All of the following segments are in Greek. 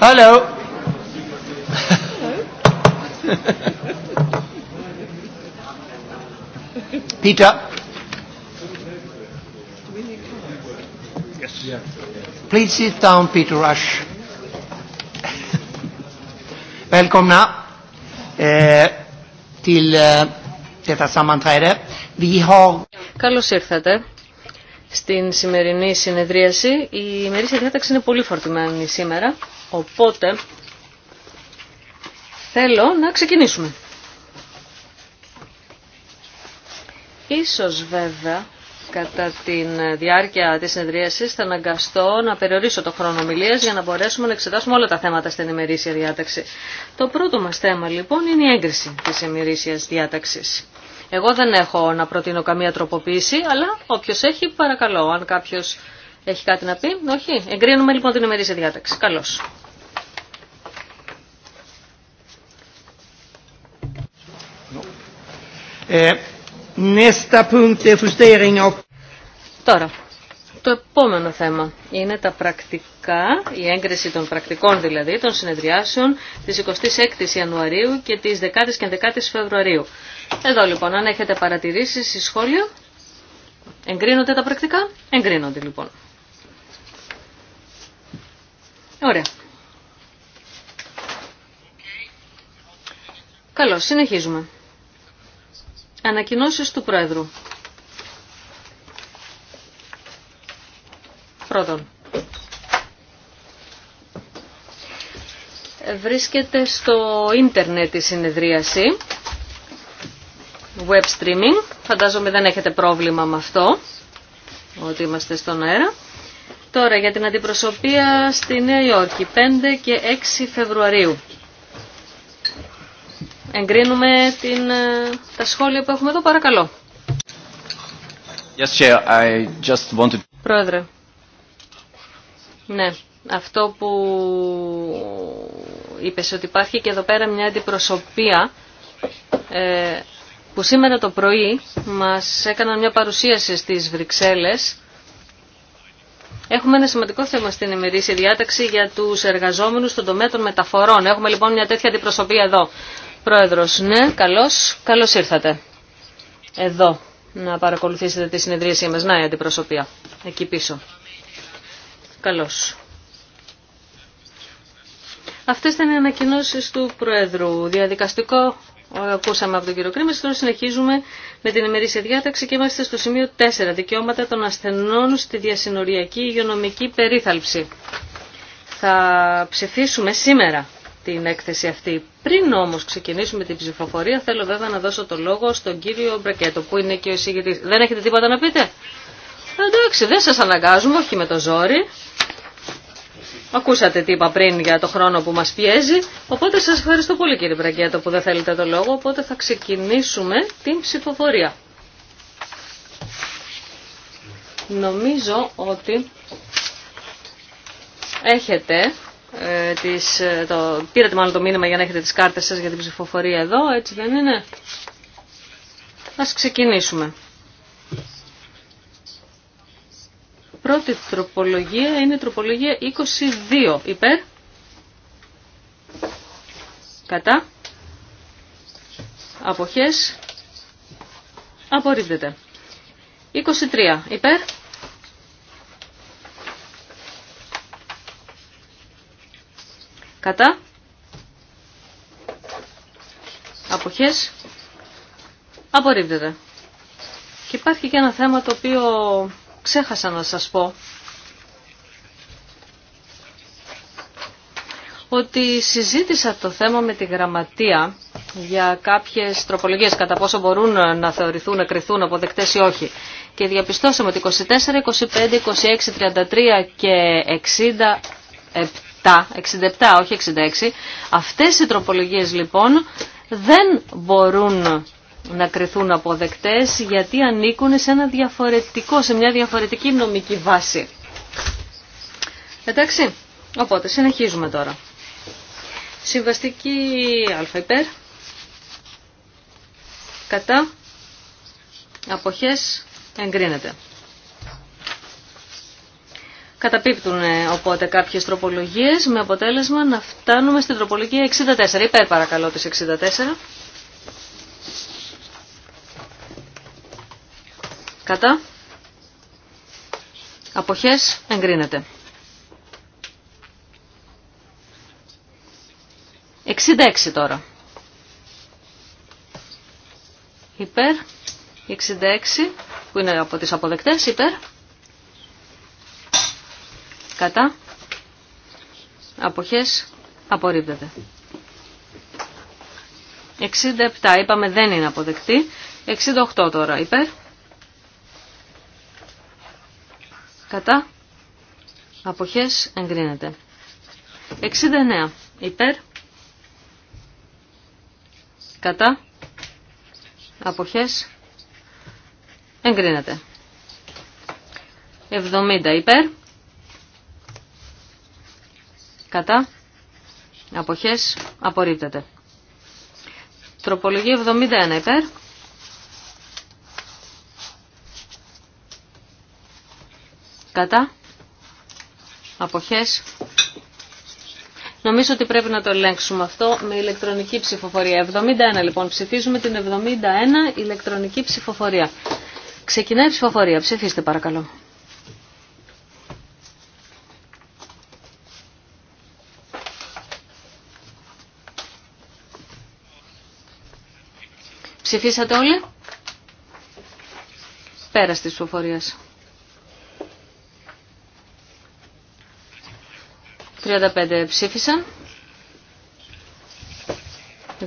Hello. Peter. Καλώς ήρθατε στην σημερινή συνεδρίαση. Η ημερήσια διάταξη είναι πολύ φορτημένη σήμερα. Οπότε θέλω να ξεκινήσουμε. Ίσως βέβαια κατά τη διάρκεια της συνεδρίασης θα αναγκαστώ να περιορίσω το χρόνο ομιλίας για να μπορέσουμε να εξετάσουμε όλα τα θέματα στην ημερήσια διάταξη. Το πρώτο μας θέμα λοιπόν είναι η έγκριση της ημερήσιας διάταξης. Εγώ δεν έχω να προτείνω καμία τροποποίηση, αλλά όποιος έχει παρακαλώ, αν κάποιος έχει κάτι να πει. Όχι. Εγκρίνουμε λοιπόν την ημερήσια διάταξη. Καλώς. Ε, Τώρα, το επόμενο θέμα είναι τα πρακτικά, η έγκριση των πρακτικών δηλαδή, των συνεδριάσεων της 26ης Ιανουαρίου και της 10ης και 11ης Φεβρουαρίου. Εδώ λοιπόν, αν έχετε παρατηρήσεις ή σχόλια, εγκρίνονται τα πρακτικά, εγκρίνονται λοιπόν. Ωραία. Καλώ, συνεχίζουμε. Ανακοινώσει του Πρόεδρου. Πρώτον. Βρίσκεται στο ίντερνετ η συνεδρίαση. Web streaming. Φαντάζομαι δεν έχετε πρόβλημα με αυτό. Ότι είμαστε στον αέρα. Τώρα για την αντιπροσωπεία στη Νέα Υόρκη, 5 και 6 Φεβρουαρίου. Εγκρίνουμε την, ε, τα σχόλια που έχουμε εδώ, παρακαλώ. Yes, I just Πρόεδρε, ναι, αυτό που είπες ότι υπάρχει και εδώ πέρα μια αντιπροσωπεία ε, που σήμερα το πρωί μας έκαναν μια παρουσίαση στις Βρυξέλλες Έχουμε ένα σημαντικό θέμα στην ημερήσια διάταξη για τους εργαζόμενους στον τομέα των μεταφορών. Έχουμε λοιπόν μια τέτοια αντιπροσωπεία εδώ. Πρόεδρος, ναι, καλώς, καλώς ήρθατε. Εδώ, να παρακολουθήσετε τη συνεδρίασή μας. Να, η αντιπροσωπεία, εκεί πίσω. Καλώ. Αυτές ήταν οι ανακοινώσεις του Πρόεδρου. Διαδικαστικό ακούσαμε από τον κύριο Κρήμα. Τώρα συνεχίζουμε με την ημερήσια διάταξη και είμαστε στο σημείο 4. Δικαιώματα των ασθενών στη διασυνοριακή υγειονομική περίθαλψη. Θα ψηφίσουμε σήμερα την έκθεση αυτή. Πριν όμω ξεκινήσουμε την ψηφοφορία θέλω βέβαια να δώσω το λόγο στον κύριο Μπρακέτο που είναι και ο εισηγητή. Δεν έχετε τίποτα να πείτε? Εντάξει, δεν σα αναγκάζουμε, όχι με το ζόρι. Ακούσατε τι είπα πριν για το χρόνο που μας πιέζει, οπότε σας ευχαριστώ πολύ κύριε Πραγκέτο που δεν θέλετε το λόγο, οπότε θα ξεκινήσουμε την ψηφοφορία. Νομίζω ότι έχετε, ε, τις, ε, το, πήρατε μάλλον το μήνυμα για να έχετε τις κάρτες σας για την ψηφοφορία εδώ, έτσι δεν είναι. Ας ξεκινήσουμε. Πρώτη τροπολογία είναι η τροπολογία 22. Υπέρ. Κατά. Αποχές. Απορρίπτεται. 23. Υπέρ. Κατά. Αποχές. Απορρίπτεται. Και υπάρχει και ένα θέμα το οποίο ξέχασα να σας πω ότι συζήτησα το θέμα με τη γραμματεία για κάποιες τροπολογίες, κατά πόσο μπορούν να θεωρηθούν, να κρυθούν αποδεκτές ή όχι. Και διαπιστώσαμε ότι 24, 25, 26, 33 και 67, 67 όχι 66, αυτές οι τροπολογίες λοιπόν δεν μπορούν να κρυθούν αποδεκτές γιατί ανήκουν σε, ένα διαφορετικό, σε μια διαφορετική νομική βάση. Εντάξει, οπότε συνεχίζουμε τώρα. Συμβαστική α υπέρ, κατά, αποχές, εγκρίνεται. Καταπίπτουν ε, οπότε κάποιες τροπολογίες με αποτέλεσμα να φτάνουμε στην τροπολογία 64. Υπέρ παρακαλώ της 64. Κατά. Αποχές εγκρίνεται. 66 τώρα. Υπέρ. 66 που είναι από τις αποδεκτές. Υπέρ. Κατά. Αποχές απορρίπτεται. 67 είπαμε δεν είναι αποδεκτή. 68 τώρα υπέρ. Κατά. Αποχές εγκρίνεται. 69. Υπέρ. Κατά. Αποχές εγκρίνεται. 70 υπέρ. Κατά. Αποχές απορρίπτεται. Τροπολογία 71 υπέρ. Κατά. Αποχές. Νομίζω ότι πρέπει να το ελέγξουμε αυτό με ηλεκτρονική ψηφοφορία. 71 λοιπόν. Ψηφίζουμε την 71 ηλεκτρονική ψηφοφορία. Ξεκινάει η ψηφοφορία. Ψηφίστε παρακαλώ. Ψηφίσατε όλοι. Πέρα τη ψηφοφορία. 35 ψήφισαν.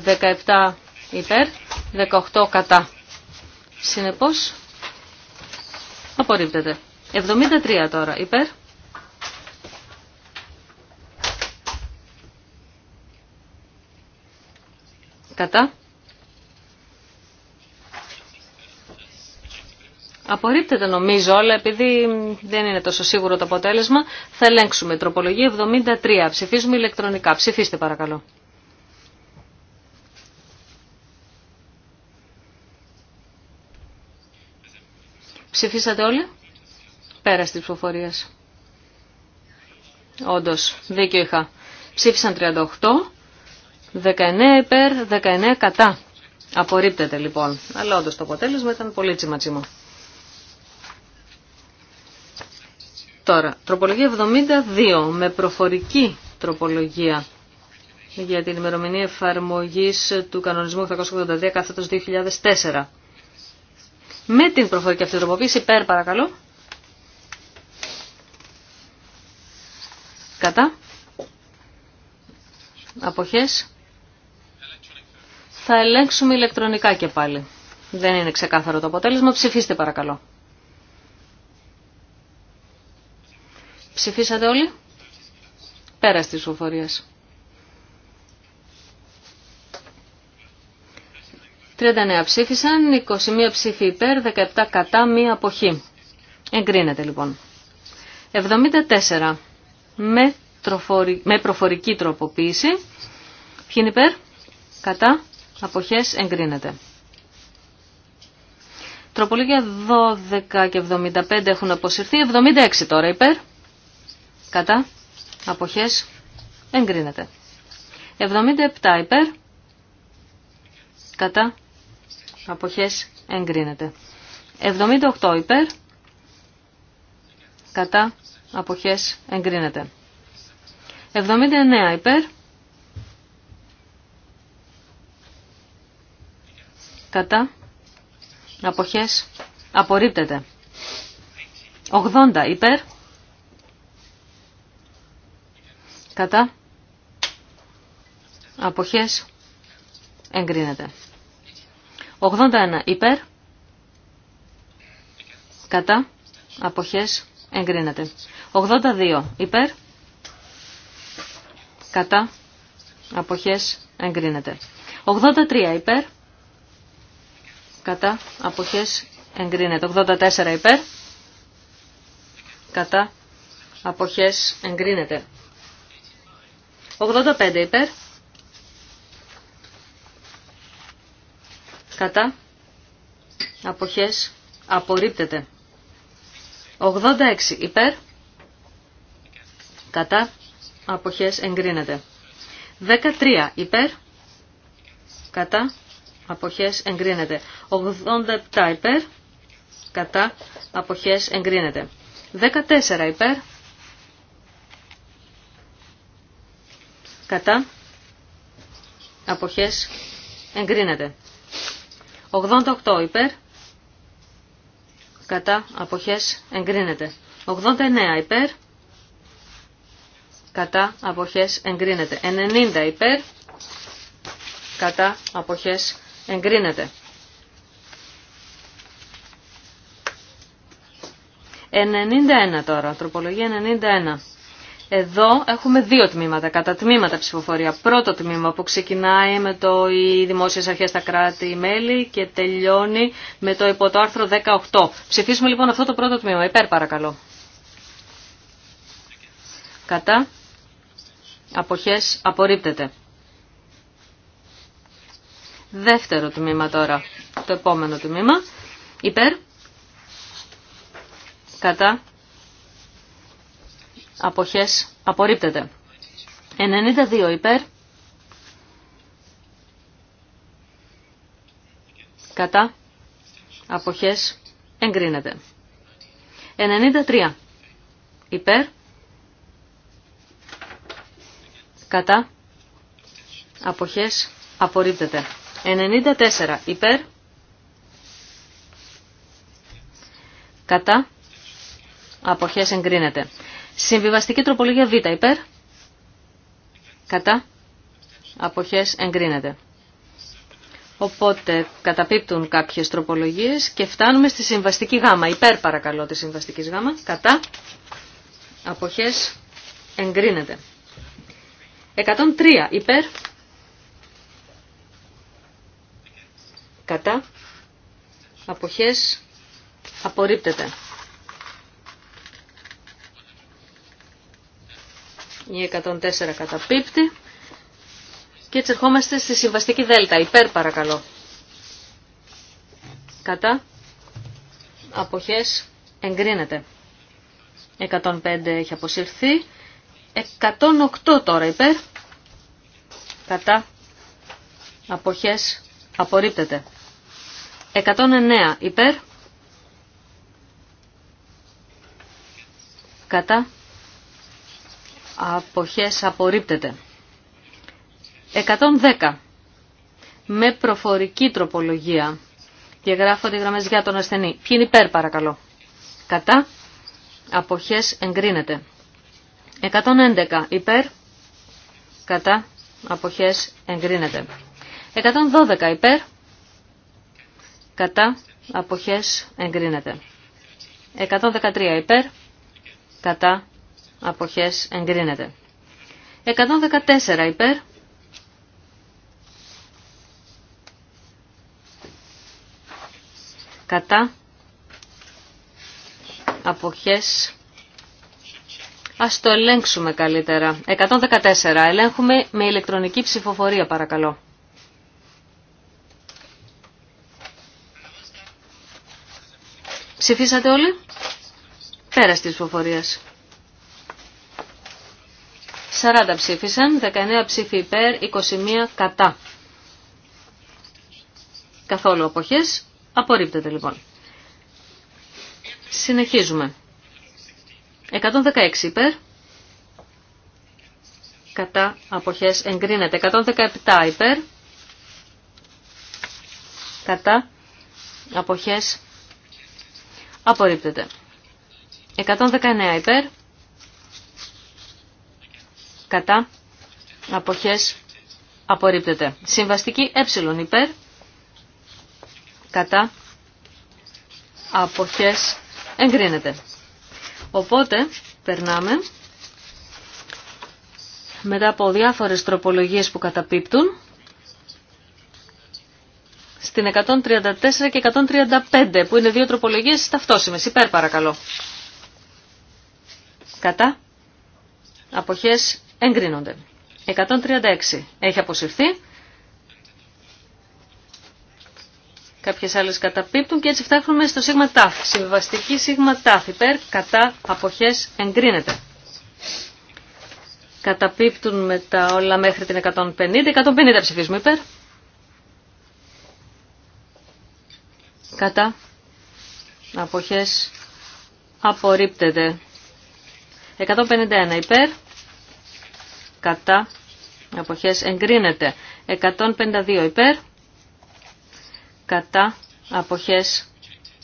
17 υπέρ, 18 κατά. Συνεπώς, απορρίπτεται. 73 τώρα υπέρ. Κατά. Απορρίπτεται νομίζω, αλλά επειδή δεν είναι τόσο σίγουρο το αποτέλεσμα, θα ελέγξουμε. Τροπολογία 73. Ψηφίζουμε ηλεκτρονικά. Ψηφίστε παρακαλώ. Ψηφίσατε όλοι. Πέρα τη ψηφοφορία. Όντω, δίκιο είχα. Ψήφισαν 38, 19 υπέρ, 19 κατά. Απορρίπτεται λοιπόν. Αλλά όντω το αποτέλεσμα ήταν πολύ τσιματσιμό. Τώρα, τροπολογία 72 με προφορική τροπολογία για την ημερομηνία εφαρμογή του κανονισμού 883 κάθετος 2004. Με την προφορική αυτή τροποποίηση, υπέρ παρακαλώ. Κατά. Αποχές. Θα ελέγξουμε ηλεκτρονικά και πάλι. Δεν είναι ξεκάθαρο το αποτέλεσμα. Ψηφίστε παρακαλώ. Ψηφίσατε όλοι. Πέρα τη ψηφοφορία. 39 ψήφισαν, 21 ψήφοι υπέρ, 17 κατά, μία αποχή. Εγκρίνεται λοιπόν. 74 με, με προφορική τροποποίηση. Ποιοι είναι υπέρ, κατά, αποχές, εγκρίνεται. Τροπολογία 12 και 75 έχουν αποσυρθεί, 76 τώρα υπέρ, κατά, αποχές, εγκρίνεται. 77 υπέρ, κατά, αποχές, εγκρίνεται. 78 υπέρ, κατά, αποχές, εγκρίνεται. 79 υπέρ, κατά, αποχές, απορρίπτεται. 80 υπέρ, Κατά. Αποχές. Εγκρίνεται. 81 υπέρ. Κατά. Αποχές. Εγκρίνεται. 82 υπέρ. Κατά. Αποχές. Εγκρίνεται. 83 υπέρ. Κατά. Αποχές. Εγκρίνεται. 84 υπέρ. Κατά. Αποχές. Εγκρίνεται. 85 υπέρ. Κατά. Αποχές. Απορρίπτεται. 86 υπέρ. Κατά. Αποχές εγκρίνεται. 13 υπέρ. Κατά. Αποχές εγκρίνεται. 87 υπέρ. Κατά. Αποχές εγκρίνεται. 14 υπέρ. κατά, αποχές, εγκρίνεται. 88 υπέρ, κατά, αποχές, εγκρίνεται. 89 υπέρ, κατά, αποχές, εγκρίνεται. 90 υπέρ, κατά, αποχές, εγκρίνεται. 91 τώρα, τροπολογία 91. Εδώ έχουμε δύο τμήματα, κατά τμήματα ψηφοφορία. Πρώτο τμήμα που ξεκινάει με το «Οι δημόσιες αρχές στα κράτη-μέλη» και τελειώνει με το υπό το άρθρο 18. Ψηφίσουμε λοιπόν αυτό το πρώτο τμήμα. Υπέρ παρακαλώ. Κατά. Αποχές απορρίπτεται. Δεύτερο τμήμα τώρα. Το επόμενο τμήμα. Υπέρ. Κατά αποχές απορρίπτεται. 92 υπέρ, κατά, αποχές εγκρίνεται. 93 υπέρ, κατά, αποχές απορρίπτεται. 94 υπέρ, κατά, αποχές εγκρίνεται. Συμβιβαστική τροπολογία Β υπέρ. Κατά. Αποχές εγκρίνεται. Οπότε καταπίπτουν κάποιες τροπολογίες και φτάνουμε στη συμβαστική γάμα. Υπέρ παρακαλώ τη συμβαστική γάμα. Κατά. Αποχές εγκρίνεται. 103 υπέρ. Κατά. Αποχές απορρίπτεται. η 104 πίπτη. και έτσι ερχόμαστε στη συμβαστική δέλτα, υπέρ παρακαλώ. Κατά, αποχές, εγκρίνεται. 105 έχει αποσυρθεί, 108 τώρα υπέρ, κατά, αποχές, απορρίπτεται. 109 υπέρ, κατά, αποχές απορρίπτεται. 110. Με προφορική τροπολογία. Διαγράφονται οι γραμμές για τον ασθενή. Ποιοι είναι υπέρ παρακαλώ. Κατά. Αποχές εγκρίνεται. 111. Υπέρ. Κατά. Αποχές εγκρίνεται. 112. Υπέρ. Κατά. Αποχές εγκρίνεται. 113. Υπέρ. Κατά αποχές εγκρίνεται. 114 υπέρ. Κατά. Αποχές. Ας το ελέγξουμε καλύτερα. 114. Ελέγχουμε με ηλεκτρονική ψηφοφορία παρακαλώ. Ψηφίσατε όλοι. Πέρα της ψηφοφορίας. 40 ψήφισαν, 19 ψήφοι υπέρ, 21 κατά. Καθόλου αποχές. Απορρίπτεται λοιπόν. Συνεχίζουμε. 116 υπέρ. Κατά αποχές εγκρίνεται. 117 υπέρ. Κατά αποχές απορρίπτεται. 119 υπέρ κατά, αποχές, απορρίπτεται. Συμβαστική ε υπέρ, κατά, αποχές, εγκρίνεται. Οπότε, περνάμε μετά από διάφορες τροπολογίες που καταπίπτουν στην 134 και 135 που είναι δύο τροπολογίες ταυτόσιμες. Υπέρ παρακαλώ. Κατά. Αποχές εγκρίνονται. 136 έχει αποσυρθεί. Κάποιες άλλες καταπίπτουν και έτσι φτάχνουμε στο σίγμα τάφ. Συμβαστική σίγμα τάφ. Υπέρ, κατά, αποχές, εγκρίνεται. Καταπίπτουν με τα όλα μέχρι την 150. 150 ψηφίζουμε υπέρ. Κατά. Αποχές. Απορρίπτεται. 151 υπέρ κατά αποχές εγκρίνεται. 152 υπέρ κατά αποχές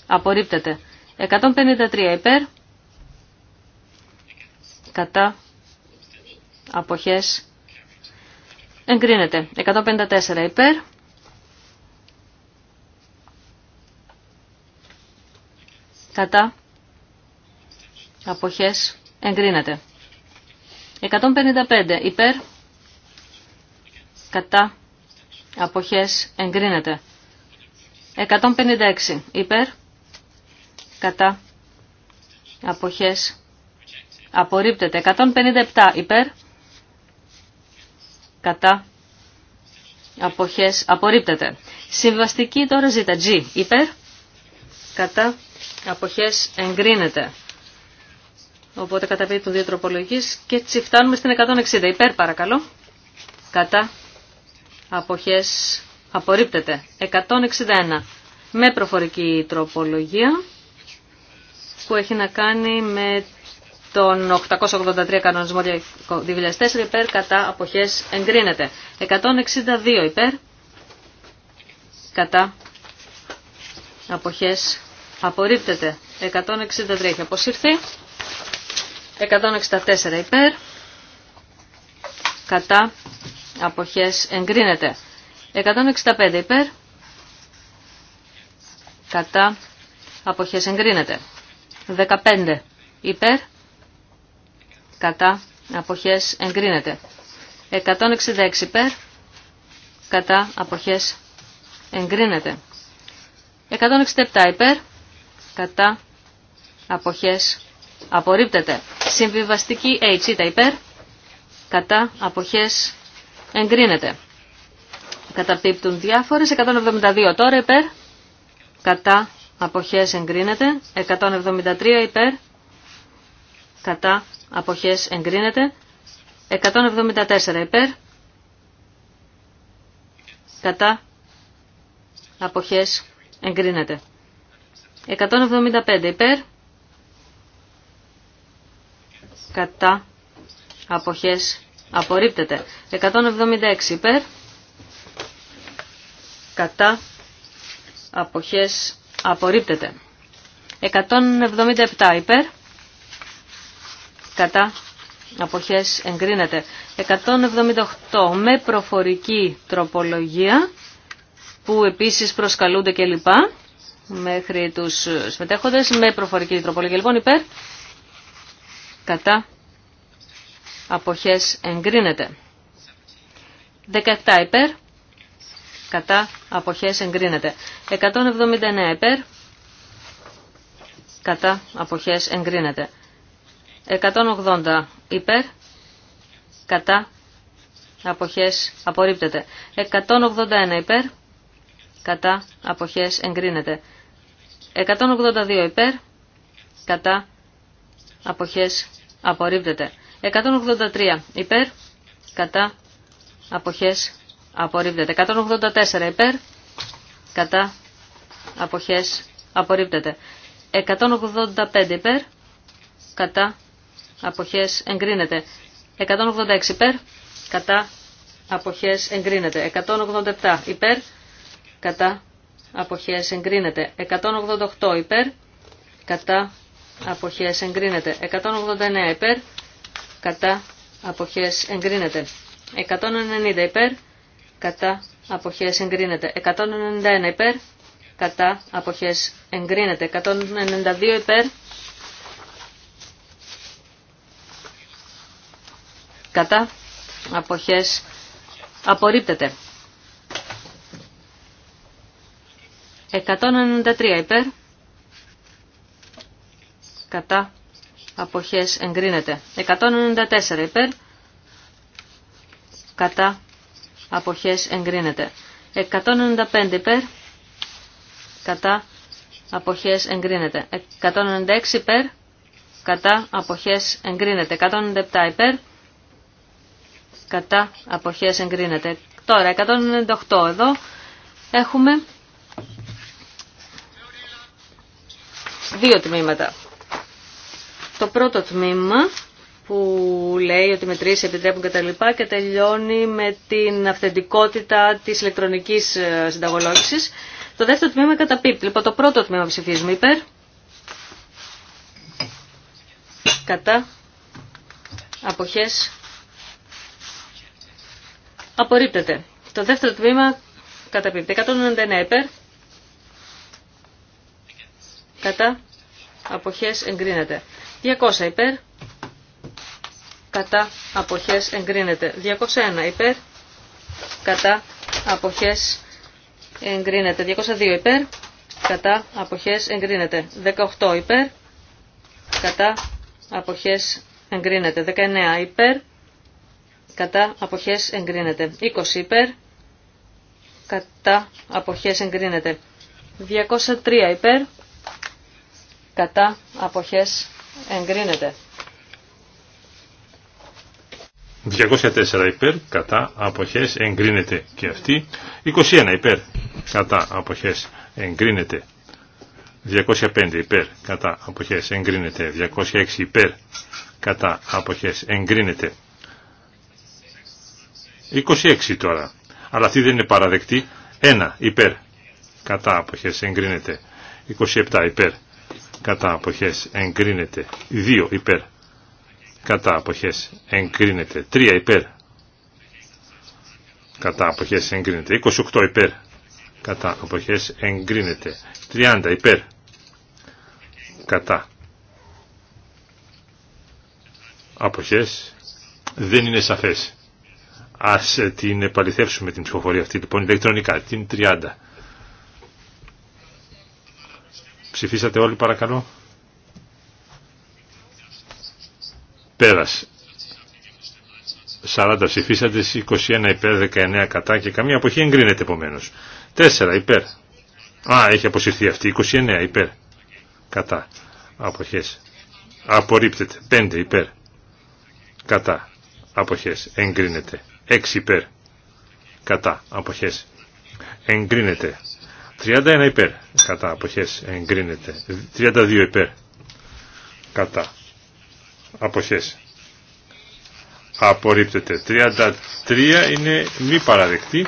απορρίπτεται. 153 υπέρ κατά αποχές εγκρίνεται. 154 υπέρ κατά αποχές εγκρίνεται. 155 υπέρ, κατά, αποχές, εγκρίνεται. 156 υπέρ, κατά, αποχές, απορρίπτεται. 157 υπέρ, κατά, αποχές, απορρίπτεται. Συμβαστική τώρα ζήτα G υπέρ, κατά, αποχές, εγκρίνεται. Οπότε καταπίπτουν δύο τροπολογίες και έτσι φτάνουμε στην 160. Υπέρ παρακαλώ. Κατά. Αποχές. Απορρίπτεται. 161. Με προφορική τροπολογία που έχει να κάνει με τον 883 κανονισμό 2004 υπέρ κατά αποχές εγκρίνεται. 162 υπέρ κατά αποχές απορρίπτεται. 163 έχει αποσυρθεί. 164 υπέρ. Κατά. Αποχές εγκρίνεται. 165 υπέρ. Κατά. Αποχές εγκρίνεται. 15 υπέρ. Κατά. Αποχές εγκρίνεται. 166 υπέρ. Κατά. Αποχές εγκρίνεται. 167 υπέρ. Κατά. Αποχές Απορρίπτεται. Συμβιβαστική H τα υπέρ. Κατά αποχές εγκρίνεται. Καταπίπτουν διάφορε 172 τώρα υπέρ. Κατά αποχές εγκρίνεται. 173 υπέρ. Κατά αποχές εγκρίνεται. 174 υπέρ. Κατά αποχές εγκρίνεται. 175 υπέρ κατά αποχές απορρίπτεται. 176 υπέρ κατά αποχές απορρίπτεται. 177 υπέρ κατά αποχές εγκρίνεται. 178 με προφορική τροπολογία που επίσης προσκαλούνται κλπ. Μέχρι τους συμμετέχοντες με προφορική τροπολογία. Λοιπόν υπέρ κατά αποχές εγκρίνεται. 17 υπέρ κατά αποχές εγκρίνεται. 179 υπέρ κατά αποχές εγκρίνεται. 180 υπέρ κατά αποχές απορρίπτεται. 181 υπέρ κατά αποχές εγκρίνεται. 182 υπέρ κατά αποχές απορρίπτεται. 183 υπέρ, κατά, αποχές απορρίπτεται. 184 υπέρ, κατά, αποχές απορρίπτεται. 185 υπέρ, κατά, αποχές εγκρίνεται. 186 υπέρ, κατά, αποχές εγκρίνεται. 187 υπέρ, κατά, αποχές εγκρίνεται. 188 υπέρ, κατά, αποχές εγκρίνεται. 189 υπέρ, κατά αποχές εγκρίνεται. 190 υπέρ, κατά αποχές εγκρίνεται. 191 υπέρ, κατά αποχές εγκρίνεται. 192 υπέρ, κατά αποχές απορρίπτεται. 193 υπέρ, κατά αποχές εγκρίνεται. 194 υπέρ κατά αποχές εγκρίνεται. 195 υπέρ κατά αποχές εγκρίνεται. 196 υπέρ κατά αποχές εγκρίνεται. 197 υπέρ κατά αποχές εγκρίνεται. Τώρα 198 εδώ έχουμε δύο τμήματα το πρώτο τμήμα που λέει ότι μετρήσει επιτρέπουν κτλ. Και, τελειώνει με την αυθεντικότητα της ηλεκτρονικής ε, συνταγολόγησης. Το δεύτερο τμήμα καταπίπτει. Λοιπόν, το πρώτο τμήμα ψηφίζουμε υπέρ. Κατά. Αποχές. Απορρίπτεται. Το δεύτερο τμήμα καταπίπτει. 199 υπέρ. Κατά. Αποχές εγκρίνεται. 200 υπέρ, κατά αποχές εγκρίνεται. 201 υπέρ, κατά αποχές εγκρίνεται. 202 υπέρ, κατά αποχές εγκρίνεται. 18 υπέρ, κατά αποχές εγκρίνεται. 19 υπέρ, κατά αποχές εγκρίνεται. 20 υπέρ, κατά αποχές εγκρίνεται. 203 υπέρ, κατά αποχές Εγκρίνεται. 204 υπέρ, κατά αποχές εγκρίνεται και αυτή. 21 υπέρ, κατά αποχές εγκρίνεται. 205 υπέρ, κατά αποχές εγκρίνεται. 206 υπέρ, κατά αποχές εγκρίνεται. 26 τώρα. Αλλά αυτή δεν είναι παραδεκτή. 1 υπέρ, κατά αποχές εγκρίνεται. 27 υπέρ, κατά αποχές εγκρίνεται 2 υπέρ κατά αποχές εγκρίνεται 3 υπέρ κατά αποχές εγκρίνεται 28 υπέρ κατά αποχές εγκρίνεται 30 υπέρ κατά αποχές δεν είναι σαφές ας την επαληθεύσουμε την ψηφοφορία αυτή λοιπόν ηλεκτρονικά την 30 Ψηφίσατε όλοι παρακαλώ. Πέρας. 40 ψηφίσατε, 21 υπέρ, 19 κατά και καμία αποχή εγκρίνεται επομένω. 4 υπέρ. Α, έχει αποσυρθεί αυτή. 29 υπέρ. Κατά. Αποχές. Απορρίπτεται. 5 υπέρ. Κατά. Αποχέ. Εγκρίνεται. 6 υπέρ. Κατά. απόχέ. Εγκρίνεται. 31 υπέρ. Κατά αποχές εγκρίνεται. 32 υπέρ. Κατά αποχές απορρίπτεται. 33 είναι μη παραδεκτή.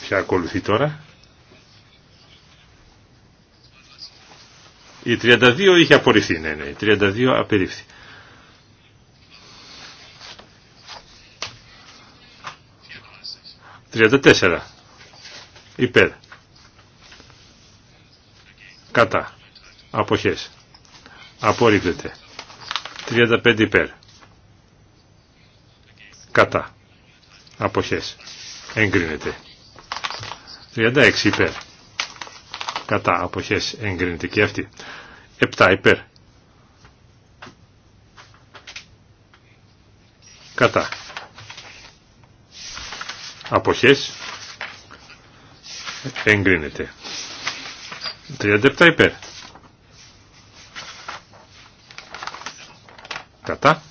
Ποια ακολουθεί τώρα. Η 32 είχε απορριφθεί, ναι, ναι. Η 32 απερίφθη. 34 υπέρ κατά αποχές απορρίπτεται 35 υπέρ κατά αποχές εγκρίνεται 36 υπέρ κατά αποχές εγκρίνεται και αυτή 7 υπέρ κατά αποχές εγκρίνεται 37 υπέρ κατά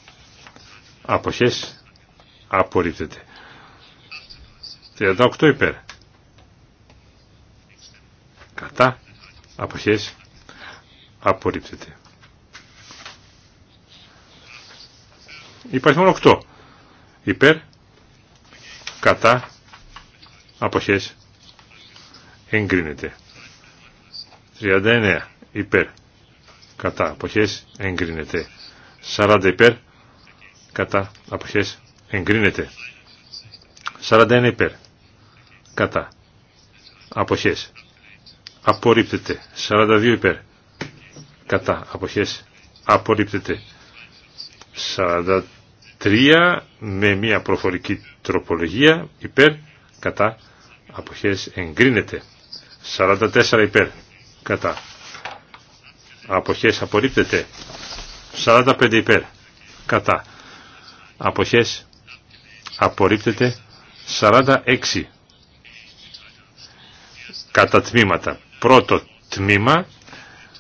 αποχές απορρίπτεται 38 υπέρ κατά αποχές απορρίπτεται υπάρχει μόνο 8 υπέρ κατά αποχές εγκρίνεται 39 υπέρ κατά αποχές εγκρίνεται 40 υπέρ κατά αποχές εγκρίνεται 41 υπέρ κατά αποχές απορρίπτεται 42 υπέρ κατά αποχές απορρίπτεται Τρία με μια προφορική τροπολογία υπέρ κατά αποχές εγκρίνεται. 44 υπέρ κατά αποχές απορρίπτεται. 45 υπέρ κατά αποχές απορρίπτεται. 46 κατά τμήματα. Πρώτο τμήμα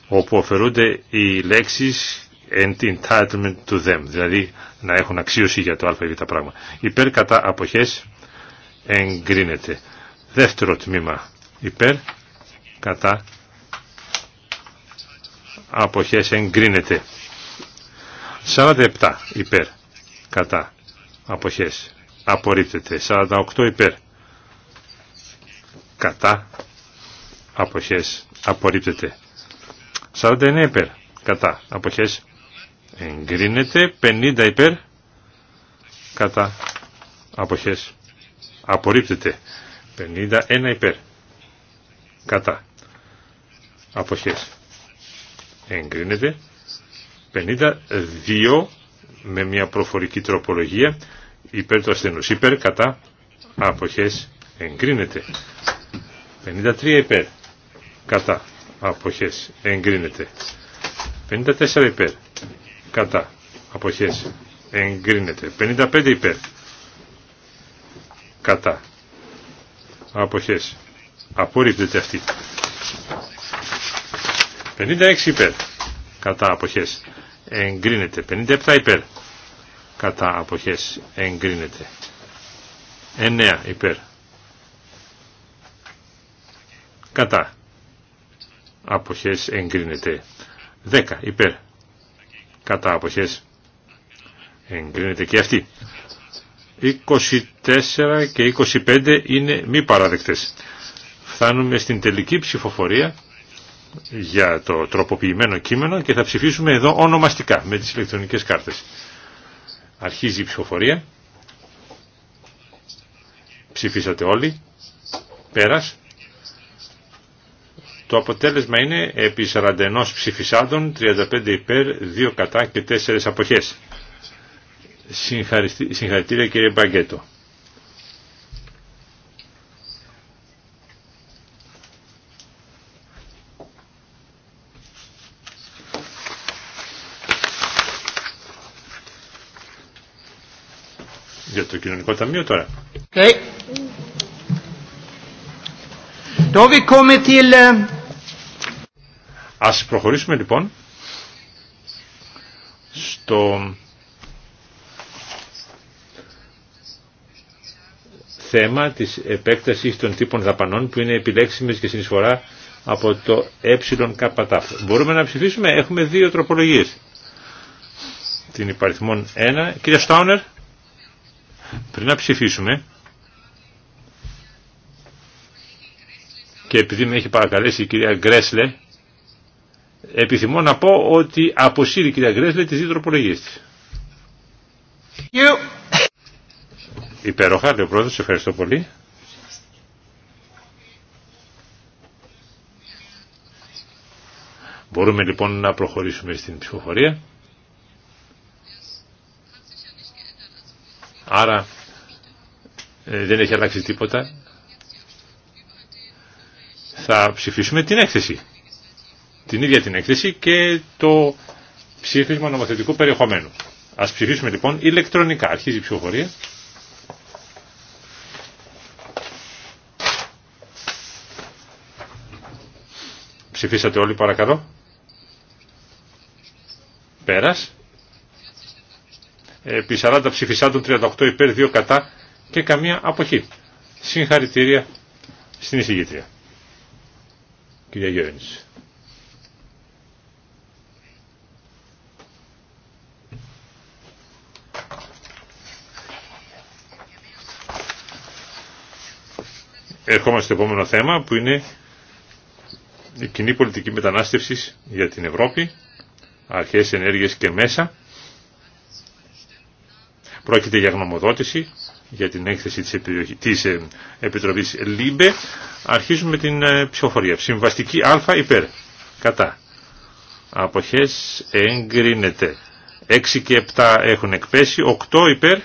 όπου αφαιρούνται οι λέξεις and entitlement to them, δηλαδή να έχουν αξίωση για το α ή β πράγμα. Υπέρ κατά αποχές εγκρίνεται. Δεύτερο τμήμα υπέρ κατά αποχές εγκρίνεται. 47 υπέρ κατά αποχές απορρίπτεται. 48 υπέρ κατά αποχές απορρίπτεται. 49 υπέρ κατά αποχές εγκρίνεται 50 υπέρ κατά αποχές απορρίπτεται 51 υπέρ κατά αποχές εγκρίνεται 52 με μια προφορική τροπολογία υπέρ του ασθενούς υπέρ κατά αποχές εγκρίνεται 53 υπέρ κατά αποχές εγκρίνεται 54 υπέρ κατά αποχές εγκρίνεται 55 υπέρ κατά αποχές απορρίπτεται αυτή 56 υπέρ κατά αποχές εγκρίνεται 57 υπέρ κατά αποχές εγκρίνεται 9 υπέρ κατά αποχές εγκρίνεται 10 υπέρ κατά αποχές εγκρίνεται και αυτή. 24 και 25 είναι μη παραδεκτές. Φτάνουμε στην τελική ψηφοφορία για το τροποποιημένο κείμενο και θα ψηφίσουμε εδώ ονομαστικά με τις ηλεκτρονικές κάρτες. Αρχίζει η ψηφοφορία. Ψηφίσατε όλοι. Πέρας. Το αποτέλεσμα είναι επί 41 ψηφισάντων, 35 υπέρ, 2 κατά και 4 αποχές. Συγχαρητήρια κύριε Μπαγκέτο. Για το κοινωνικό ταμείο τώρα. Okay. Då har vi kommit till eh, Ας προχωρήσουμε λοιπόν στο θέμα της επέκτασης των τύπων δαπανών που είναι επιλέξιμες και συνεισφορά από το ΕΚΤΑΦ. Μπορούμε να ψηφίσουμε, έχουμε δύο τροπολογίες. Την υπαριθμόν 1. Κύριε Στάουνερ, πριν να ψηφίσουμε και επειδή με έχει παρακαλέσει η κυρία Γκρέσλε επιθυμώ να πω ότι αποσύρει η κυρία Γκρέσλε τις δύο τροπολογίες της. Υπέροχα, λέει ο πρόεδρος, ευχαριστώ πολύ. Μπορούμε λοιπόν να προχωρήσουμε στην ψηφοφορία. Άρα ε, δεν έχει αλλάξει τίποτα. Θα ψηφίσουμε την έκθεση την ίδια την έκθεση και το ψήφισμα νομοθετικού περιεχομένου. Ας ψηφίσουμε λοιπόν ηλεκτρονικά. Αρχίζει η ψηφοφορία. Ψηφίσατε όλοι παρακαλώ. Πέρας. Επί 40 ψηφισάντων 38 υπέρ 2 κατά και καμία αποχή. Συγχαρητήρια στην εισηγήτρια. Κυρία Γιώργης. Ερχόμαστε στο επόμενο θέμα που είναι η κοινή πολιτική μετανάστευσης για την Ευρώπη, αρχές, ενέργειες και μέσα. Πρόκειται για γνωμοδότηση για την έκθεση της, Επιτροπή ε, Επιτροπής ΛΥΜΠΕ. Αρχίζουμε την ε, ψηφοφορία. Συμβαστική Α υπέρ. Κατά. Αποχές εγκρίνεται. 6 και 7 έχουν εκπέσει. 8 υπέρ.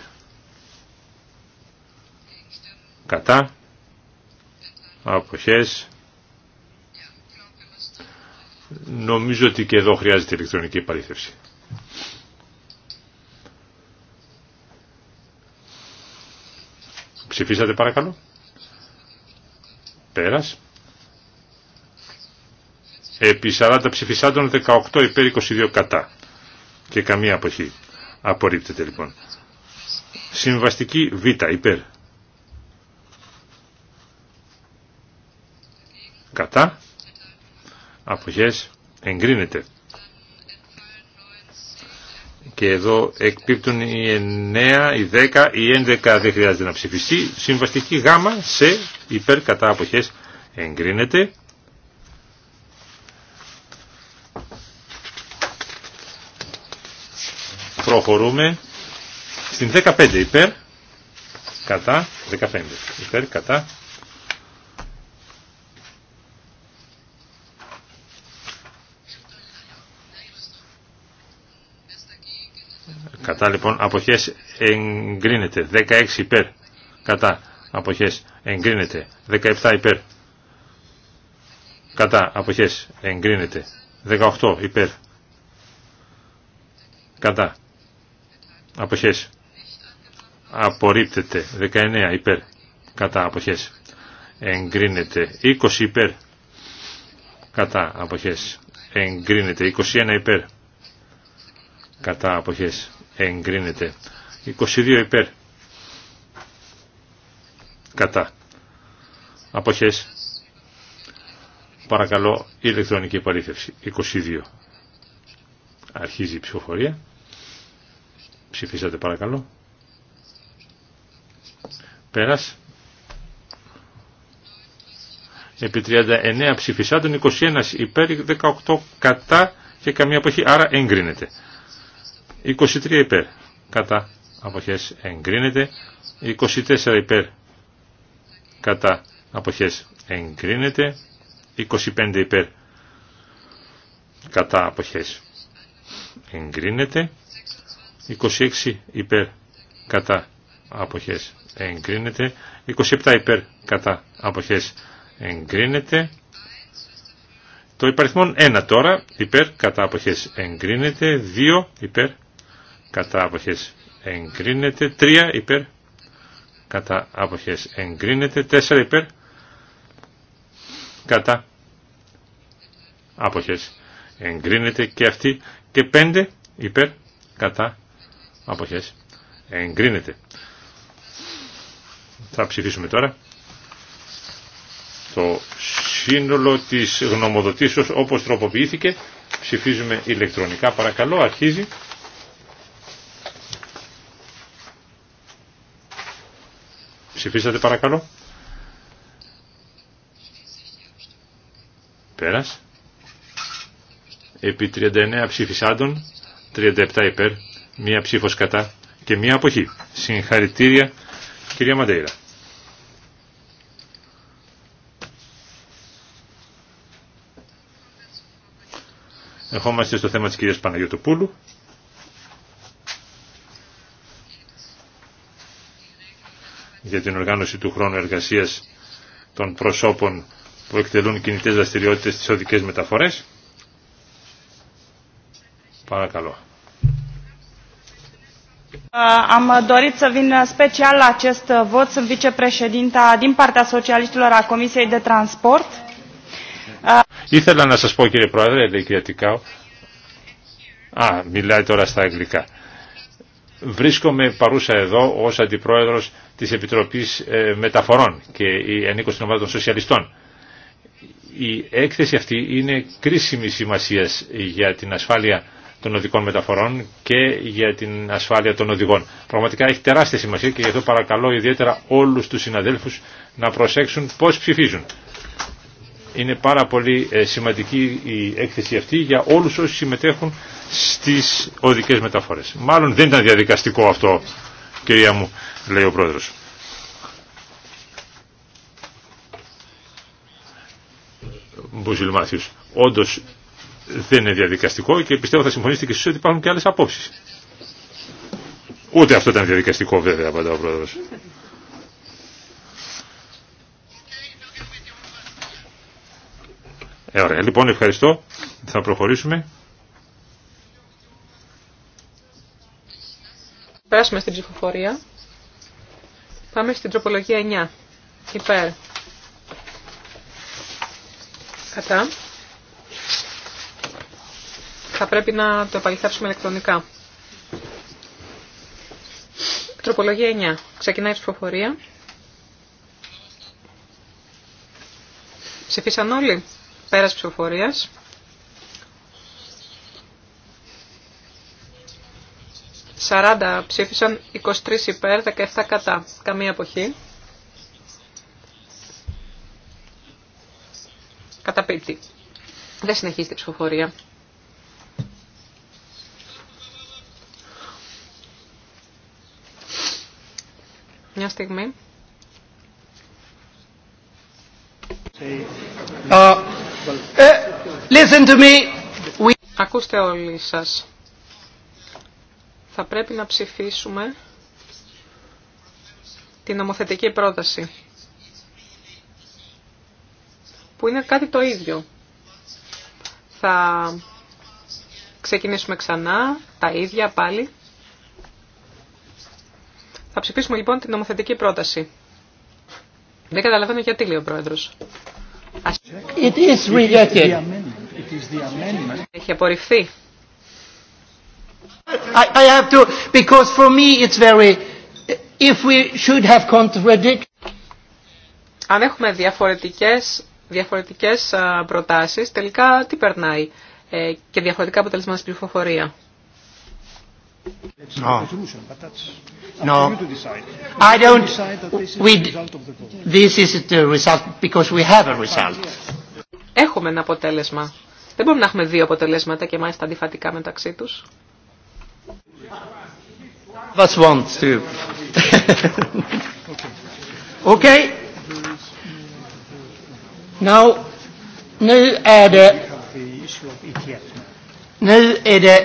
Κατά αποχές. Νομίζω ότι και εδώ χρειάζεται ηλεκτρονική επαλήθευση. Ψηφίσατε παρακαλώ. Πέρας. Επί 40 ψηφισάντων 18 υπέρ 22 κατά. Και καμία αποχή. Απορρίπτεται λοιπόν. Συμβαστική Β υπέρ. κατά, αποχές, εγκρίνεται. Και εδώ εκπίπτουν οι 9, οι 10, οι 11 δεν χρειάζεται να ψηφιστεί. Συμβαστική γάμα σε υπέρ κατά αποχές εγκρίνεται. Προχωρούμε στην 15 υπέρ κατά 15 υπέρ κατά Κατά λοιπόν αποχές εγκρίνεται. 16 υπέρ. Κατά αποχές εγκρίνεται. 17 υπέρ. Κατά αποχές εγκρίνεται. 18 υπέρ. Κατά αποχές απορρίπτεται. 19 υπέρ. Κατά αποχές εγκρίνεται. 20 υπέρ. Κατά αποχές εγκρίνεται. 21 υπέρ. Κατά αποχές εγκρίνεται. 22 υπέρ. Κατά. Αποχές. Παρακαλώ ηλεκτρονική παρήθευση. 22. Αρχίζει η ψηφοφορία. Ψηφίσατε παρακαλώ. Πέρας. Επί 39 ψηφισάντων, 21 υπέρ, 18 κατά και καμία αποχή. Άρα εγκρίνεται. 23 υπέρ. Κατά αποχές εγκρίνεται. 24 υπέρ. Κατά αποχές εγκρίνεται. 25 υπέρ. Κατά αποχές εγκρίνεται. 26 υπέρ. Κατά αποχές εγκρίνεται. 27 υπέρ. Κατά αποχές εγκρίνεται. Το υπαριθμόν 1 τώρα, υπέρ, κατά αποχές εγκρίνεται, 2 υπέρ, κατά αποχές εγκρίνεται 3 υπέρ κατά αποχές εγκρίνεται 4 υπέρ κατά αποχές εγκρίνεται και αυτή και 5 υπέρ κατά αποχές εγκρίνεται θα ψηφίσουμε τώρα το σύνολο της γνωμοδοτήσεως όπως τροποποιήθηκε ψηφίζουμε ηλεκτρονικά παρακαλώ αρχίζει Ψηφίσατε παρακαλώ. Πέρας. Επί 39 ψηφισάντων, 37 υπέρ, μία ψήφος κατά και μία αποχή. Συγχαρητήρια κυρία Μαντέιρα. Ερχόμαστε στο θέμα της κυρίας Παναγιωτοπούλου. για την οργάνωση του χρόνου εργασίας των προσώπων που εκτελούν κινητές δραστηριότητες στις οδικές μεταφορές. Παρακαλώ. Uh, am dorit să vin uh, special la acest uh, vot. Sunt vicepreședinta din partea socialiștilor a Comisiei de Transport. Ήθελα να σας πω κύριε Πρόεδρε, λέει κυρία Τικάου. Α, μιλάει τώρα στα αγγλικά. Βρίσκομαι παρούσα εδώ ως Αντιπρόεδρος της Επιτροπής ε, Μεταφορών και η στην ομάδα των Σοσιαλιστών. Η έκθεση αυτή είναι κρίσιμη σημασία για την ασφάλεια των οδικών μεταφορών και για την ασφάλεια των οδηγών. Πραγματικά έχει τεράστια σημασία και γι' αυτό παρακαλώ ιδιαίτερα όλους τους συναδέλφους να προσέξουν πώς ψηφίζουν. Είναι πάρα πολύ ε, σημαντική η έκθεση αυτή για όλους όσοι συμμετέχουν στις οδικές μεταφορές. Μάλλον δεν ήταν διαδικαστικό αυτό, κυρία μου, λέει ο πρόεδρος. Μπουζιλ Όντως δεν είναι διαδικαστικό και πιστεύω θα συμφωνήσετε και εσείς ότι υπάρχουν και άλλες απόψεις. Ούτε αυτό ήταν διαδικαστικό βέβαια, απαντά ο πρόεδρος. Ε, ωραία. Λοιπόν, ευχαριστώ. Θα προχωρήσουμε. περάσουμε στην ψηφοφορία. Πάμε στην τροπολογία 9. Υπέρ. Κατά. Θα πρέπει να το επαληθεύσουμε ηλεκτρονικά. Τροπολογία 9. Ξεκινάει η ψηφοφορία. Ψηφίσαν όλοι. Πέρας ψηφοφορίας. 40 ψήφισαν, 23 υπέρ, 17 κατά. Καμία αποχή. Καταπίτη. Δεν συνεχίζεται η ψηφοφορία. Μια στιγμή. Uh, listen to me. Ακούστε όλοι σας θα πρέπει να ψηφίσουμε την νομοθετική πρόταση, που είναι κάτι το ίδιο. Θα ξεκινήσουμε ξανά, τα ίδια πάλι. Θα ψηφίσουμε λοιπόν την νομοθετική πρόταση. Δεν καταλαβαίνω γιατί λέει ο Πρόεδρος. Έχει απορριφθεί. I, Αν έχουμε διαφορετικές, διαφορετικές προτάσεις, τελικά τι περνάει ε, και διαφορετικά αποτελέσματα στην πληροφορία. Έχουμε ένα αποτέλεσμα. Δεν μπορούμε να έχουμε δύο αποτελέσματα και μάλιστα αντιφατικά μεταξύ τους. Was okay. nu nu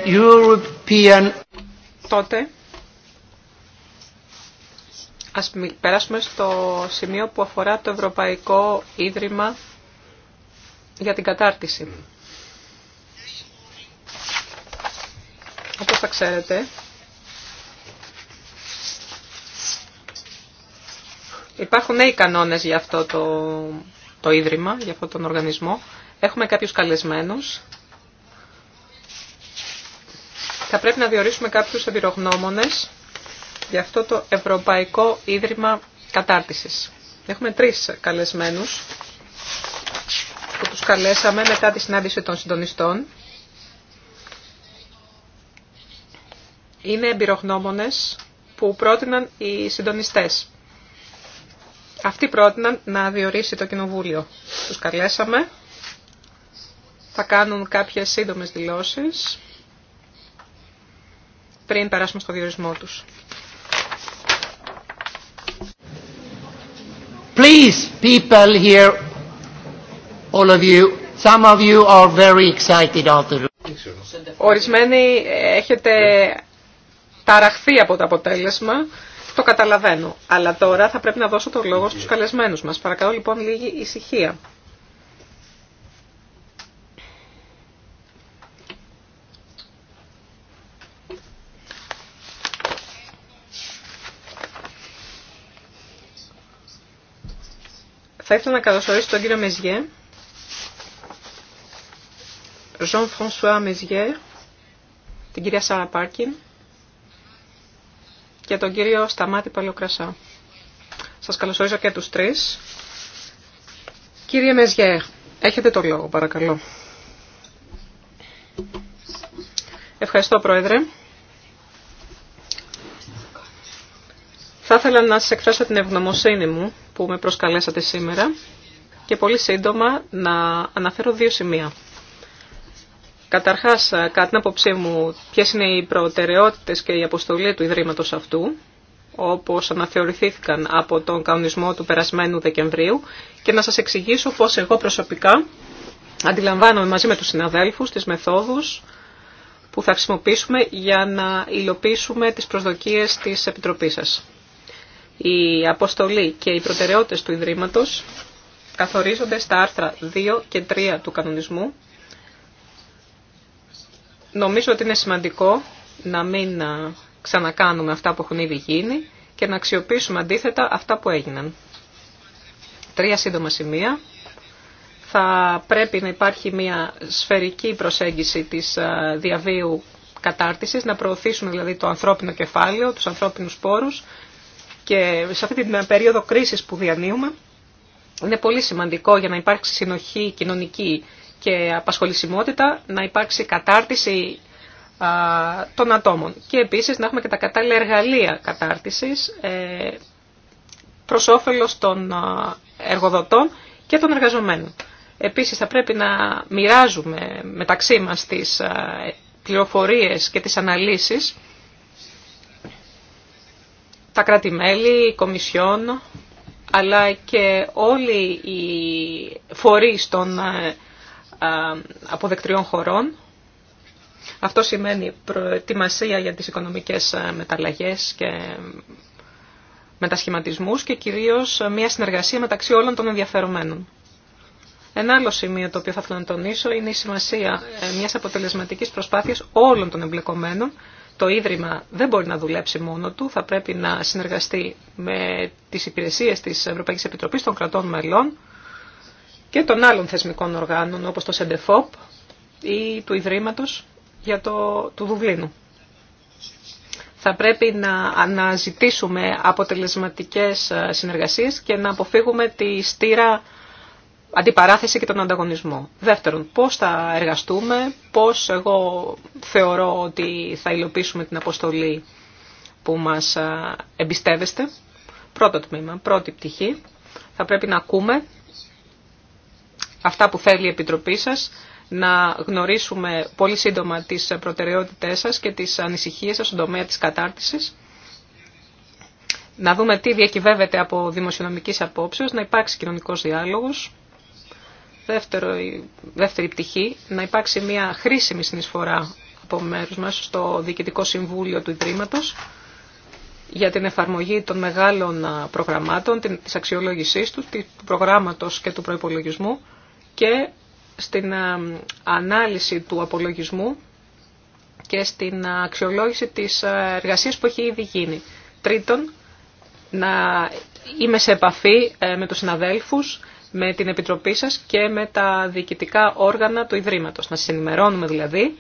European Τότε ας περάσουμε στο σημείο που αφορά το Ευρωπαϊκό Ίδρυμα για την κατάρτιση. Όπως θα ξέρετε, υπάρχουν νέοι κανόνες για αυτό το, το ίδρυμα, για αυτόν τον οργανισμό. Έχουμε κάποιους καλεσμένους. Θα πρέπει να διορίσουμε κάποιους εμπειρογνώμονες για αυτό το Ευρωπαϊκό Ίδρυμα Κατάρτισης. Έχουμε τρεις καλεσμένους που τους καλέσαμε μετά τη συνάντηση των συντονιστών. είναι εμπειρογνώμονες που πρότειναν οι συντονιστές. Αυτοί πρότειναν να διορίσει το Κοινοβούλιο. Τους καλέσαμε. Θα κάνουν κάποιες σύντομες δηλώσεις πριν περάσουμε στο διορισμό τους. Please, people here, all of you, some of you are very excited after. Ορισμένοι έχετε ταραχθεί από το αποτέλεσμα, το καταλαβαίνω. Αλλά τώρα θα πρέπει να δώσω το λόγο στους καλεσμένους μας. Παρακαλώ λοιπόν λίγη ησυχία. Θα ήθελα να καλωσορίσω τον κύριο Μεζιέ, Jean-François Μεζιέ, την κυρία Σάρα Πάρκιν, και τον κύριο Σταμάτη Παλοκρασά. Σας καλωσορίζω και τους τρεις. Κύριε Μεζιέ, έχετε το λόγο παρακαλώ. Ευχαριστώ Πρόεδρε. Θα ήθελα να σας εκφράσω την ευγνωμοσύνη μου που με προσκαλέσατε σήμερα και πολύ σύντομα να αναφέρω δύο σημεία. Καταρχάς, ε, κατά την άποψή μου, ποιες είναι οι προτεραιότητες και η αποστολή του Ιδρύματος αυτού, όπως αναθεωρηθήθηκαν από τον κανονισμό του περασμένου Δεκεμβρίου και να σας εξηγήσω πώς εγώ προσωπικά αντιλαμβάνομαι μαζί με τους συναδέλφους τις μεθόδους που θα χρησιμοποιήσουμε για να υλοποιήσουμε τις προσδοκίες της Επιτροπής σας. Η αποστολή και οι προτεραιότητες του Ιδρύματος καθορίζονται στα άρθρα 2 και 3 του κανονισμού Νομίζω ότι είναι σημαντικό να μην ε, ξανακάνουμε αυτά που έχουν ήδη γίνει και να αξιοποιήσουμε αντίθετα αυτά που έγιναν. Τρία σύντομα σημεία. Θα πρέπει να υπάρχει μια σφαιρική προσέγγιση της ε, διαβίου κατάρτισης, να προωθήσουμε δηλαδή το ανθρώπινο κεφάλαιο, τους ανθρώπινους πόρους και σε αυτή την ε, περίοδο κρίσης που διανύουμε είναι πολύ σημαντικό για να υπάρξει συνοχή κοινωνική και απασχολησιμότητα, να υπάρξει κατάρτιση των ατόμων. Και επίσης να έχουμε και τα κατάλληλα εργαλεία κατάρτισης ε, προς όφελος των εργοδοτών και των εργαζομένων. Επίσης θα πρέπει να μοιράζουμε μεταξύ μας τις πληροφορίες και τις αναλύσεις τα κράτη-μέλη, η Κομισιόν, αλλά και όλοι οι φορείς των ε, αποδεκτριών χωρών. Αυτό σημαίνει προετοιμασία για τις οικονομικές μεταλλαγές και μετασχηματισμούς και κυρίως μια συνεργασία μεταξύ όλων των ενδιαφερομένων. Ένα άλλο σημείο το οποίο θα ήθελα να τονίσω είναι η σημασία ε, μιας αποτελεσματικής προσπάθειας όλων των εμπλεκομένων. Το Ίδρυμα δεν μπορεί να δουλέψει μόνο του, θα πρέπει να συνεργαστεί με τις υπηρεσίες της Ευρωπαϊκής Επιτροπής των κρατών μελών, και των άλλων θεσμικών οργάνων όπως το ΣΕΝΤΕΦΟΠ ή του Ιδρύματος για το, του Δουβλίνου. Θα πρέπει να αναζητήσουμε αποτελεσματικές ε, συνεργασίες και να αποφύγουμε τη στήρα αντιπαράθεση και τον ανταγωνισμό. Δεύτερον, πώς θα εργαστούμε, πώς εγώ θεωρώ ότι θα υλοποιήσουμε την αποστολή που μας ε, εμπιστεύεστε. Πρώτο τμήμα, πρώτη πτυχή. Θα πρέπει να ακούμε αυτά που θέλει η Επιτροπή σας, να γνωρίσουμε πολύ σύντομα τις προτεραιότητές σας και τις ανησυχίες σας στον τομέα της κατάρτισης. Να δούμε τι διακυβεύεται από δημοσιονομικής απόψεως, να υπάρξει κοινωνικός διάλογος. Δεύτερο, δεύτερη πτυχή, να υπάρξει μια χρήσιμη συνεισφορά από μέρους μας στο Διοικητικό Συμβούλιο του Ιδρύματος για την εφαρμογή των μεγάλων προγραμμάτων, της αξιολόγησής του, του προγράμματος και του προϋπολογισμού και στην ε, ανάλυση του απολογισμού και στην ε, αξιολόγηση της ε, εργασίας που έχει ήδη γίνει. Τρίτον, να είμαι σε επαφή με τους συναδέλφους, με την Επιτροπή σας και με τα διοικητικά όργανα του Ιδρύματος. Να σας ενημερώνουμε δηλαδή,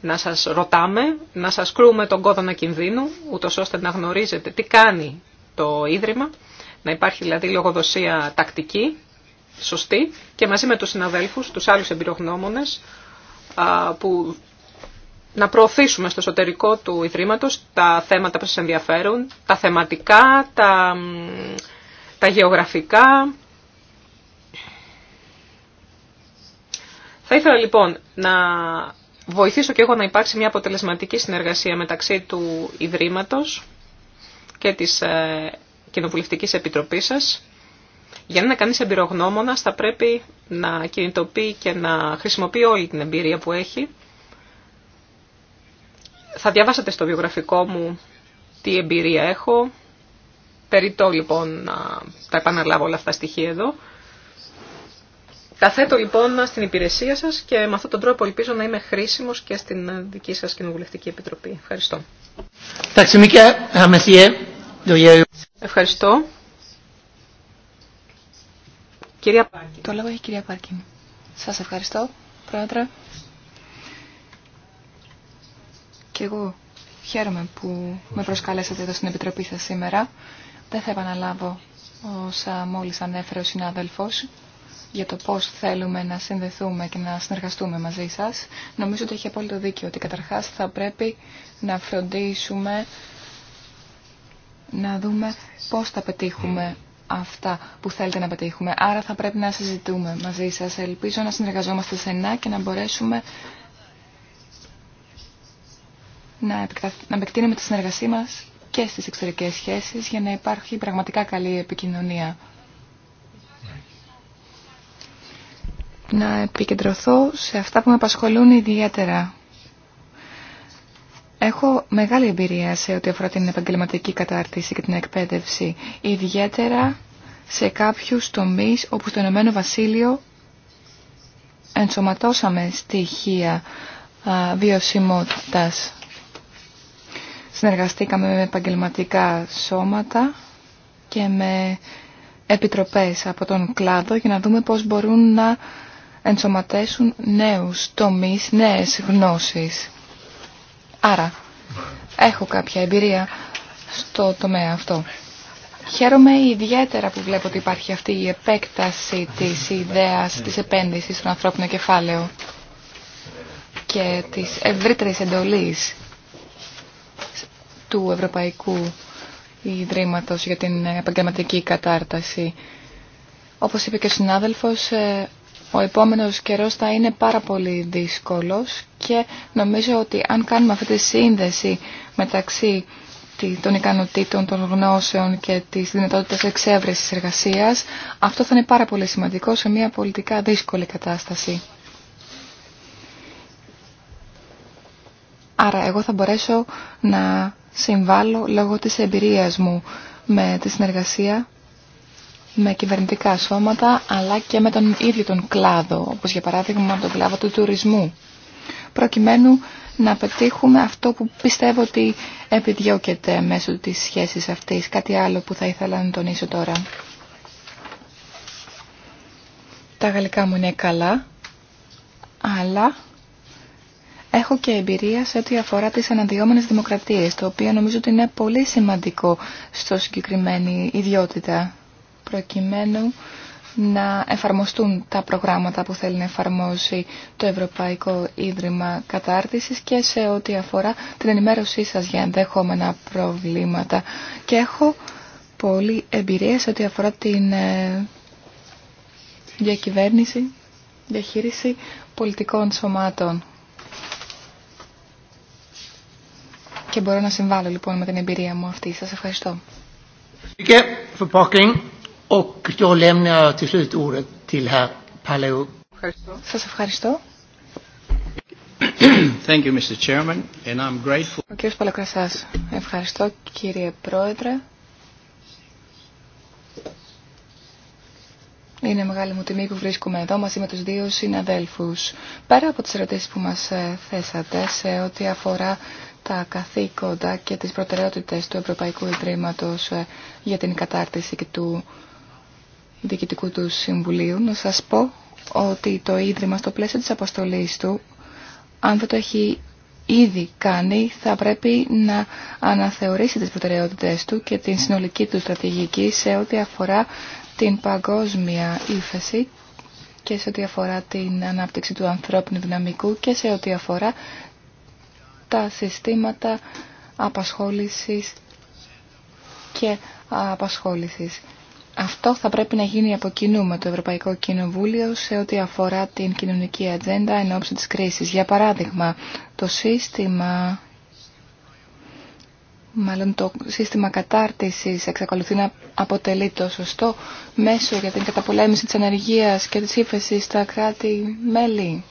να σας ρωτάμε, να σας κρούμε τον κόδωνα κινδύνου, ούτω ώστε να γνωρίζετε τι κάνει το Ίδρυμα, να υπάρχει δηλαδή λογοδοσία τακτική σωστή και μαζί με τους συναδέλφους, τους άλλους εμπειρογνώμονες, που να προωθήσουμε στο εσωτερικό του Ιδρύματος τα θέματα που σας ενδιαφέρουν, τα θεματικά, τα, τα γεωγραφικά. Θα ήθελα λοιπόν να βοηθήσω και εγώ να υπάρξει μια αποτελεσματική συνεργασία μεταξύ του Ιδρύματος και της ε, Κοινοβουλευτικής Επιτροπής σας για να είναι κανείς εμπειρογνώμονας θα πρέπει να κινητοποιεί και να χρησιμοποιεί όλη την εμπειρία που έχει. Θα διαβάσατε στο βιογραφικό μου τι εμπειρία έχω. Περιτώ λοιπόν να τα επαναλάβω όλα αυτά τα στοιχεία εδώ. Τα θέτω λοιπόν στην υπηρεσία σας και με αυτόν τον τρόπο ελπίζω να είμαι χρήσιμος και στην δική σας Κοινοβουλευτική Επιτροπή. Ευχαριστώ. Ευχαριστώ. Κυρία Πάρκιν. Το λόγο έχει η κυρία Πάρκιν. Σας ευχαριστώ, Πρόεδρε. Και εγώ χαίρομαι που με προσκαλέσατε εδώ στην Επιτροπή σας σήμερα. Δεν θα επαναλάβω όσα μόλις ανέφερε ο συνάδελφος για το πώς θέλουμε να συνδεθούμε και να συνεργαστούμε μαζί σας. Νομίζω ότι έχει απόλυτο δίκιο ότι καταρχάς θα πρέπει να φροντίσουμε να δούμε πώς θα πετύχουμε αυτά που θέλετε να πετύχουμε. Άρα θα πρέπει να συζητούμε μαζί σας. Ελπίζω να συνεργαζόμαστε σενά και να μπορέσουμε να, να επεκτείνουμε τη συνεργασία μας και στις εξωτερικές σχέσεις για να υπάρχει πραγματικά καλή επικοινωνία. Να επικεντρωθώ σε αυτά που με απασχολούν ιδιαίτερα Έχω μεγάλη εμπειρία σε ό,τι αφορά την επαγγελματική κατάρτιση και την εκπαίδευση, ιδιαίτερα σε κάποιους τομείς όπου στο Ηνωμένο Βασίλειο ενσωματώσαμε στοιχεία βιωσιμότητας. Συνεργαστήκαμε με επαγγελματικά σώματα και με επιτροπές από τον κλάδο για να δούμε πώς μπορούν να ενσωματέσουν νέους τομείς, νέες γνώσεις. Άρα, έχω κάποια εμπειρία στο τομέα αυτό. Χαίρομαι ιδιαίτερα που βλέπω ότι υπάρχει αυτή η επέκταση της ιδέας της επένδυσης στον ανθρώπινο κεφάλαιο και της ευρύτερης εντολής του Ευρωπαϊκού Ιδρύματος για την επαγγελματική κατάρταση. Όπως είπε και ο συνάδελφος, ε, ο επόμενος καιρός θα είναι πάρα πολύ δύσκολος και νομίζω ότι αν κάνουμε αυτή τη σύνδεση μεταξύ των ικανοτήτων, των γνώσεων και της δυνατότητας εξέβρεσης εργασίας, αυτό θα είναι πάρα πολύ σημαντικό σε μια πολιτικά δύσκολη κατάσταση. Άρα εγώ θα μπορέσω να συμβάλλω λόγω της εμπειρίας μου με τη συνεργασία με κυβερνητικά σώματα αλλά και με τον ίδιο τον κλάδο, όπως για παράδειγμα τον κλάδο του τουρισμού, προκειμένου να πετύχουμε αυτό που πιστεύω ότι επιδιώκεται μέσω της σχέσης αυτής. Κάτι άλλο που θα ήθελα να τονίσω τώρα. Τα γαλλικά μου είναι καλά, αλλά έχω και εμπειρία σε ό,τι αφορά τις αναδυόμενες δημοκρατίες, το οποίο νομίζω ότι είναι πολύ σημαντικό στο συγκεκριμένη ιδιότητα προκειμένου να εφαρμοστούν τα προγράμματα που θέλει να εφαρμόσει το Ευρωπαϊκό Ίδρυμα Κατάρτισης και σε ό,τι αφορά την ενημέρωσή σας για ενδεχόμενα προβλήματα. Και έχω πολλή εμπειρία σε ό,τι αφορά την ε, διακυβέρνηση, διαχείριση πολιτικών σωμάτων. Και μπορώ να συμβάλλω λοιπόν με την εμπειρία μου αυτή. Σας ευχαριστώ. Och ευχαριστώ. ευχαριστώ κύριε Πρόεδρε. Είναι μεγάλη μου τιμή που βρίσκομαι εδώ μαζί με τους δύο συναδέλφους. Πέρα από τις ερωτήσεις που μας ε, θέσατε σε ό,τι αφορά τα καθήκοντα και τις προτεραιότητες του Ευρωπαϊκού Ιδρύματος ε, για την κατάρτιση και του Διοικητικού του Συμβουλίου να σας πω ότι το Ίδρυμα στο πλαίσιο της αποστολής του, αν δεν το έχει ήδη κάνει, θα πρέπει να αναθεωρήσει τις προτεραιότητες του και την συνολική του στρατηγική σε ό,τι αφορά την παγκόσμια ύφεση και σε ό,τι αφορά την ανάπτυξη του ανθρώπινου δυναμικού και σε ό,τι αφορά τα συστήματα απασχόλησης και απασχόλησης. Αυτό θα πρέπει να γίνει από κοινού με το Ευρωπαϊκό Κοινοβούλιο σε ό,τι αφορά την κοινωνική ατζέντα εν ώψη της κρίσης. Για παράδειγμα, το σύστημα, μάλλον το σύστημα κατάρτισης εξακολουθεί να αποτελεί το σωστό μέσο για την καταπολέμηση της ανεργίας και της ύφεσης στα κράτη-μέλη.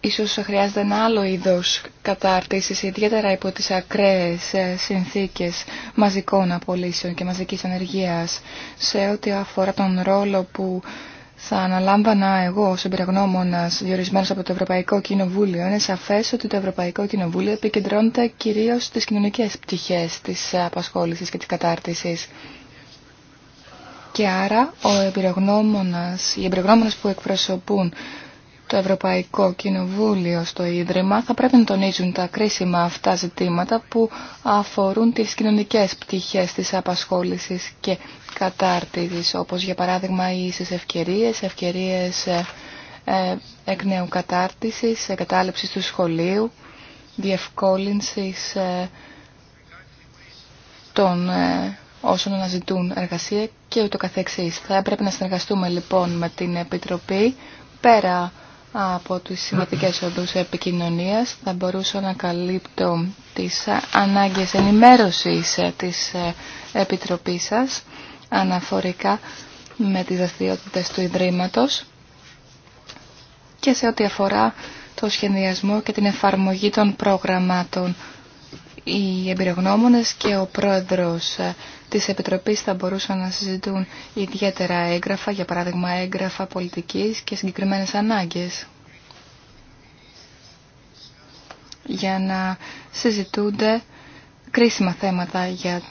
Ίσως χρειάζεται ένα άλλο είδος κατάρτισης, ιδιαίτερα υπό τις ακραίες ε, συνθήκες μαζικών απολύσεων και μαζικής ανεργίας, σε ό,τι αφορά τον ρόλο που θα αναλάμβανα εγώ ως εμπειρογνώμονας διορισμένος από το Ευρωπαϊκό Κοινοβούλιο. Είναι σαφές ότι το Ευρωπαϊκό Κοινοβούλιο επικεντρώνεται κυρίως στις κοινωνικές πτυχές της απασχόλησης και της κατάρτισης. Και άρα ο εμπειρογνώμονας, οι εμπειρογνώμονες που εκπροσωπούν το Ευρωπαϊκό Κοινοβούλιο στο Ίδρυμα θα πρέπει να τονίζουν τα κρίσιμα αυτά ζητήματα που αφορούν τις κοινωνικές πτυχές της απασχόλησης και κατάρτισης, όπως για παράδειγμα οι ίσες ευκαιρίες, ευκαιρίες ε, ε, εκ νέου κατάρτισης, εγκατάλειψης του σχολείου, διευκόλυνσης ε, των όσων αναζητούν εργασία και ούτω καθεξής. Θα πρέπει να συνεργαστούμε λοιπόν με την Επιτροπή πέρα από τις σημαντικές οδούς επικοινωνίας. Θα μπορούσα να καλύπτω τις ανάγκες ενημέρωσης ε, της ε, Επιτροπής σας αναφορικά με τις δραστηριότητε του Ιδρύματος και σε ό,τι αφορά το σχεδιασμό και την εφαρμογή των προγραμμάτων οι εμπειρογνώμονες και ο πρόεδρος ε, της Επιτροπής θα μπορούσαν να συζητούν ιδιαίτερα έγγραφα, για παράδειγμα έγγραφα πολιτικής και συγκεκριμένες ανάγκες. Για να συζητούνται κρίσιμα θέματα για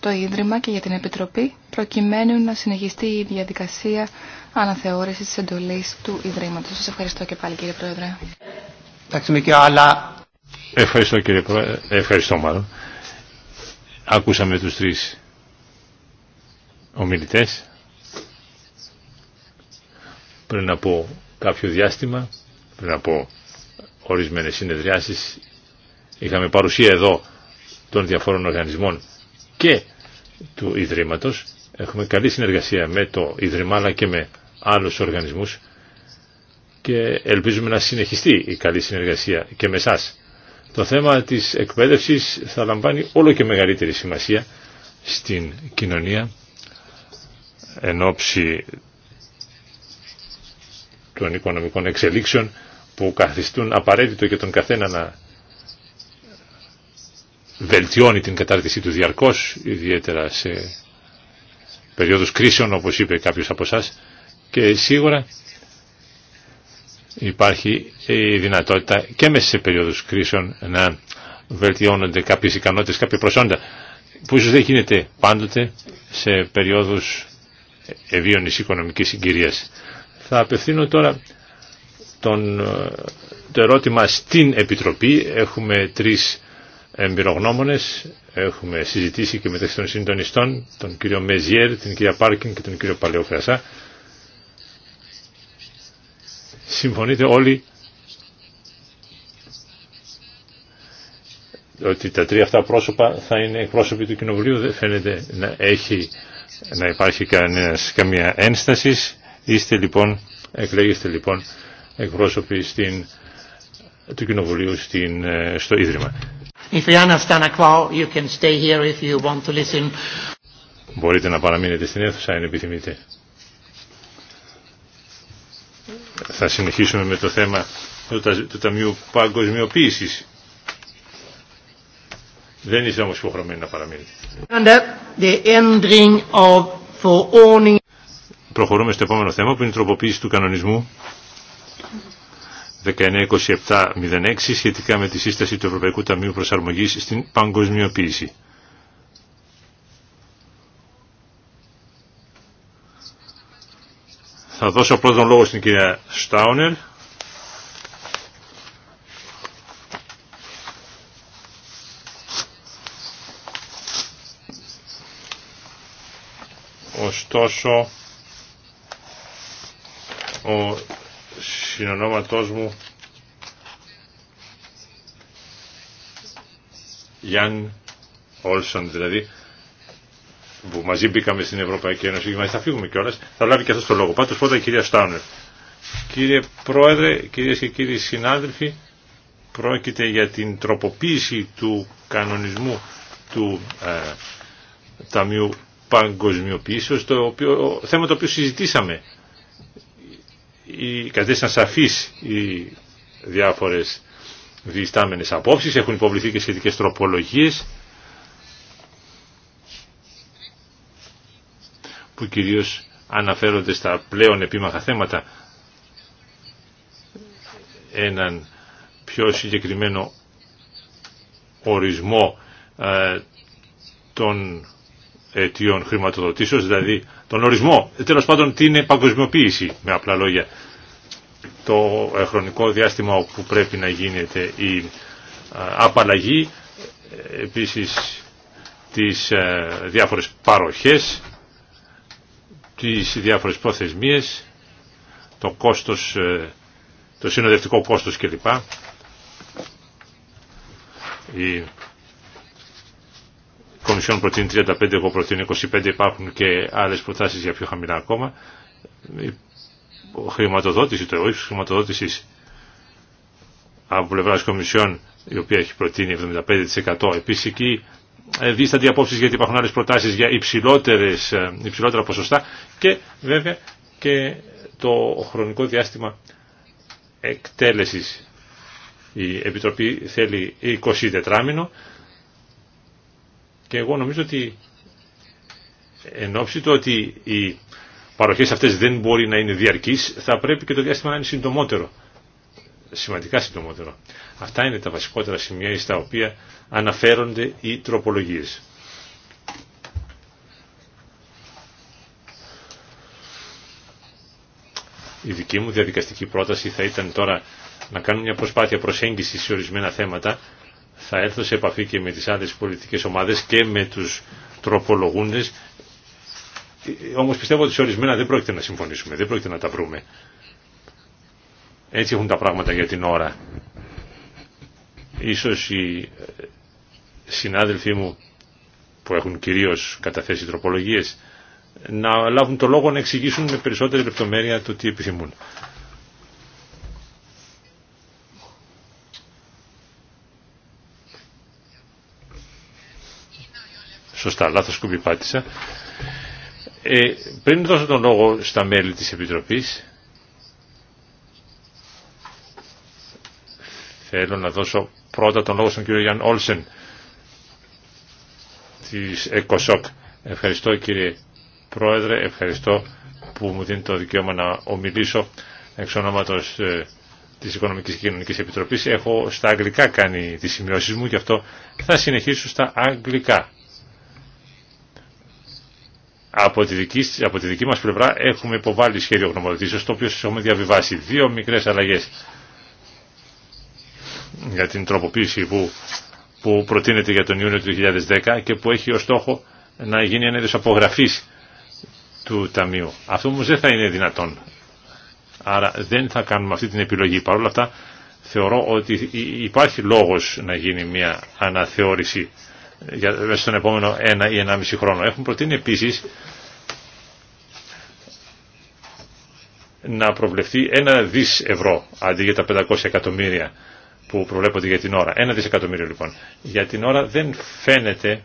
το Ίδρυμα και για την Επιτροπή προκειμένου να συνεχιστεί η διαδικασία αναθεώρησης της εντολής του Ιδρύματος. Σας ευχαριστώ και πάλι κύριε Πρόεδρε. Ευχαριστώ κύριε Πρόεδρε. Ευχαριστώ μάλλον. Ακούσαμε τους τρεις ομιλητές πριν από κάποιο διάστημα, πριν από ορισμένες συνεδριάσεις είχαμε παρουσία εδώ των διαφόρων οργανισμών και του Ιδρύματος. Έχουμε καλή συνεργασία με το Ιδρύμα αλλά και με άλλους οργανισμούς και ελπίζουμε να συνεχιστεί η καλή συνεργασία και με εσάς το θέμα της εκπαίδευσης θα λαμβάνει όλο και μεγαλύτερη σημασία στην κοινωνία εν ώψη των οικονομικών εξελίξεων που καθιστούν απαραίτητο και τον καθένα να βελτιώνει την κατάρτισή του διαρκώς, ιδιαίτερα σε περίοδους κρίσεων όπως είπε κάποιος από εσά και σίγουρα υπάρχει η δυνατότητα και μέσα σε περίοδους κρίσεων να βελτιώνονται κάποιες ικανότητες, κάποια προσόντα που ίσως δεν γίνεται πάντοτε σε περίοδους ευίωνης οικονομικής συγκυρίας. Θα απευθύνω τώρα τον, το ερώτημα στην Επιτροπή. Έχουμε τρεις εμπειρογνώμονες, έχουμε συζητήσει και μεταξύ των συντονιστών, τον κύριο Μεζιέρ, την κυρία Πάρκιν και τον κύριο Παλαιοφρασά. Συμφωνείτε όλοι ότι τα τρία αυτά πρόσωπα θα είναι εκπρόσωποι του Κοινοβουλίου. Δεν φαίνεται να, έχει, να υπάρχει κανένας, καμία ένσταση. Είστε λοιπόν, εκλέγεστε λοιπόν εκπρόσωποι στην, του Κοινοβουλίου στην, ε, στο Ίδρυμα. Μπορείτε να παραμείνετε στην αίθουσα αν επιθυμείτε θα συνεχίσουμε με το θέμα του Ταμείου Παγκοσμιοποίησης. Δεν είσαι όμως υποχρεωμένοι να παραμείνετε. Προχωρούμε στο επόμενο θέμα που είναι η τροποποίηση του κανονισμού 1927-06 σχετικά με τη σύσταση του Ευρωπαϊκού Ταμείου Προσαρμογής στην παγκοσμιοποίηση. Θα δώσω πρώτον λόγο στην κυρία Στάουνερ. Ωστόσο, ο συνονόματός μου Γιάνν Όλσον δηλαδή που μαζί μπήκαμε στην Ευρωπαϊκή Ένωση και θα φύγουμε κιόλα, θα λάβει και αυτό το λόγο. Πάντω πρώτα η κυρία Στάουνερ. Κύριε Πρόεδρε, κυρίε και κύριοι συνάδελφοι, πρόκειται για την τροποποίηση του κανονισμού του ε, Ταμείου Παγκοσμιοποίησεως, το οποίο, θέμα το οποίο συζητήσαμε. Οι, κατέστησαν σαφείς οι διάφορες διστάμενες απόψεις, έχουν υποβληθεί και σχετικές τροπολογίες που κυρίως αναφέρονται στα πλέον επίμαχα θέματα έναν πιο συγκεκριμένο ορισμό ε, των αιτιών χρηματοδοτήσεως, δηλαδή τον ορισμό, ε, τέλος πάντων τι είναι παγκοσμιοποίηση με απλά λόγια το ε, χρονικό διάστημα που πρέπει να γίνεται η απαλλαγή επίσης τις διάφορες παροχές τις διάφορες προθεσμίες, το κόστος, ε, το συνοδευτικό κόστος κλπ. Η Κομισιόν προτείνει 35, εγώ προτείνω 25, υπάρχουν και άλλες προτάσεις για πιο χαμηλά ακόμα. Η χρηματοδότηση, το ύψος χρηματοδότησης από πλευράς Κομισιόν, η οποία έχει προτείνει 75% επίσης εκεί ε, δίστατη απόψεις γιατί υπάρχουν άλλες προτάσεις για υψηλότερες, ε, υψηλότερα ποσοστά και βέβαια και το χρονικό διάστημα εκτέλεσης. Η Επιτροπή θέλει 24 μήνο και εγώ νομίζω ότι εν ώψη του ότι οι παροχές αυτές δεν μπορεί να είναι διαρκείς θα πρέπει και το διάστημα να είναι συντομότερο σημαντικά συντομότερο. Αυτά είναι τα βασικότερα σημεία στα οποία αναφέρονται οι τροπολογίες. Η δική μου διαδικαστική πρόταση θα ήταν τώρα να κάνω μια προσπάθεια προσέγγισης σε ορισμένα θέματα. Θα έρθω σε επαφή και με τις άλλες πολιτικές ομάδες και με τους τροπολογούντες. Ε, όμως πιστεύω ότι σε ορισμένα δεν πρόκειται να συμφωνήσουμε, δεν πρόκειται να τα βρούμε. Έτσι έχουν τα πράγματα για την ώρα. Ίσως οι ε, συνάδελφοί μου που έχουν κυρίως καταθέσει τροπολογίες να λάβουν το λόγο να εξηγήσουν με περισσότερη λεπτομέρεια το τι επιθυμούν. Σωστά, λάθος κουμπί Ε, πριν δώσω τον λόγο στα μέλη της Επιτροπής, Θέλω να δώσω πρώτα τον λόγο στον κύριο Γιάνν Όλσεν της ΕΚΟΣΟΚ. Ευχαριστώ κύριε Πρόεδρε, ευχαριστώ που μου δίνει το δικαίωμα να ομιλήσω εξ ονόματος ε, της Οικονομικής και Κοινωνικής Επιτροπής. Έχω στα αγγλικά κάνει τις σημειώσεις μου και αυτό θα συνεχίσω στα αγγλικά. Από τη, δική, από μας πλευρά έχουμε υποβάλει σχέδιο γνωμοδοτήσεως το οποίο σας έχουμε διαβιβάσει. Δύο μικρές αλλαγές για την τροποποίηση που, που προτείνεται για τον Ιούνιο του 2010 και που έχει ως στόχο να γίνει ένα είδος απογραφής του Ταμείου. Αυτό όμως δεν θα είναι δυνατόν. Άρα δεν θα κάνουμε αυτή την επιλογή. Παρ' όλα αυτά θεωρώ ότι υπάρχει λόγος να γίνει μια αναθεώρηση για, μέσα στον επόμενο ένα ή ενάμιση χρόνο. Έχουν προτείνει επίσης να προβλεφθεί ένα δις ευρώ αντί για τα 500 εκατομμύρια που προβλέπονται για την ώρα. Ένα δισεκατομμύριο λοιπόν. Για την ώρα δεν φαίνεται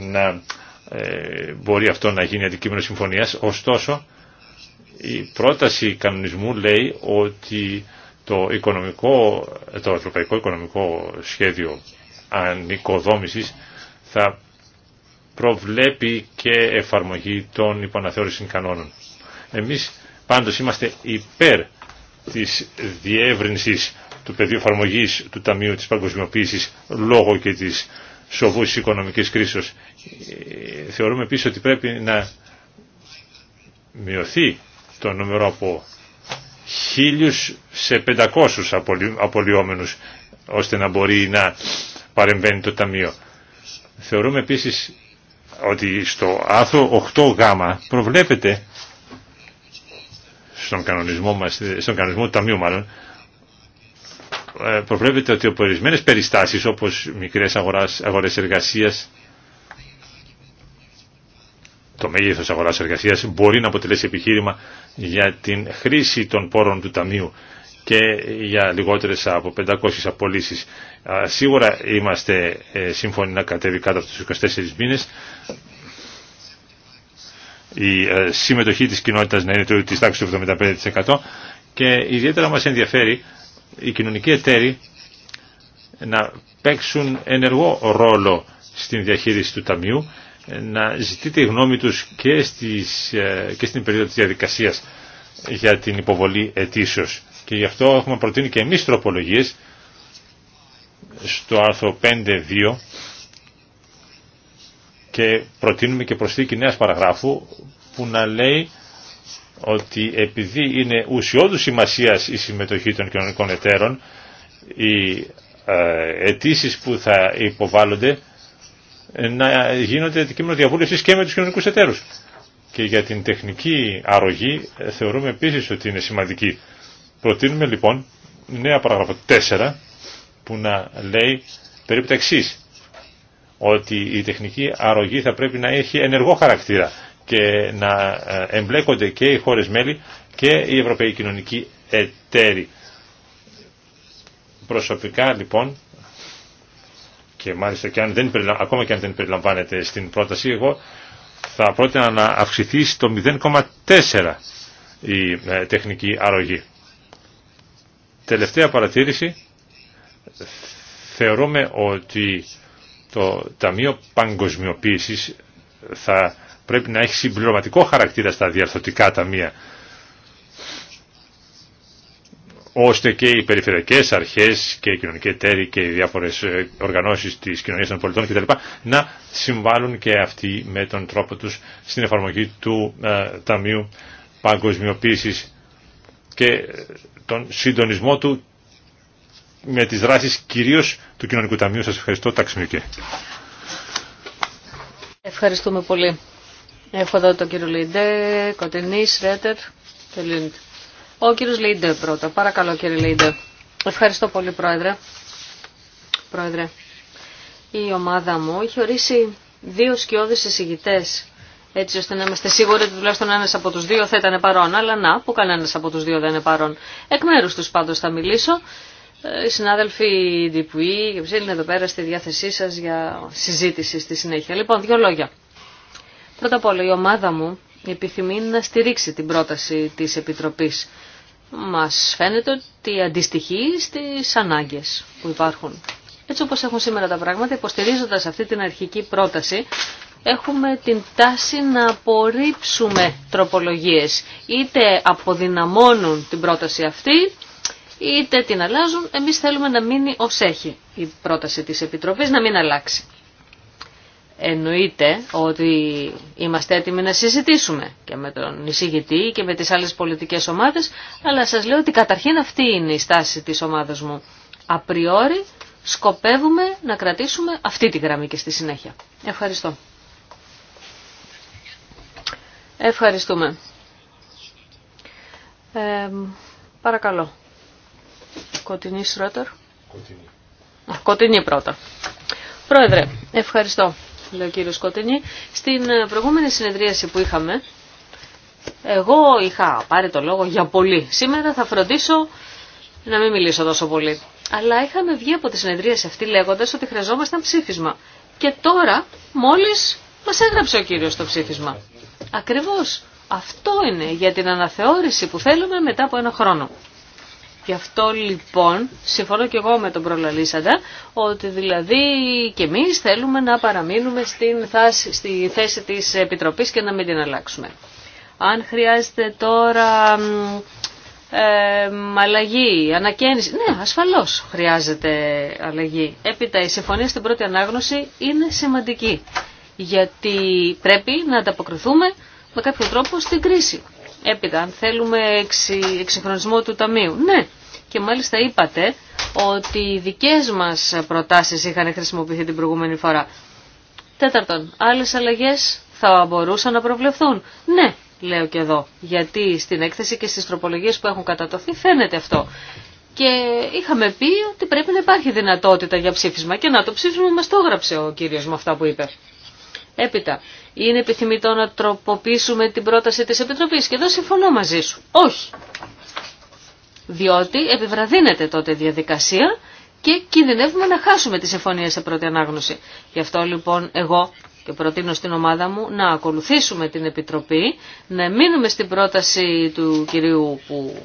να ε, μπορεί αυτό να γίνει αντικείμενο συμφωνίας. Ωστόσο, η πρόταση κανονισμού λέει ότι το, οικονομικό, το Ευρωπαϊκό Οικονομικό Σχέδιο Ανοικοδόμησης θα προβλέπει και εφαρμογή των υποναθεώρηση κανόνων. Εμείς πάντως είμαστε υπέρ της διεύρυνσης του πεδίου εφαρμογή του Ταμείου της Παγκοσμιοποίησης λόγω και της σοβούς οικονομικής κρίσης. Ε, θεωρούμε επίσης ότι πρέπει να μειωθεί το νούμερο από χίλιους σε πεντακόσους απολυόμενους ώστε να μπορεί να παρεμβαίνει το Ταμείο. Θεωρούμε επίσης ότι στο άθρο 8Γ προβλέπεται στον κανονισμό, μας, στον κανονισμό του Ταμείου μάλλον ε, προβλέπεται ότι από ορισμένε περιστάσεις όπως μικρές αγοράς, αγορές εργασίας το μέγεθος αγοράς εργασίας μπορεί να αποτελέσει επιχείρημα για την χρήση των πόρων του Ταμείου και για λιγότερες από 500 απολύσεις. Σίγουρα είμαστε ε, σύμφωνοι να κατέβει κάτω από τους 24 μήνες η ε, συμμετοχή της κοινότητας να είναι της τάξης του 75% και ιδιαίτερα μας ενδιαφέρει οι κοινωνικοί εταίροι να παίξουν ενεργό ρόλο στην διαχείριση του Ταμείου, να ζητείτε η γνώμη τους και, στις, ε, και στην περίοδο της διαδικασίας για την υποβολή αιτήσεως. Και γι' αυτό έχουμε προτείνει και εμείς τροπολογίες στο άρθρο 5.2 και προτείνουμε και προσθήκη νέας παραγράφου που να λέει ότι επειδή είναι ουσιώδου σημασία η συμμετοχή των κοινωνικών εταίρων, οι ε, αιτήσει που θα υποβάλλονται ε, να γίνονται αντικείμενο διαβούλευση και με του κοινωνικού εταίρους. Και για την τεχνική αρρωγή ε, θεωρούμε επίσης ότι είναι σημαντική. Προτείνουμε λοιπόν νέα παράγραφο 4 που να λέει περίπου τα εξή ότι η τεχνική αρρωγή θα πρέπει να έχει ενεργό χαρακτήρα και να ε, εμπλέκονται και οι χώρες μέλη και οι Ευρωπαίοι Κοινωνικοί Εταίροι. Προσωπικά λοιπόν και μάλιστα και αν δεν, ακόμα και αν δεν περιλαμβάνεται στην πρόταση εγώ θα πρότεινα να αυξηθεί στο 0,4 η ε, τεχνική αρρωγή. Τελευταία παρατήρηση θεωρούμε ότι το Ταμείο Παγκοσμιοποίησης θα πρέπει να έχει συμπληρωματικό χαρακτήρα στα διαρθωτικά ταμεία ώστε και οι περιφερειακές αρχές και οι κοινωνικοί εταίροι και οι διάφορες ε, οργανώσεις της κοινωνίας των πολιτών κτλ. να συμβάλλουν και αυτοί με τον τρόπο τους στην εφαρμογή του ε, Ταμείου Παγκοσμιοποίησης και ε, τον συντονισμό του με τις δράσεις κυρίως του Κοινωνικού Ταμείου. Σας ευχαριστώ. Ταξιμιουκέ. Ευχαριστούμε πολύ. Έχω εδώ τον κύριο Λίντε, Κοντινή, ρέτερ και Λίντ. Ο κύριο Λίντε πρώτα. Παρακαλώ κύριε Λίντε. Ευχαριστώ πολύ πρόεδρε. Πρόεδρε, η ομάδα μου έχει ορίσει δύο σκιώδεις εισηγητές έτσι ώστε να είμαστε σίγουροι ότι τουλάχιστον ένας από τους δύο θα ήταν παρόν. Αλλά να, που κανένας από τους δύο δεν είναι παρόν. Εκ μέρους τους πάντως θα μιλήσω. Ε, οι συνάδελφοι Ντιπουή και είναι εδώ πέρα στη διάθεσή σας για συζήτηση στη συνέχεια. Λοιπόν, δύο λόγια. Πρώτα απ' όλα η ομάδα μου επιθυμεί να στηρίξει την πρόταση της Επιτροπής. Μας φαίνεται ότι αντιστοιχεί στις ανάγκες που υπάρχουν. Έτσι όπως έχουν σήμερα τα πράγματα, υποστηρίζοντας αυτή την αρχική πρόταση, έχουμε την τάση να απορρίψουμε τροπολογίες. Είτε αποδυναμώνουν την πρόταση αυτή, είτε την αλλάζουν. Εμείς θέλουμε να μείνει ως έχει η πρόταση της Επιτροπής, να μην αλλάξει. Εννοείται ότι είμαστε έτοιμοι να συζητήσουμε και με τον εισηγητή και με τις άλλες πολιτικές ομάδες, αλλά σας λέω ότι καταρχήν αυτή είναι η στάση της ομάδας μου. Απριόρι σκοπεύουμε να κρατήσουμε αυτή τη γραμμή και στη συνέχεια. Ευχαριστώ. Ευχαριστούμε. Ε, παρακαλώ. Κοτεινή Σρότερ. Κοτεινή. Κοτεινή πρώτα. Πρόεδρε, ευχαριστώ λέει ο κύριος Στην ε, προηγούμενη συνεδρίαση που είχαμε, εγώ είχα πάρει το λόγο για πολύ. Σήμερα θα φροντίσω να μην μιλήσω τόσο πολύ. Αλλά είχαμε βγει από τη συνεδρίαση αυτή λέγοντας ότι χρειαζόμασταν ψήφισμα. Και τώρα μόλις μας έγραψε ο κύριος το ψήφισμα. Ακριβώς. Αυτό είναι για την αναθεώρηση που θέλουμε μετά από ένα χρόνο. Γι' αυτό λοιπόν συμφωνώ και εγώ με τον προλαλήσαντα ότι δηλαδή και εμείς θέλουμε να παραμείνουμε στην στη θέση της Επιτροπής και να μην την αλλάξουμε. Αν χρειάζεται τώρα ε, αλλαγή, ανακαίνιση, ναι ασφαλώς χρειάζεται αλλαγή. Έπειτα η συμφωνία στην πρώτη ανάγνωση είναι σημαντική γιατί πρέπει να ανταποκριθούμε με κάποιο τρόπο στην κρίση. Έπειτα, αν θέλουμε εξυγχρονισμό του Ταμείου. Ναι, και μάλιστα είπατε ότι οι δικές μας προτάσεις είχαν χρησιμοποιηθεί την προηγούμενη φορά. Τέταρτον, άλλες αλλαγές θα μπορούσαν να προβλεφθούν. Ναι, λέω και εδώ, γιατί στην έκθεση και στις τροπολογίες που έχουν κατατοθεί φαίνεται αυτό. Και είχαμε πει ότι πρέπει να υπάρχει δυνατότητα για ψήφισμα και να το ψήφισμα μας το έγραψε ο κύριος με αυτά που είπε. Έπειτα, είναι επιθυμητό να τροποποιήσουμε την πρόταση της Επιτροπής και εδώ συμφωνώ μαζί σου. Όχι. Διότι επιβραδύνεται τότε η διαδικασία και κινδυνεύουμε να χάσουμε τη συμφωνία σε πρώτη ανάγνωση. Γι' αυτό λοιπόν εγώ και προτείνω στην ομάδα μου να ακολουθήσουμε την Επιτροπή, να μείνουμε στην πρόταση του κυρίου που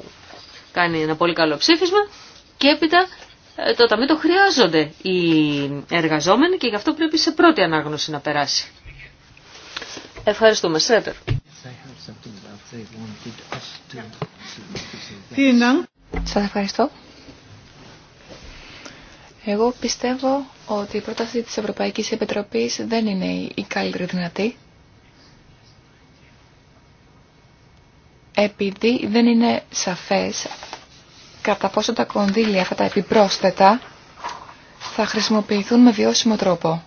κάνει ένα πολύ καλό ψήφισμα και έπειτα ε, το ταμείο το χρειάζονται οι εργαζόμενοι και γι' αυτό πρέπει σε πρώτη ανάγνωση να περάσει. Ευχαριστούμε, Σα Σας ευχαριστώ. Εγώ πιστεύω ότι η πρόταση της Ευρωπαϊκής Επιτροπής δεν είναι η καλύτερη δυνατή. Επειδή δεν είναι σαφές κατά πόσο τα κονδύλια αυτά τα επιπρόσθετα θα χρησιμοποιηθούν με βιώσιμο τρόπο.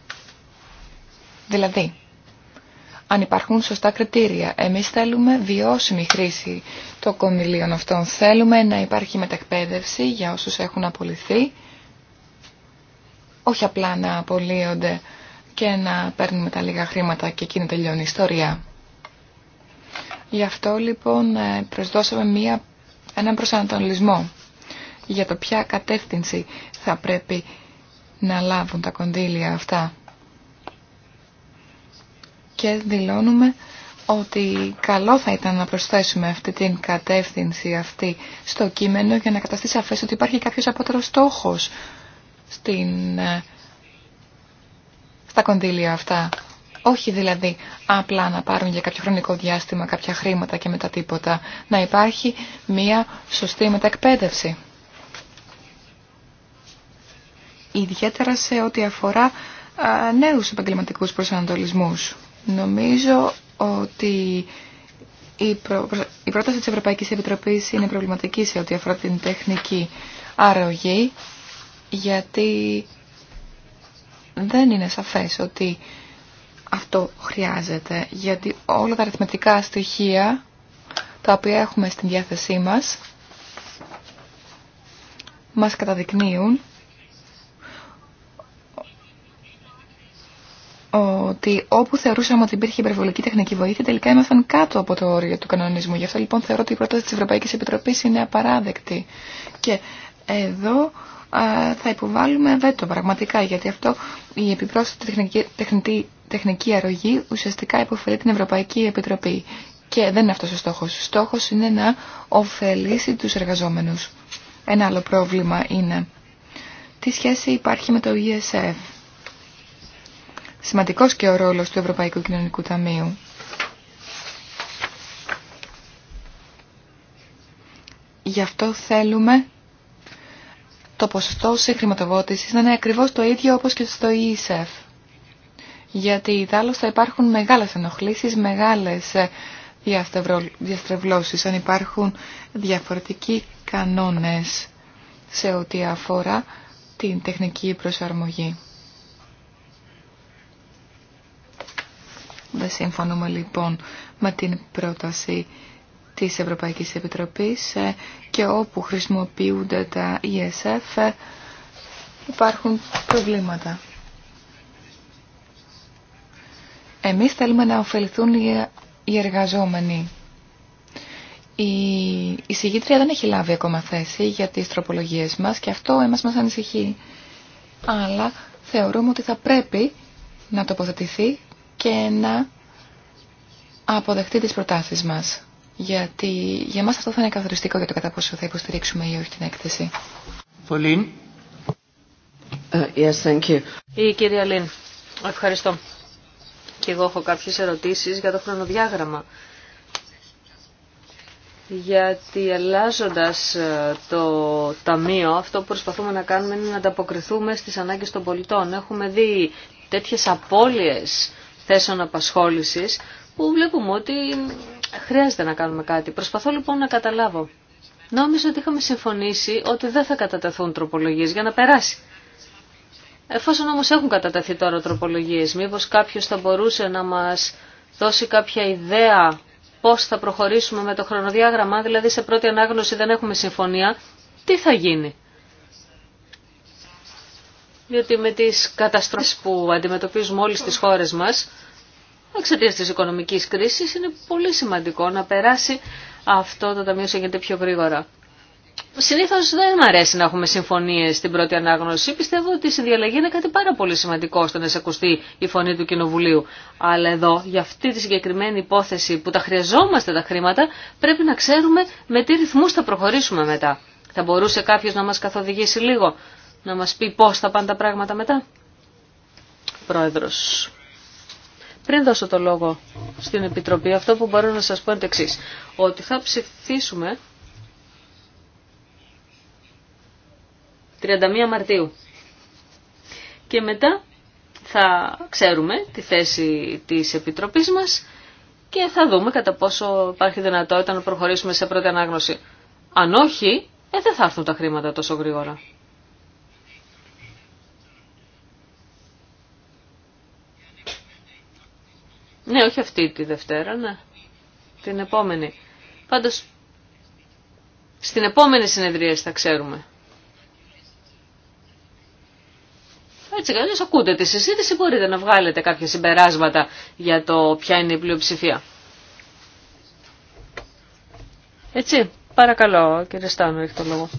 Δηλαδή, αν υπάρχουν σωστά κριτήρια. Εμείς θέλουμε βιώσιμη χρήση των κονδυλίων αυτών. Θέλουμε να υπάρχει μετακπαίδευση για όσους έχουν απολυθεί, όχι απλά να απολύονται και να παίρνουμε τα λίγα χρήματα και εκείνη τελειώνει η ιστορία. Γι' αυτό λοιπόν ε, προσδώσαμε μία, έναν προσανατολισμό για το ποια κατεύθυνση θα πρέπει να λάβουν τα κονδύλια αυτά και δηλώνουμε ότι καλό θα ήταν να προσθέσουμε αυτή την κατεύθυνση αυτή στο κείμενο για να καταστεί σαφές ότι υπάρχει κάποιος απότερος στόχος στην, ε, στα κονδύλια αυτά. Όχι δηλαδή απλά να πάρουν για κάποιο χρονικό διάστημα κάποια χρήματα και μετά τίποτα. Να υπάρχει μία σωστή μετακπαίδευση. Ιδιαίτερα σε ό,τι αφορά νέους επαγγελματικούς προσανατολισμούς. Νομίζω ότι η, η πρόταση της Ευρωπαϊκής Επιτροπής είναι προβληματική σε ό,τι αφορά την τεχνική αρρωγή, γιατί δεν είναι σαφές ότι αυτό χρειάζεται, γιατί όλα τα αριθμητικά στοιχεία τα οποία έχουμε στην διάθεσή μας μας καταδεικνύουν ότι όπου θεωρούσαμε ότι υπήρχε υπερβολική τεχνική βοήθεια, τελικά ήμασταν κάτω από το όριο του κανονισμού. Γι' αυτό λοιπόν θεωρώ ότι η πρόταση τη Ευρωπαϊκή Επιτροπής είναι απαράδεκτη. Και εδώ θα υποβάλουμε βέτο πραγματικά, γιατί αυτό η επιπρόσθετη τεχνική, τεχνητή, τεχνική αρρωγή ουσιαστικά υποφελεί την Ευρωπαϊκή Επιτροπή. Και δεν είναι αυτό ο στόχο. Ο στόχο είναι να ωφελήσει του εργαζόμενου. Ένα άλλο πρόβλημα είναι τι σχέση υπάρχει με το ESF σημαντικός και ο ρόλος του Ευρωπαϊκού Κοινωνικού Ταμείου. Γι' αυτό θέλουμε το ποσοστό χρηματοδότηση να είναι ακριβώς το ίδιο όπως και στο ESF. Γιατί δάλλως θα υπάρχουν μεγάλες ενοχλήσεις, μεγάλες ε, διαστρεβλώσεις, αν υπάρχουν διαφορετικοί κανόνες σε ό,τι αφορά την τεχνική προσαρμογή. Δεν συμφωνούμε λοιπόν με την πρόταση της Ευρωπαϊκής Επιτροπής ε, και όπου χρησιμοποιούνται τα ESF ε, υπάρχουν προβλήματα. Εμείς θέλουμε να ωφεληθούν οι εργαζόμενοι. Η εισηγήτρια δεν έχει λάβει ακόμα θέση για τις τροπολογίες μας και αυτό εμάς μας ανησυχεί. Αλλά θεωρούμε ότι θα πρέπει να τοποθετηθεί και να αποδεχτεί τις προτάσεις μας. Γιατί για μας αυτό θα είναι καθοριστικό για το κατά πόσο θα υποστηρίξουμε ή όχι την έκθεση. Πολύ. Uh, yes, thank you. Η κυρία Λίν, ευχαριστώ. Και εγώ έχω κάποιες ερωτήσεις για το χρονοδιάγραμμα. Γιατί αλλάζοντα ε, το ταμείο, αυτό που προσπαθούμε να κάνουμε είναι να ανταποκριθούμε στις ανάγκες των πολιτών. Έχουμε δει τέτοιες απώλειες θέσεων απασχόλησης που βλέπουμε ότι χρειάζεται να κάνουμε κάτι. Προσπαθώ λοιπόν να καταλάβω. Νόμιζα ότι είχαμε συμφωνήσει ότι δεν θα κατατεθούν τροπολογίες για να περάσει. Εφόσον όμως έχουν κατατεθεί τώρα τροπολογίες, μήπως κάποιος θα μπορούσε να μας δώσει κάποια ιδέα πώς θα προχωρήσουμε με το χρονοδιάγραμμα, δηλαδή σε πρώτη ανάγνωση δεν έχουμε συμφωνία, τι θα γίνει διότι με τις καταστροφές που αντιμετωπίζουμε όλες τις χώρες μας, εξαιτία της οικονομικής κρίσης, είναι πολύ σημαντικό να περάσει αυτό το ταμείο σε γίνεται πιο γρήγορα. Συνήθω δεν μου αρέσει να έχουμε συμφωνίε στην πρώτη ανάγνωση. Πιστεύω ότι η συνδιαλλαγή είναι κάτι πάρα πολύ σημαντικό ώστε να ακουστεί η φωνή του Κοινοβουλίου. Αλλά εδώ, για αυτή τη συγκεκριμένη υπόθεση που τα χρειαζόμαστε τα χρήματα, πρέπει να ξέρουμε με τι ρυθμού θα προχωρήσουμε μετά. Θα μπορούσε κάποιο να μα καθοδηγήσει λίγο να μας πει πώς θα πάνε τα πράγματα μετά. Πρόεδρος, πριν δώσω το λόγο στην Επιτροπή, αυτό που μπορώ να σας πω είναι το εξής, ότι θα ψηφίσουμε 31 Μαρτίου και μετά θα ξέρουμε τη θέση της Επιτροπής μας και θα δούμε κατά πόσο υπάρχει δυνατότητα να προχωρήσουμε σε πρώτη ανάγνωση. Αν όχι, ε, δεν θα έρθουν τα χρήματα τόσο γρήγορα. Ναι, όχι αυτή τη Δευτέρα, ναι. Την επόμενη. Πάντως, στην επόμενη συνεδρία θα ξέρουμε. Έτσι καλώς ακούτε τη συζήτηση, μπορείτε να βγάλετε κάποια συμπεράσματα για το ποια είναι η πλειοψηφία. Έτσι, παρακαλώ κύριε Στάνο, έχει το λόγο.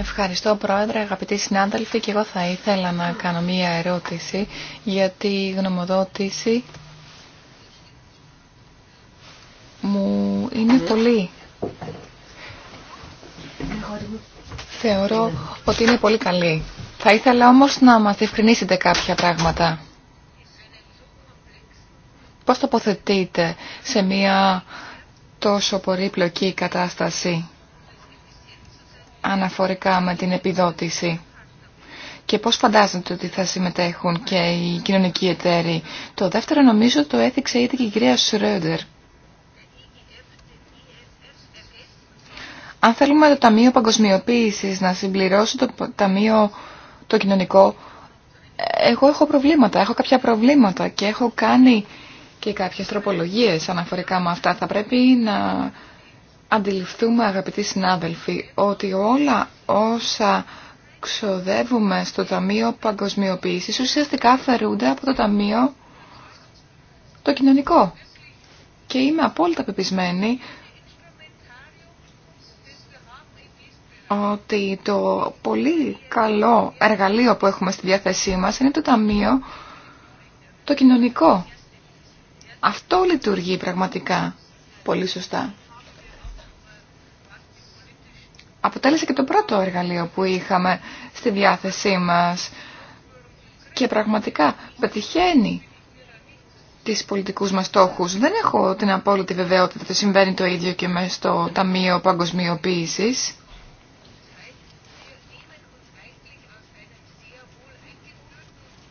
Ευχαριστώ Πρόεδρε, αγαπητοί συνάδελφοι και εγώ θα ήθελα να κάνω μία ερώτηση γιατί η γνωμοδότηση μου είναι πολύ... Θεωρώ ότι είναι πολύ καλή. Θα ήθελα όμως να μας διευκρινίσετε κάποια πράγματα. Πώς τοποθετείτε σε μία τόσο πολύπλοκη κατάσταση αναφορικά με την επιδότηση και πώς φαντάζεται ότι θα συμμετέχουν και οι κοινωνικοί εταίροι. Το δεύτερο νομίζω το έθιξε ήδη και η κυρία Σρέντερ. Αν θέλουμε το Ταμείο Παγκοσμιοποίησης να συμπληρώσει το Ταμείο το κοινωνικό, εγώ έχω προβλήματα, έχω κάποια προβλήματα και έχω κάνει και κάποιες τροπολογίες αναφορικά με αυτά. Θα πρέπει να αντιληφθούμε αγαπητοί συνάδελφοι ότι όλα όσα ξοδεύουμε στο Ταμείο Παγκοσμιοποίησης ουσιαστικά αφαιρούνται από το Ταμείο το κοινωνικό. Και είμαι απόλυτα πεπισμένη ότι το πολύ καλό εργαλείο που έχουμε στη διάθεσή μας είναι το Ταμείο το κοινωνικό. Αυτό λειτουργεί πραγματικά πολύ σωστά αποτέλεσε και το πρώτο εργαλείο που είχαμε στη διάθεσή μας και πραγματικά πετυχαίνει τις πολιτικούς μας στόχους. Δεν έχω την απόλυτη βεβαιότητα ότι συμβαίνει το ίδιο και με στο Ταμείο Παγκοσμιοποίησης.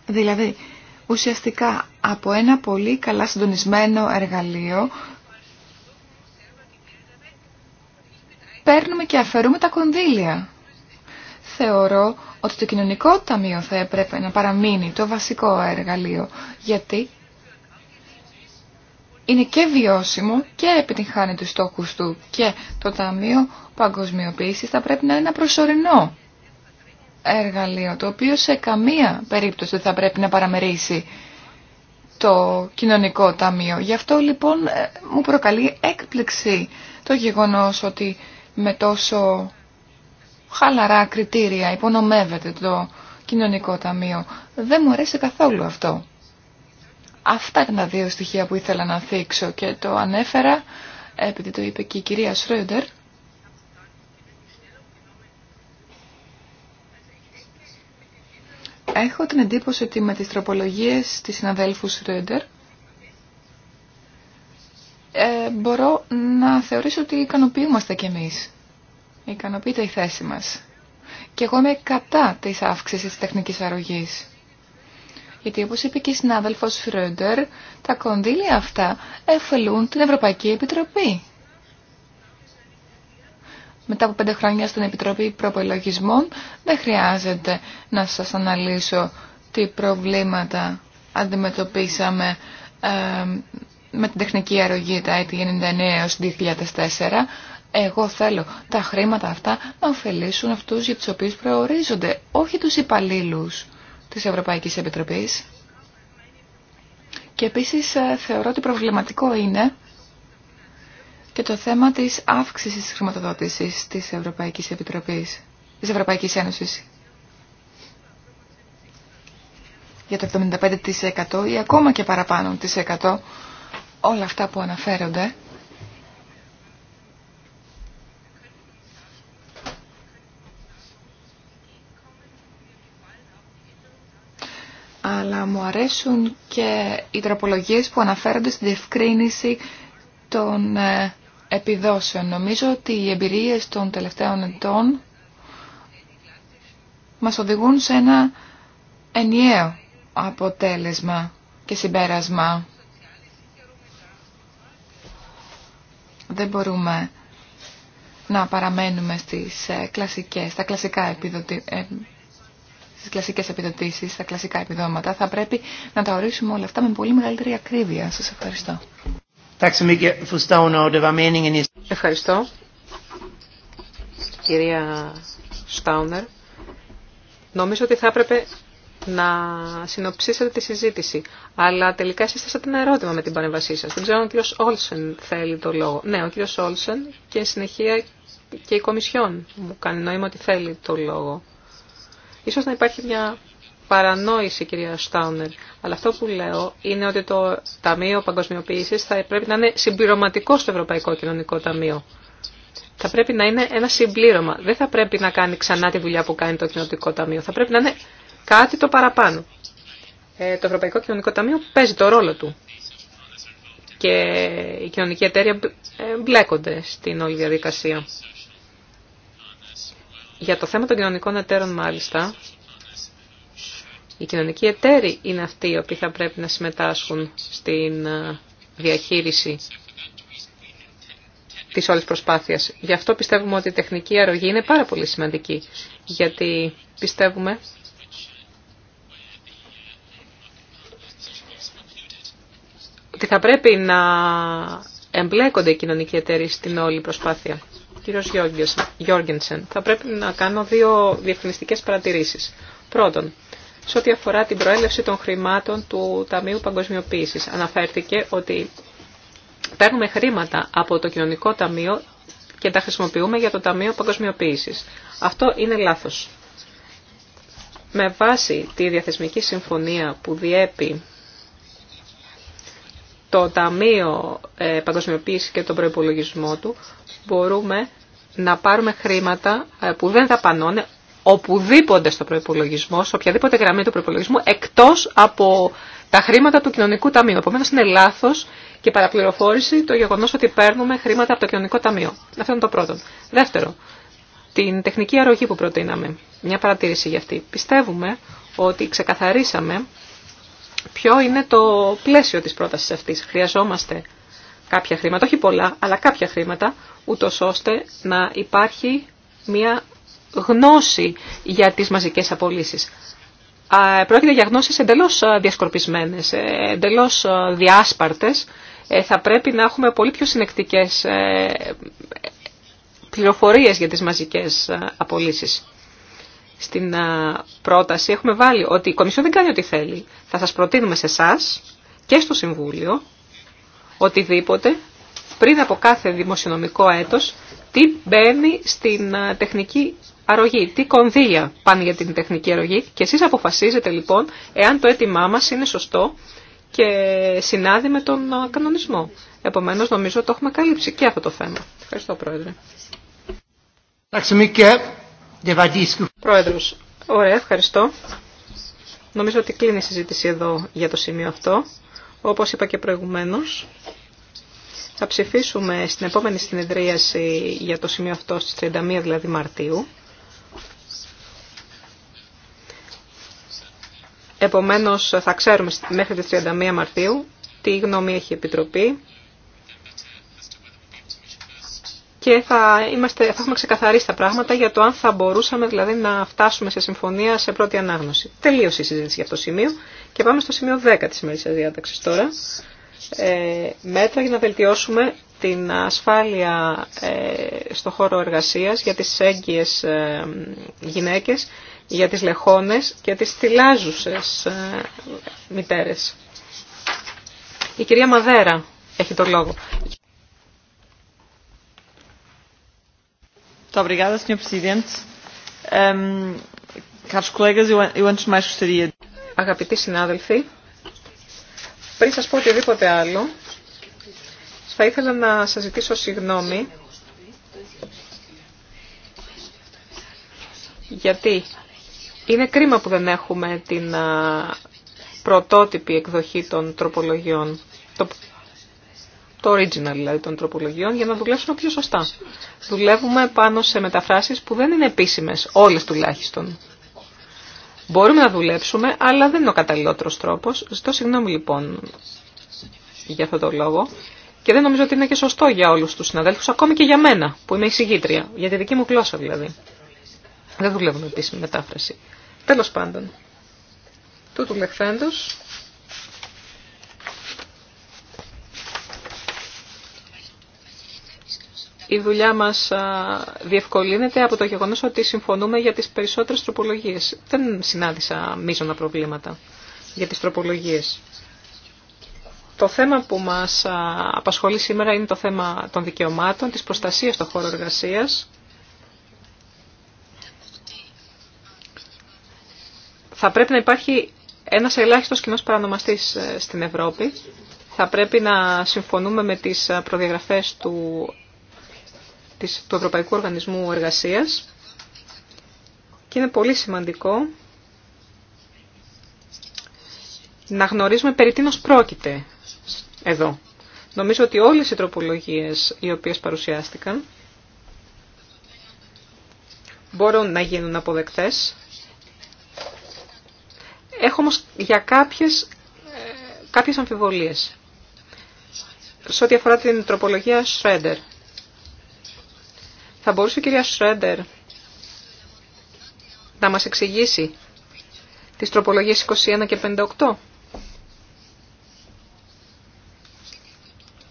Δηλαδή, ουσιαστικά από ένα πολύ καλά συντονισμένο εργαλείο παίρνουμε και αφαιρούμε τα κονδύλια. Θεωρώ ότι το κοινωνικό ταμείο θα έπρεπε να παραμείνει το βασικό εργαλείο, γιατί είναι και βιώσιμο και επιτυγχάνει τους στόχους του και το Ταμείο Παγκοσμιοποίησης θα πρέπει να είναι ένα προσωρινό εργαλείο, το οποίο σε καμία περίπτωση θα πρέπει να παραμερίσει το κοινωνικό ταμείο. Γι' αυτό λοιπόν ε, μου προκαλεί έκπληξη το γεγονός ότι με τόσο χαλαρά κριτήρια υπονομεύεται το κοινωνικό ταμείο. Δεν μου αρέσει καθόλου αυτό. Αυτά ήταν τα δύο στοιχεία που ήθελα να θίξω και το ανέφερα επειδή το είπε και η κυρία Σρόιντερ. Έχω την εντύπωση ότι με τις τροπολογίες της συναδέλφου Σρόιντερ μπορώ να θεωρήσω ότι ικανοποιούμαστε κι εμείς. Ικανοποιείται η θέση μας. Και εγώ είμαι κατά της αύξησης της τεχνικής αρρωγής. Γιατί όπως είπε και η συνάδελφος Φρόντερ, τα κονδύλια αυτά εφελούν την Ευρωπαϊκή Επιτροπή. Μετά από πέντε χρόνια στην Επιτροπή Προπολογισμών δεν χρειάζεται να σας αναλύσω τι προβλήματα αντιμετωπίσαμε ε, με την τεχνική αρρωγή τα έτη 99 2004, εγώ θέλω τα χρήματα αυτά να ωφελήσουν αυτούς για τους οποίους προορίζονται, όχι τους υπαλλήλου της Ευρωπαϊκής Επιτροπής. Και επίσης ε, θεωρώ ότι προβληματικό είναι και το θέμα της αύξησης της χρηματοδότησης της Ευρωπαϊκής Επιτροπής, της Ευρωπαϊκής Ένωσης. Για το 75% ή ακόμα και παραπάνω της 100% όλα αυτά που αναφέρονται αλλά μου αρέσουν και οι τροπολογίες που αναφέρονται στην διευκρίνηση των ε, επιδόσεων. Νομίζω ότι οι εμπειρίες των τελευταίων ετών μας οδηγούν σε ένα ενιαίο αποτέλεσμα και συμπέρασμα. Δεν μπορούμε να παραμένουμε στις ε, κλασικές, στα κλασικά ε, στις κλασικές επιδοτήσεις, στα κλασικά επιδόματα. Θα πρέπει να τα ορίσουμε όλα αυτά με πολύ μεγαλύτερη ακρίβεια. Σας ευχαριστώ. Ευχαριστώ. Κυρία Στάουνερ, νομίζω ότι θα έπρεπε να συνοψίσετε τη συζήτηση. Αλλά τελικά εσείς θέσατε ένα ερώτημα με την παρέμβασή σας. Δεν ξέρω αν ο κύριος Όλσεν θέλει το λόγο. Ναι, ο κύριος Όλσεν και συνεχεία και η Κομισιόν μου κάνει νόημα ότι θέλει το λόγο. Ίσως να υπάρχει μια παρανόηση, κυρία Στάουνερ. Αλλά αυτό που λέω είναι ότι το Ταμείο παγκοσμιοποίηση θα πρέπει να είναι συμπληρωματικό στο Ευρωπαϊκό Κοινωνικό Ταμείο. Θα πρέπει να είναι ένα συμπλήρωμα. Δεν θα πρέπει να κάνει ξανά τη δουλειά που κάνει το Κοινωνικό Ταμείο. Θα πρέπει να είναι κάτι το παραπάνω. Ε, το Ευρωπαϊκό Κοινωνικό Ταμείο παίζει το ρόλο του και οι κοινωνικοί εταίροι μπλέκονται στην όλη διαδικασία. Για το θέμα των κοινωνικών εταίρων μάλιστα, οι κοινωνικοί εταίροι είναι αυτοί οι οποίοι θα πρέπει να συμμετάσχουν στην ε, διαχείριση της όλης προσπάθειας. Γι' αυτό πιστεύουμε ότι η τεχνική αρρωγή είναι πάρα πολύ σημαντική, γιατί πιστεύουμε ότι θα πρέπει να εμπλέκονται οι κοινωνικοί εταίροι στην όλη προσπάθεια. Κύριο Γιώργενσεν, θα πρέπει να κάνω δύο διευθυνιστικές παρατηρήσει. Πρώτον, σε ό,τι αφορά την προέλευση των χρημάτων του Ταμείου Παγκοσμιοποίησης, αναφέρθηκε ότι παίρνουμε χρήματα από το Κοινωνικό Ταμείο και τα χρησιμοποιούμε για το Ταμείο Παγκοσμιοποίησης. Αυτό είναι λάθος. Με βάση τη διαθεσμική συμφωνία που διέπει το Ταμείο ε, Παγκοσμιοποίησης και τον προϋπολογισμό του μπορούμε να πάρουμε χρήματα ε, που δεν θα δαπανώνε οπουδήποτε στο προϋπολογισμό, σε οποιαδήποτε γραμμή του προϋπολογισμού, εκτός από τα χρήματα του Κοινωνικού Ταμείου. Επομένω είναι λάθος και παραπληροφόρηση το γεγονός ότι παίρνουμε χρήματα από το Κοινωνικό Ταμείο. Αυτό είναι το πρώτο. Δεύτερο, την τεχνική αρρωγή που προτείναμε. Μια παρατήρηση για αυτή. Πιστεύουμε ότι ξεκαθαρίσαμε ποιο είναι το πλαίσιο της πρότασης αυτής. Χρειαζόμαστε κάποια χρήματα, όχι πολλά, αλλά κάποια χρήματα, ούτω ώστε να υπάρχει μια γνώση για τις μαζικές απολύσεις. Πρόκειται για γνώσεις εντελώς διασκορπισμένες, ε, εντελώς διάσπαρτες. Ε, θα πρέπει να έχουμε πολύ πιο συνεκτικές ε, πληροφορίες για τις μαζικές απολύσεις στην πρόταση έχουμε βάλει ότι η Κομισιόν δεν κάνει ό,τι θέλει. Θα σας προτείνουμε σε εσά και στο Συμβούλιο οτιδήποτε πριν από κάθε δημοσιονομικό έτος τι μπαίνει στην τεχνική αρρωγή, τι κονδύλια πάνε για την τεχνική αρρωγή και εσείς αποφασίζετε λοιπόν εάν το έτοιμά μας είναι σωστό και συνάδει με τον κανονισμό. Επομένως νομίζω το έχουμε καλύψει και αυτό το θέμα. Ευχαριστώ Πρόεδρε. Πρόεδρος, ωραία, ευχαριστώ. Νομίζω ότι κλείνει η συζήτηση εδώ για το σημείο αυτό. όπω είπα και προηγουμένω, θα ψηφίσουμε στην επόμενη συνεδρίαση για το σημείο αυτό στι 31 δηλαδή Μαρτίου. Επομένως θα ξέρουμε μέχρι τις 31 Μαρτίου τι γνώμη έχει η Επιτροπή και θα, είμαστε, θα έχουμε ξεκαθαρίσει τα πράγματα για το αν θα μπορούσαμε δηλαδή να φτάσουμε σε συμφωνία σε πρώτη ανάγνωση. Τελείωσε η συζήτηση για αυτό το σημείο και πάμε στο σημείο 10 της σημερινής διάταξης τώρα. Ε, μέτρα για να βελτιώσουμε την ασφάλεια ε, στο χώρο εργασίας για τις έγκυες ε, γυναίκες, για τις λεχόνες και τις θυλάζουσες ε, μητέρες. Η κυρία Μαδέρα έχει το λόγο. Αγαπητοί συνάδελφοι, πριν σας πω οτιδήποτε άλλο, θα ήθελα να σας ζητήσω συγγνώμη γιατί είναι κρίμα που δεν έχουμε την πρωτότυπη εκδοχή των τροπολογιών, το original δηλαδή των τροπολογιών για να δουλέψουμε πιο σωστά. Δουλεύουμε πάνω σε μεταφράσεις που δεν είναι επίσημες, όλες τουλάχιστον. Μπορούμε να δουλέψουμε, αλλά δεν είναι ο καταλληλότερος τρόπος. Ζητώ συγγνώμη λοιπόν για αυτόν τον λόγο. Και δεν νομίζω ότι είναι και σωστό για όλους τους συναδέλφους, ακόμη και για μένα, που είμαι εισηγήτρια, για τη δική μου γλώσσα δηλαδή. Δεν δουλεύουμε επίσημη μετάφραση. Τέλος πάντων, τούτου λεχθέντος, η δουλειά μας διευκολύνεται από το γεγονός ότι συμφωνούμε για τις περισσότερες τροπολογίες. Δεν συνάντησα μείζωνα προβλήματα για τις τροπολογίες. Το θέμα που μας απασχολεί σήμερα είναι το θέμα των δικαιωμάτων, της προστασίας στον χώρο εργασίας. Θα πρέπει να υπάρχει ένας ελάχιστος κοινός παρανομαστής ε, στην Ευρώπη. Θα πρέπει να συμφωνούμε με τις προδιαγραφές του του Ευρωπαϊκού Οργανισμού Εργασίας και είναι πολύ σημαντικό να γνωρίζουμε περί τίνος πρόκειται εδώ. Νομίζω ότι όλες οι τροπολογίες οι οποίες παρουσιάστηκαν μπορούν να γίνουν αποδεκτές. Έχω όμως για κάποιες, ε, κάποιες αμφιβολίες. Σε ό,τι αφορά την τροπολογία Shredder, θα μπορούσε η κυρία Σρέντερ να μας εξηγήσει τις τροπολογίες 21 και 58.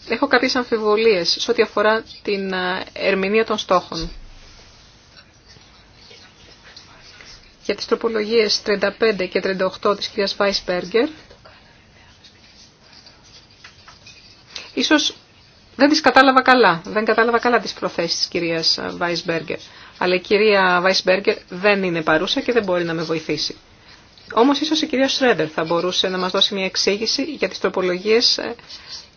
Έχω κάποιες αμφιβολίες σε ό,τι αφορά την ε, ερμηνεία των στόχων. Για τις τροπολογίες 35 και 38 της κυρίας Βάισπέργκερ, ίσως δεν τις κατάλαβα καλά. Δεν κατάλαβα καλά τις προθέσεις της κυρίας Βάισμπεργκερ. Αλλά η κυρία Βάισμπεργκερ δεν είναι παρούσα και δεν μπορεί να με βοηθήσει. Όμως ίσως η κυρία Σρέντερ θα μπορούσε να μας δώσει μια εξήγηση για τις τροπολογίες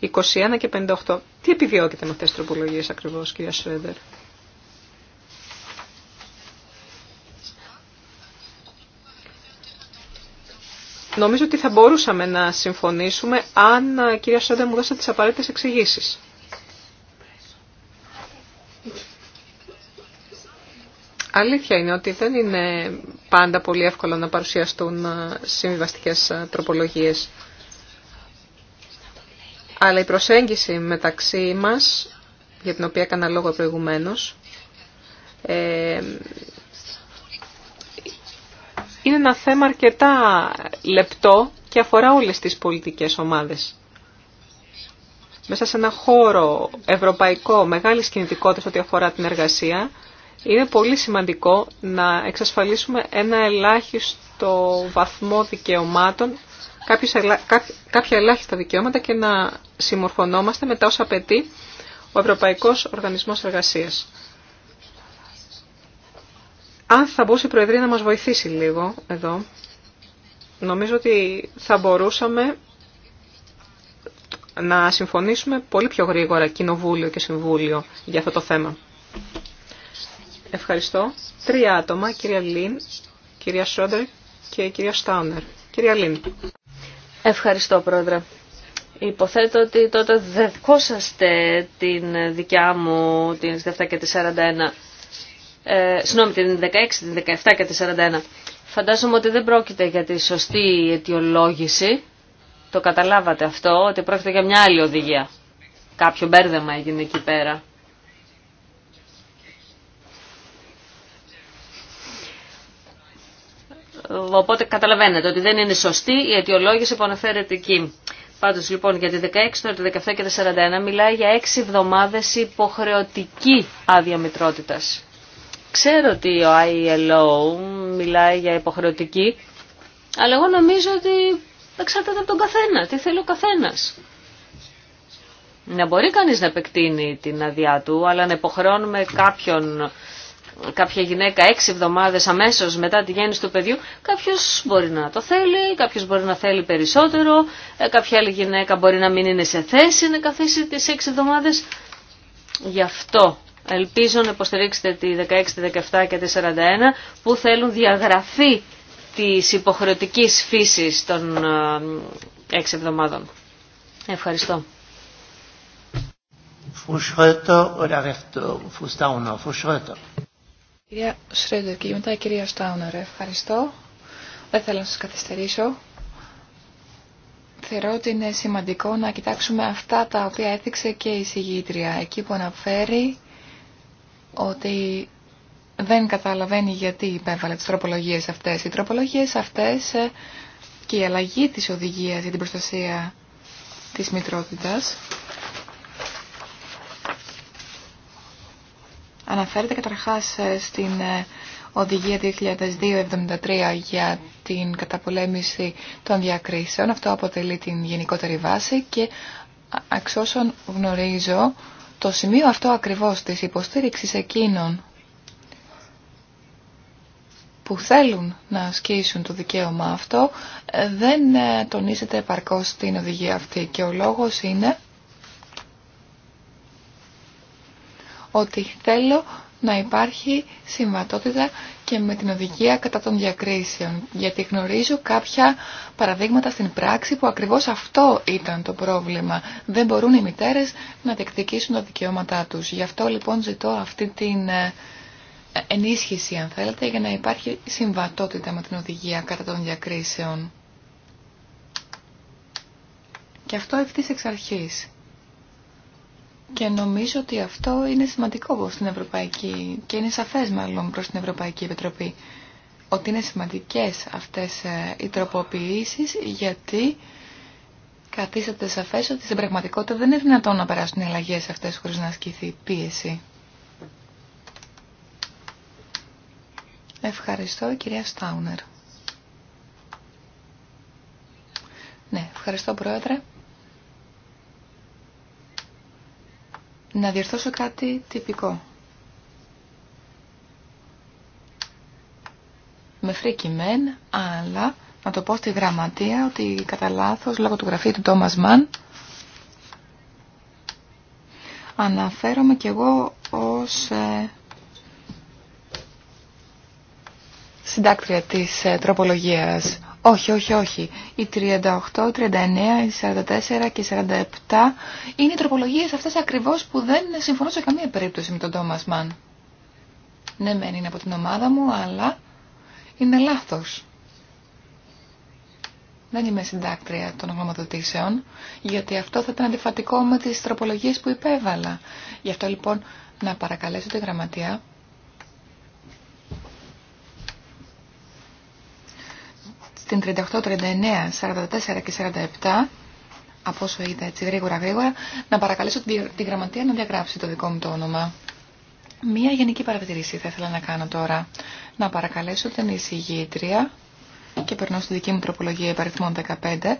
21 ε, και 58. Τι επιδιώκεται με αυτές τις τροπολογίες ακριβώς, κυρία Σρέντερ. Νομίζω ότι θα μπορούσαμε να συμφωνήσουμε αν η ε, κυρία Σρέντερ μου δώσε τις απαραίτητες εξηγήσεις. Αλήθεια είναι ότι δεν είναι πάντα πολύ εύκολο να παρουσιαστούν ε, συμβιβαστικές ε, τροπολογίες. Αλλά η προσέγγιση μεταξύ μας, για την οποία έκανα λόγο προηγουμένως, ε, είναι ένα θέμα αρκετά λεπτό και αφορά όλες τις πολιτικές ομάδες. Μέσα σε ένα χώρο ευρωπαϊκό μεγάλης κινητικότητας ό,τι αφορά την εργασία, είναι πολύ σημαντικό να εξασφαλίσουμε ένα ελάχιστο βαθμό δικαιωμάτων, κάποια ελάχιστα δικαιώματα και να συμμορφωνόμαστε με τα όσα απαιτεί ο Ευρωπαϊκός Οργανισμός Εργασίας. Αν θα μπορούσε η Προεδρία να μας βοηθήσει λίγο εδώ, νομίζω ότι θα μπορούσαμε να συμφωνήσουμε πολύ πιο γρήγορα Κοινοβούλιο και Συμβούλιο για αυτό το θέμα. Ευχαριστώ. Τρία άτομα, κυρία Λίν, κυρία Σόντερ και κυρία Στάουνερ. Κυρία Λίν. Ευχαριστώ, Πρόεδρε. Υποθέτω ότι τότε δεχόσαστε την δικιά μου, την 17 και τη 41. Ε, συγγνώμη, την 16, την 17 και τη 41. Φαντάζομαι ότι δεν πρόκειται για τη σωστή αιτιολόγηση. Το καταλάβατε αυτό, ότι πρόκειται για μια άλλη οδηγία. Κάποιο μπέρδεμα έγινε εκεί πέρα. Οπότε καταλαβαίνετε ότι δεν είναι σωστή η αιτιολόγηση που αναφέρεται εκεί. Πάντως λοιπόν για τη 16 τώρα, τη 17 και τη 41 μιλάει για 6 εβδομάδες υποχρεωτική άδεια μητρότητας. Ξέρω ότι ο ILO μιλάει για υποχρεωτική, αλλά εγώ νομίζω ότι εξαρτάται από τον καθένα, τι θέλει ο καθένας. Να μπορεί κανείς να επεκτείνει την άδειά του, αλλά να υποχρεώνουμε κάποιον κάποια γυναίκα έξι εβδομάδες αμέσως μετά τη γέννηση του παιδιού, κάποιος μπορεί να το θέλει, κάποιος μπορεί να θέλει περισσότερο, ε, κάποια άλλη γυναίκα μπορεί να μην είναι σε θέση να καθίσει τις έξι εβδομάδες. Γι' αυτό ελπίζω να υποστηρίξετε τη 16, τη 17 και τη 41 που θέλουν διαγραφή της υποχρεωτικής φύσης των ε, έξι εβδομάδων. Ευχαριστώ. Κυρία Σρέντερ και μετά η κυρία Στάουνερ. Ευχαριστώ. Δεν θέλω να σας καθυστερήσω. Θεωρώ ότι είναι σημαντικό να κοιτάξουμε αυτά τα οποία έθιξε και η συγγήτρια. Εκεί που αναφέρει ότι δεν καταλαβαίνει γιατί υπέβαλε τις τροπολογίες αυτές. Οι τροπολογίες αυτές ε, και η αλλαγή της οδηγίας για την προστασία της μητρότητας Αναφέρεται καταρχάς ε, στην ε, Οδηγία 2002-73 για την καταπολέμηση των διακρίσεων. Αυτό αποτελεί την γενικότερη βάση και εξ όσων γνωρίζω το σημείο αυτό ακριβώς της υποστήριξης εκείνων που θέλουν να ασκήσουν το δικαίωμα αυτό ε, δεν τονίζεται επαρκώς στην οδηγία αυτή και ο λόγος είναι ότι θέλω να υπάρχει συμβατότητα και με την οδηγία κατά των διακρίσεων. Γιατί γνωρίζω κάποια παραδείγματα στην πράξη που ακριβώς αυτό ήταν το πρόβλημα. Δεν μπορούν οι μητέρες να διεκδικήσουν τα δικαιώματά τους. Γι' αυτό λοιπόν ζητώ αυτή την ε, ενίσχυση, αν θέλετε, για να υπάρχει συμβατότητα με την οδηγία κατά των διακρίσεων. Και αυτό ευθύς εξ αρχής. Και νομίζω ότι αυτό είναι σημαντικό στην Ευρωπαϊκή και είναι σαφές μάλλον προς την Ευρωπαϊκή Επιτροπή ότι είναι σημαντικές αυτές ε, οι τροποποιήσεις γιατί καθίσατε σαφές ότι στην πραγματικότητα δεν είναι δυνατόν να περάσουν οι αλλαγές αυτές χωρίς να ασκηθεί πίεση. Ευχαριστώ κυρία Στάουνερ. Ναι, ευχαριστώ πρόεδρε. να διορθώσω κάτι τυπικό. Με φρίκι μεν, αλλά να το πω στη γραμματεία ότι κατά λάθο λόγω του γραφείου του Τόμας Μαν αναφέρομαι κι εγώ ως ε, συντάκτρια της ε, όχι, όχι, όχι. Οι 38, 39, οι 44 και οι 47 είναι οι τροπολογίες αυτές ακριβώς που δεν συμφωνώ σε καμία περίπτωση με τον Τόμας Μαν. Ναι, μεν είναι από την ομάδα μου, αλλά είναι λάθος. Δεν είμαι συντάκτρια των γνωματοτήσεων, γιατί αυτό θα ήταν αντιφατικό με τις τροπολογίες που υπέβαλα. Γι' αυτό λοιπόν να παρακαλέσω τη γραμματεία την 38, 39, 44 και 47, από όσο είδα έτσι γρήγορα γρήγορα, να παρακαλέσω τη γραμματεία να διαγράψει το δικό μου το όνομα. Μία γενική παρατηρήση θα ήθελα να κάνω τώρα. Να παρακαλέσω την εισηγήτρια και περνώ στη δική μου τροπολογία υπαριθμών 15.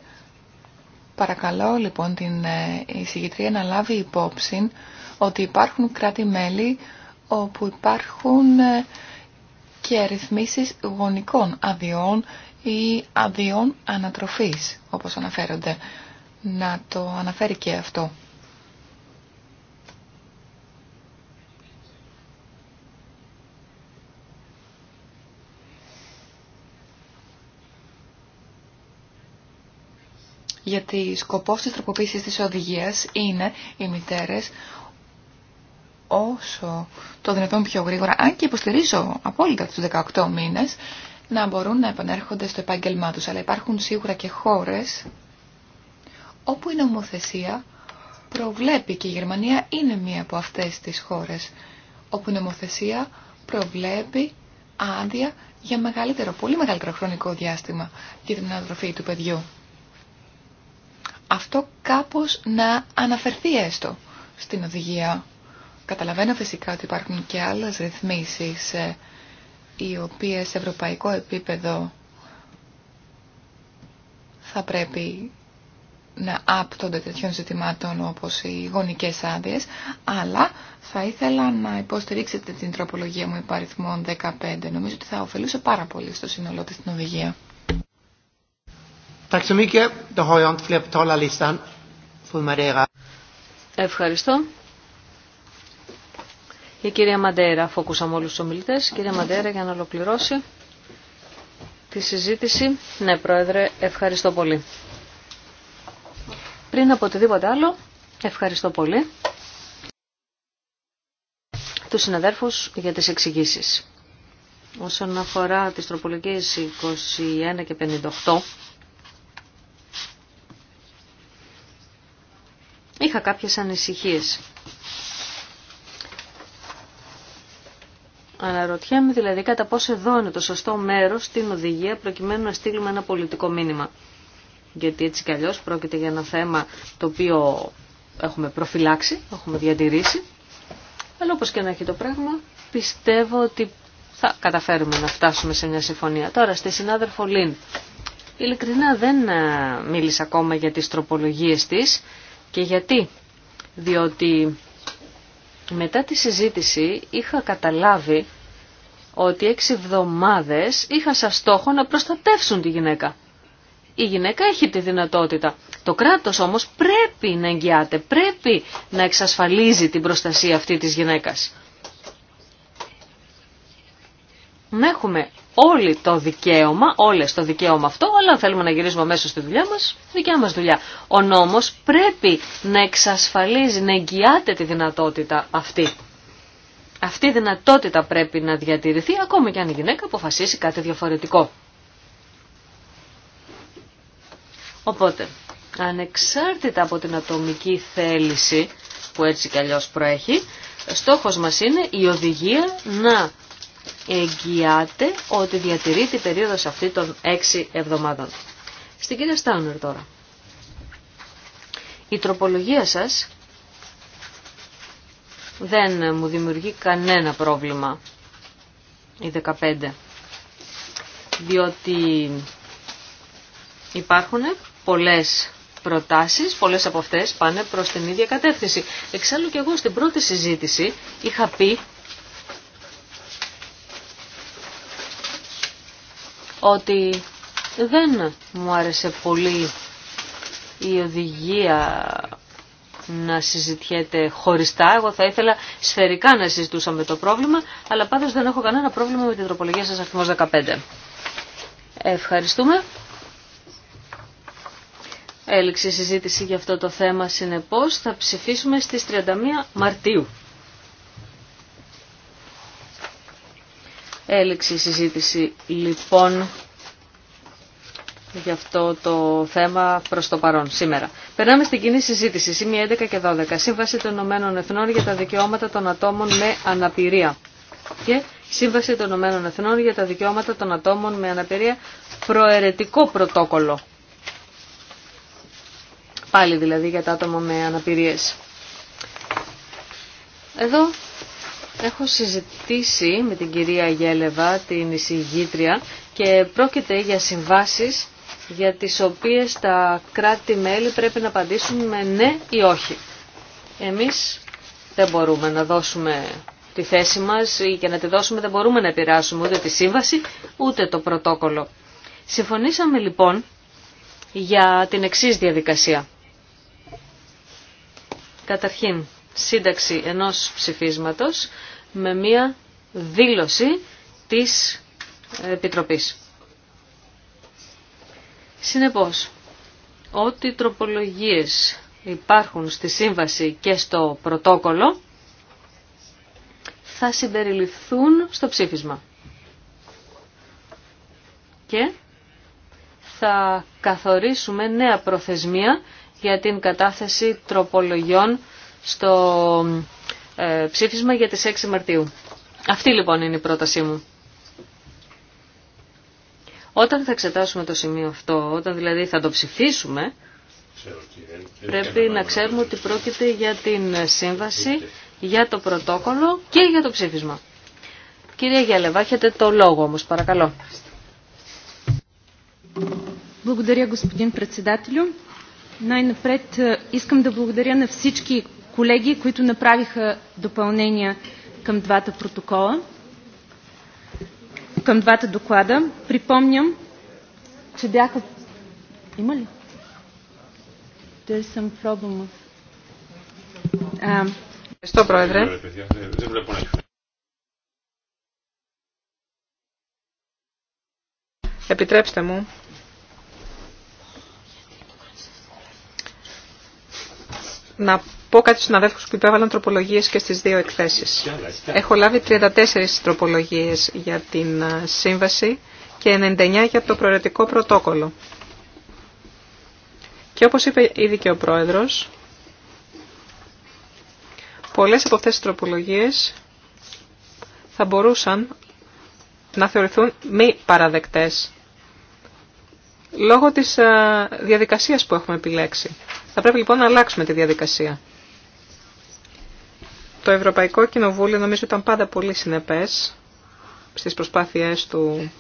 Παρακαλώ λοιπόν την ε, εισηγήτρια να λάβει υπόψη ότι υπάρχουν κράτη-μέλη όπου υπάρχουν ε, και ρυθμίσεις γονικών αδειών ή αδειών ανατροφής, όπως αναφέρονται. Να το αναφέρει και αυτό. γιατί σκοπός της τροποποίησης της οδηγίας είναι οι μητέρες όσο το δυνατόν πιο γρήγορα, αν και υποστηρίζω απόλυτα τους 18 μήνες, να μπορούν να επανέρχονται στο επάγγελμά τους. Αλλά υπάρχουν σίγουρα και χώρες όπου η νομοθεσία προβλέπει και η Γερμανία είναι μία από αυτές τις χώρες όπου η νομοθεσία προβλέπει άδεια για μεγαλύτερο, πολύ μεγαλύτερο χρονικό διάστημα για την ανατροφή του παιδιού. Αυτό κάπως να αναφερθεί έστω στην οδηγία. Καταλαβαίνω φυσικά ότι υπάρχουν και άλλες ρυθμίσεις ε, οι οποίες σε ευρωπαϊκό επίπεδο θα πρέπει να άπτονται τέτοιων ζητημάτων όπως οι γονικές άδειε, αλλά θα ήθελα να υποστηρίξετε την τροπολογία μου υπαριθμών 15. Νομίζω ότι θα ωφελούσε πάρα πολύ στο σύνολό της την οδηγία. Ευχαριστώ. Η κυρία Μαντέρα, αφού ακούσαμε όλους τους ομιλητές, κυρία Μαντέρα για να ολοκληρώσει τη συζήτηση. Ναι, Πρόεδρε, ευχαριστώ πολύ. Πριν από οτιδήποτε άλλο, ευχαριστώ πολύ τους συναδέρφους για τις εξηγήσει. Όσον αφορά τις τροπολογίες 21 και 58, είχα κάποιες ανησυχίες Αναρωτιέμαι δηλαδή κατά πόσο εδώ είναι το σωστό μέρος στην οδηγία προκειμένου να στείλουμε ένα πολιτικό μήνυμα. Γιατί έτσι κι αλλιώς πρόκειται για ένα θέμα το οποίο έχουμε προφυλάξει, έχουμε διατηρήσει. Αλλά όπως και να έχει το πράγμα, πιστεύω ότι θα καταφέρουμε να φτάσουμε σε μια συμφωνία. Τώρα, στη συνάδελφο Λίν. Ειλικρινά δεν ε, μίλησα ακόμα για τις τροπολογίες της και γιατί. Διότι μετά τη συζήτηση είχα καταλάβει ότι έξι εβδομάδες είχα σαν στόχο να προστατεύσουν τη γυναίκα. Η γυναίκα έχει τη δυνατότητα. Το κράτος όμως πρέπει να εγγυάται, πρέπει να εξασφαλίζει την προστασία αυτή της γυναίκας. Να όλοι το δικαίωμα, όλες το δικαίωμα αυτό, αλλά αν θέλουμε να γυρίσουμε μέσα στη δουλειά μας, δικιά μας δουλειά. Ο νόμος πρέπει να εξασφαλίζει, να εγγυάται τη δυνατότητα αυτή. Αυτή η δυνατότητα πρέπει να διατηρηθεί ακόμη και αν η γυναίκα αποφασίσει κάτι διαφορετικό. Οπότε, ανεξάρτητα από την ατομική θέληση που έτσι κι αλλιώς προέχει, στόχος μας είναι η οδηγία να εγγυάται ότι διατηρείται η περίοδος αυτή των 6 εβδομάδων. Στην κυρία Στάουνερ τώρα. Η τροπολογία σας δεν μου δημιουργεί κανένα πρόβλημα η 15 διότι υπάρχουν πολλές προτάσεις, πολλές από αυτές πάνε προς την ίδια κατεύθυνση. Εξάλλου και εγώ στην πρώτη συζήτηση είχα πει ότι δεν μου άρεσε πολύ η οδηγία να συζητιέται χωριστά. Εγώ θα ήθελα σφαιρικά να συζητούσαμε το πρόβλημα, αλλά πάντως δεν έχω κανένα πρόβλημα με την τροπολογία σας αριθμός 15. Ευχαριστούμε. Έληξε η συζήτηση για αυτό το θέμα, συνεπώς θα ψηφίσουμε στις 31 Μαρτίου. Έληξε η συζήτηση λοιπόν για αυτό το θέμα προς το παρόν σήμερα. Περνάμε στην κοινή συζήτηση, σημεία 11 και 12, Σύμβαση των Ηνωμένων Εθνών για τα Δικαιώματα των Ατόμων με Αναπηρία και Σύμβαση των Ηνωμένων Εθνών για τα Δικαιώματα των Ατόμων με Αναπηρία προαιρετικό πρωτόκολλο. Πάλι δηλαδή για τα άτομα με αναπηρίες. Εδώ Έχω συζητήσει με την κυρία Γέλεβα, την εισηγήτρια, και πρόκειται για συμβάσεις για τις οποίες τα κράτη-μέλη πρέπει να απαντήσουν με ναι ή όχι. Εμείς δεν μπορούμε να δώσουμε τη θέση μας ή και να τη δώσουμε δεν μπορούμε να επηρεάσουμε ούτε τη σύμβαση ούτε το πρωτόκολλο. Συμφωνήσαμε λοιπόν για την εξής διαδικασία. Καταρχήν, σύνταξη ενός ψηφίσματος με μία δήλωση της Επιτροπής. Συνεπώς, ό,τι τροπολογίες υπάρχουν στη σύμβαση και στο πρωτόκολλο θα συμπεριληφθούν στο ψήφισμα. Και θα καθορίσουμε νέα προθεσμία για την κατάθεση τροπολογιών στο ε, ψήφισμα για τις 6 Μαρτίου. Αυτή λοιπόν είναι η πρότασή μου. Όταν θα εξετάσουμε το σημείο αυτό, όταν δηλαδή θα το ψηφίσουμε, πρέπει να ξέρουμε ότι πρόκειται για την σύμβαση, για το πρωτόκολλο και για το ψήφισμα. Κυρία Γιάλεβα, έχετε το λόγο όμως, παρακαλώ. Благодаря, господин председателю. наи искам да благодаря на всички колеги, които направиха допълнения към двата протокола, към двата доклада. Припомням, че бяха... Има ли? There's some problem. Uh, Що Πρόεδρε. Δεν Επιτρέψτε να πω κάτι στους συναδέλφους που υπέβαλαν τροπολογίες και στις δύο εκθέσεις. Έχω λάβει 34 τροπολογίες για την ε, σύμβαση και 99 για το προαιρετικό πρωτόκολλο. Και όπως είπε ήδη και ο Πρόεδρος, πολλές από αυτές τις τροπολογίες θα μπορούσαν να θεωρηθούν μη παραδεκτές λόγω της ε, διαδικασίας που έχουμε επιλέξει. Θα πρέπει λοιπόν να αλλάξουμε τη διαδικασία. Το Ευρωπαϊκό Κοινοβούλιο νομίζω ήταν πάντα πολύ συνεπές στις προσπάθειές του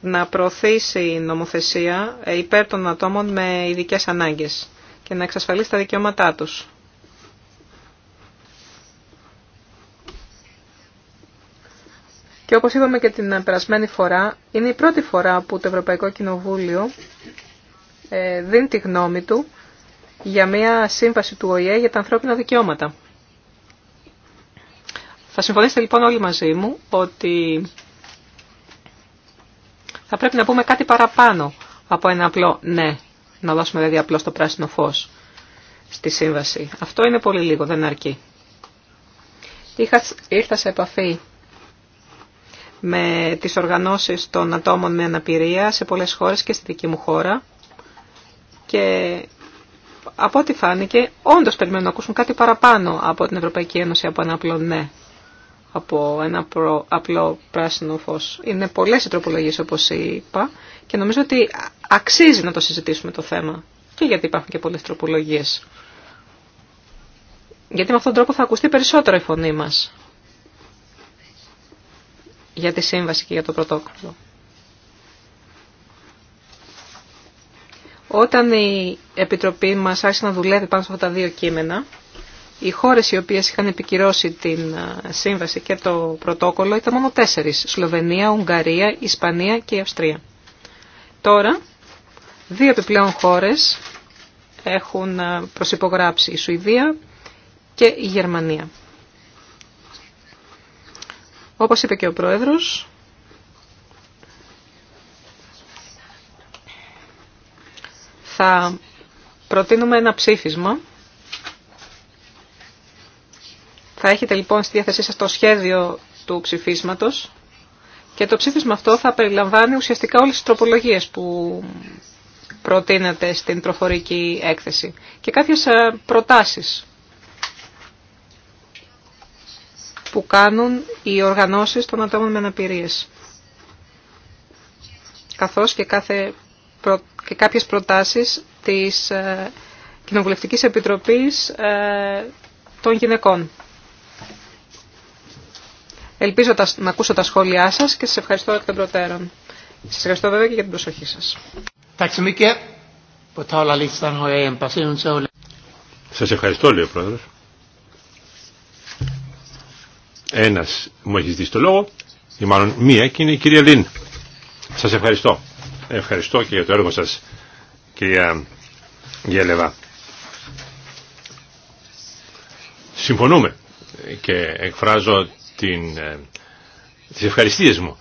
να προωθήσει νομοθεσία υπέρ των ατόμων με ειδικές ανάγκες και να εξασφαλίσει τα δικαιώματά τους. Και όπως είπαμε και την περασμένη φορά, είναι η πρώτη φορά που το Ευρωπαϊκό Κοινοβούλιο ε, δίνει τη γνώμη του για μια σύμβαση του ΟΗΕ για τα ανθρώπινα δικαιώματα. Θα συμφωνήσετε λοιπόν όλοι μαζί μου ότι θα πρέπει να πούμε κάτι παραπάνω από ένα απλό ναι, να δώσουμε δηλαδή απλώς το πράσινο φως στη σύμβαση. Αυτό είναι πολύ λίγο, δεν αρκεί. ήρθα σε επαφή με τις οργανώσεις των ατόμων με αναπηρία σε πολλές χώρες και στη δική μου χώρα. Και από ό,τι φάνηκε, όντως περιμένουν να ακούσουν κάτι παραπάνω από την Ευρωπαϊκή Ένωση, από ένα απλό ναι, από ένα απλό πράσινο φως. Είναι πολλές οι τροπολογίες, όπως είπα, και νομίζω ότι αξίζει να το συζητήσουμε το θέμα. Και γιατί υπάρχουν και πολλές τροπολογίες. Γιατί με αυτόν τον τρόπο θα ακουστεί περισσότερο η φωνή μας για τη σύμβαση και για το πρωτόκολλο. Όταν η Επιτροπή μας άρχισε να δουλεύει πάνω σε αυτά τα δύο κείμενα, οι χώρες οι οποίες είχαν επικυρώσει την ε, σύμβαση και το πρωτόκολλο ήταν μόνο τέσσερις. Σλοβενία, Ουγγαρία, Ισπανία και Αυστρία. Τώρα, δύο επιπλέον χώρες έχουν ε, προσυπογράψει η Σουηδία και η Γερμανία. Όπως είπε και ο Πρόεδρος, θα προτείνουμε ένα ψήφισμα. Θα έχετε λοιπόν στη διάθεσή σας το σχέδιο του ψηφίσματος και το ψήφισμα αυτό θα περιλαμβάνει ουσιαστικά όλες τις τροπολογίες που προτείνεται στην προφορική έκθεση και κάποιες ε, προτάσεις που κάνουν οι οργανώσεις των ατόμων με αναπηρίες. Καθώς και, κάθε, και κάποιες προτάσεις της ε, Κοινοβουλευτικής Επιτροπής ε, των Γυναικών. Ελπίζω να ακούσω τα σχόλιά σας και σας ευχαριστώ εκ των προτέρων. Σας ευχαριστώ βέβαια και για την προσοχή σας. Σας ευχαριστώ, λέει ο Πρόεδρος. Ένας μου έχει δει το λόγο, ή μάλλον μία, και είναι η κυρία Λίν. Σας ευχαριστώ. Ευχαριστώ και για το έργο σας, κυρία Γέλεβα. Συμφωνούμε και εκφράζω την, ε, τις ευχαριστίες μου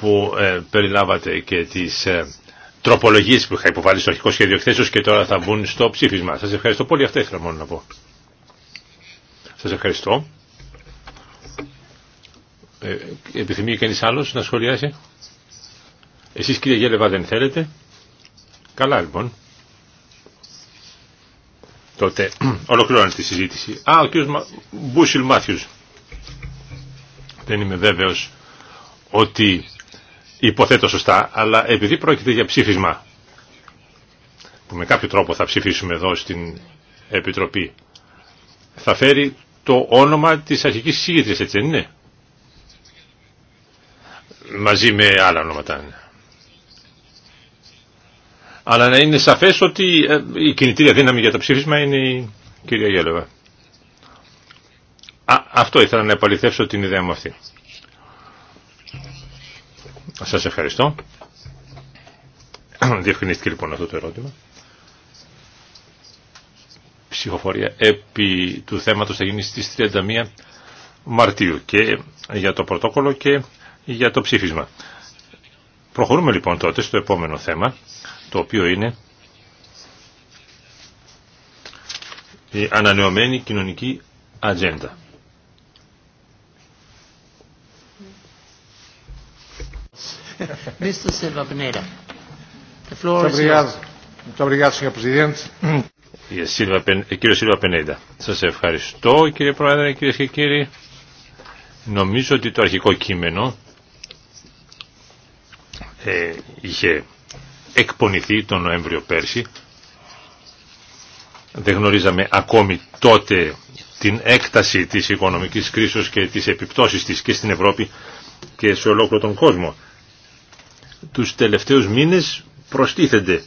που ε, περιλάβατε και τις ε, τροπολογίες που είχα υποβάλει στο αρχικό σχέδιο χθες και τώρα θα μπουν στο ψήφισμα. Σας ευχαριστώ πολύ. Αυτά ήθελα μόνο να πω. Σας ευχαριστώ. Ε, επιθυμεί κανείς άλλος να σχολιάσει. Εσείς κύριε Γέλεβα δεν θέλετε. Καλά λοιπόν. Τότε ολοκληρώνει τη συζήτηση. Α, ο κύριος Μα... Μπούσιλ Μάθιους. Δεν είμαι βέβαιος ότι υποθέτω σωστά, αλλά επειδή πρόκειται για ψήφισμα που με κάποιο τρόπο θα ψηφίσουμε εδώ στην Επιτροπή, θα φέρει το όνομα της αρχικής συζήτησης, έτσι δεν είναι μαζί με άλλα ονόματα. Αλλά να είναι σαφές ότι ε, η κινητήρια δύναμη για το ψήφισμα είναι η κυρία Γέλεβα. αυτό ήθελα να επαληθεύσω την ιδέα μου αυτή. Σας ευχαριστώ. Διευκρινίστηκε λοιπόν αυτό το ερώτημα. Ψηφοφορία επί του θέματος θα γίνει στις 31 Μαρτίου και για το πρωτόκολλο και για το ψήφισμα. Προχωρούμε λοιπόν τότε στο επόμενο θέμα, το οποίο είναι η ανανεωμένη κοινωνική ατζέντα. Κύριε Σίλβα Πενέντα, σας ευχαριστώ κύριε Πρόεδρε, κύριε και κύριοι. Νομίζω ότι το αρχικό κείμενο ε, είχε εκπονηθεί τον Νοέμβριο πέρσι. Δεν γνωρίζαμε ακόμη τότε την έκταση της οικονομικής κρίσης και τις επιπτώσεις της και στην Ευρώπη και σε ολόκληρο τον κόσμο. Τους τελευταίους μήνες προστίθενται,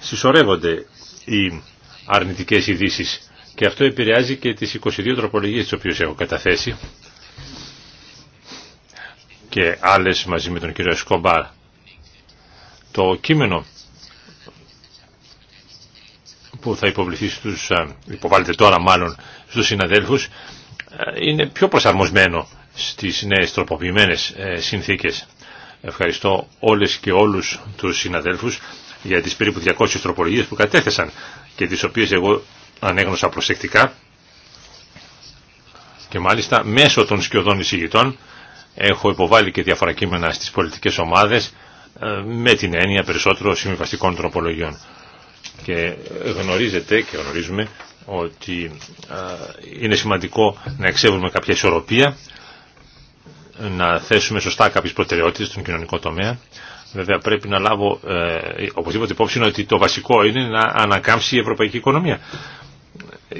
συσσωρεύονται οι αρνητικές ειδήσει και αυτό επηρεάζει και τις 22 τροπολογίες τις οποίες έχω καταθέσει και άλλες μαζί με τον κύριο Σκομπάρ το κείμενο που θα υποβληθεί στους, υποβάλλεται τώρα μάλλον στους συναδέλφους, είναι πιο προσαρμοσμένο στις νέες τροποποιημένες ε, συνθήκες. Ευχαριστώ όλες και όλους τους συναδέλφους για τις περίπου 200 τροπολογίες που κατέθεσαν και τις οποίες εγώ ανέγνωσα προσεκτικά και μάλιστα μέσω των σκιωδών εισηγητών έχω υποβάλει και διάφορα κείμενα στις πολιτικές ομάδες ε, με την έννοια περισσότερο συμβιβαστικών τροπολογιών. Και γνωρίζετε και γνωρίζουμε ότι ε, είναι σημαντικό να εξεύρουμε κάποια ισορροπία, να θέσουμε σωστά κάποιες προτεραιότητες στον κοινωνικό τομέα. Βέβαια πρέπει να λάβω ε, οπωσδήποτε υπόψη ότι το βασικό είναι να ανακάμψει η ευρωπαϊκή οικονομία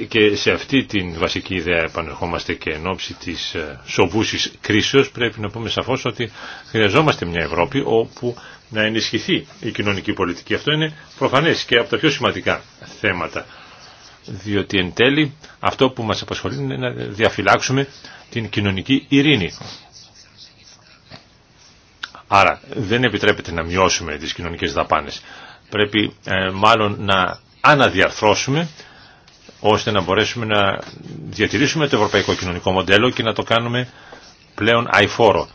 και σε αυτή την βασική ιδέα επανερχόμαστε και εν ώψη της ε, σοβούσης κρίσεως πρέπει να πούμε σαφώς ότι χρειαζόμαστε μια Ευρώπη όπου να ενισχυθεί η κοινωνική πολιτική. Αυτό είναι προφανές και από τα πιο σημαντικά θέματα. Διότι εν τέλει αυτό που μας απασχολεί είναι να διαφυλάξουμε την κοινωνική ειρήνη. Άρα δεν επιτρέπεται να μειώσουμε τις κοινωνικές δαπάνες. Πρέπει ε, μάλλον να αναδιαρθρώσουμε ώστε να μπορέσουμε να διατηρήσουμε το ευρωπαϊκό κοινωνικό μοντέλο και να το κάνουμε πλέον αηφόρο.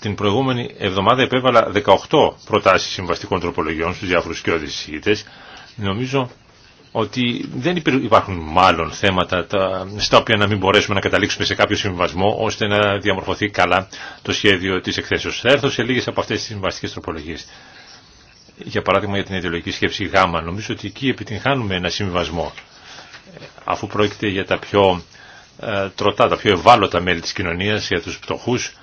Την προηγούμενη εβδομάδα επέβαλα 18 προτάσεις συμβαστικών τροπολογιών στους διάφορους και οδησίτες. Νομίζω ότι δεν υπάρχουν μάλλον θέματα στα οποία να μην μπορέσουμε να καταλήξουμε σε κάποιο συμβασμό ώστε να διαμορφωθεί καλά το σχέδιο της εκθέσεως. Θα έρθω σε λίγες από αυτές τις συμβαστικές τροπολογίες για παράδειγμα για την ιδεολογική σκέψη Γ, νομίζω ότι εκεί επιτυγχάνουμε ένα συμβιβασμό, ε, αφού πρόκειται για τα πιο ε, τροτά, τα πιο ευάλωτα μέλη της κοινωνίας, για τους πτωχούς.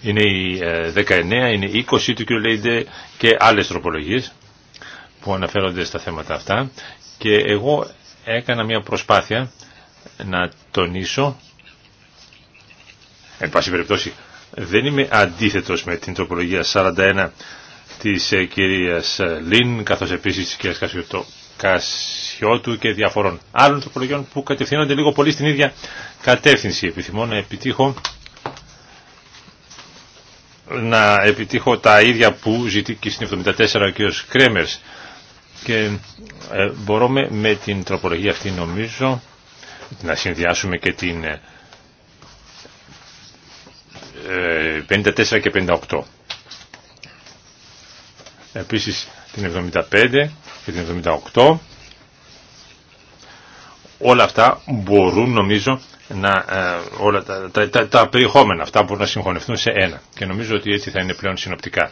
Είναι οι 19, ε, είναι οι 20 του κ. Λέιντε και άλλες τροπολογίες που αναφέρονται στα θέματα αυτά και εγώ έκανα μια προσπάθεια να τονίσω, εν πάση περιπτώσει δεν είμαι αντίθετος με την τροπολογία 41 της ε, κυρίας ε, Λίν, καθώς επίσης της κυρίας Κασιωτό, Κασιώτου και διαφορών άλλων τροπολογιών που κατευθύνονται λίγο πολύ στην ίδια κατεύθυνση. Επιθυμώ να επιτύχω να επιτύχω τα ίδια που ζητεί και στην 74 ο κ. Κρέμερς και ε, μπορούμε με την τροπολογία αυτή νομίζω να συνδυάσουμε και την 54 και 58. Επίσης την 75 και την 78. Όλα αυτά μπορούν νομίζω να, ε, όλα τα, τα, περιεχόμενα αυτά μπορούν να συγχωνευτούν σε ένα και νομίζω ότι έτσι θα είναι πλέον συνοπτικά.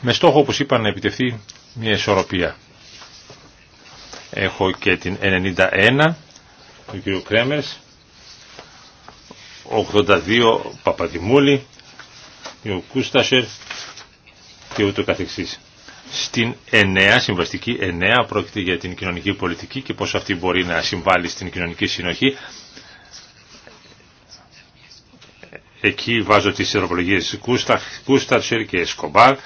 Με στόχο όπως είπα να επιτευχθεί μια ισορροπία. Έχω και την 91 του κ. Κρέμερς 82 Παπαδημούλη, ο Κούστασερ και ούτω καθεξής. Στην 9, συμβαστική 9, πρόκειται για την κοινωνική πολιτική και πώς αυτή μπορεί να συμβάλλει στην κοινωνική συνοχή. Εκεί βάζω τις αεροπολογίες Κούστασερ και Σκομπάρ,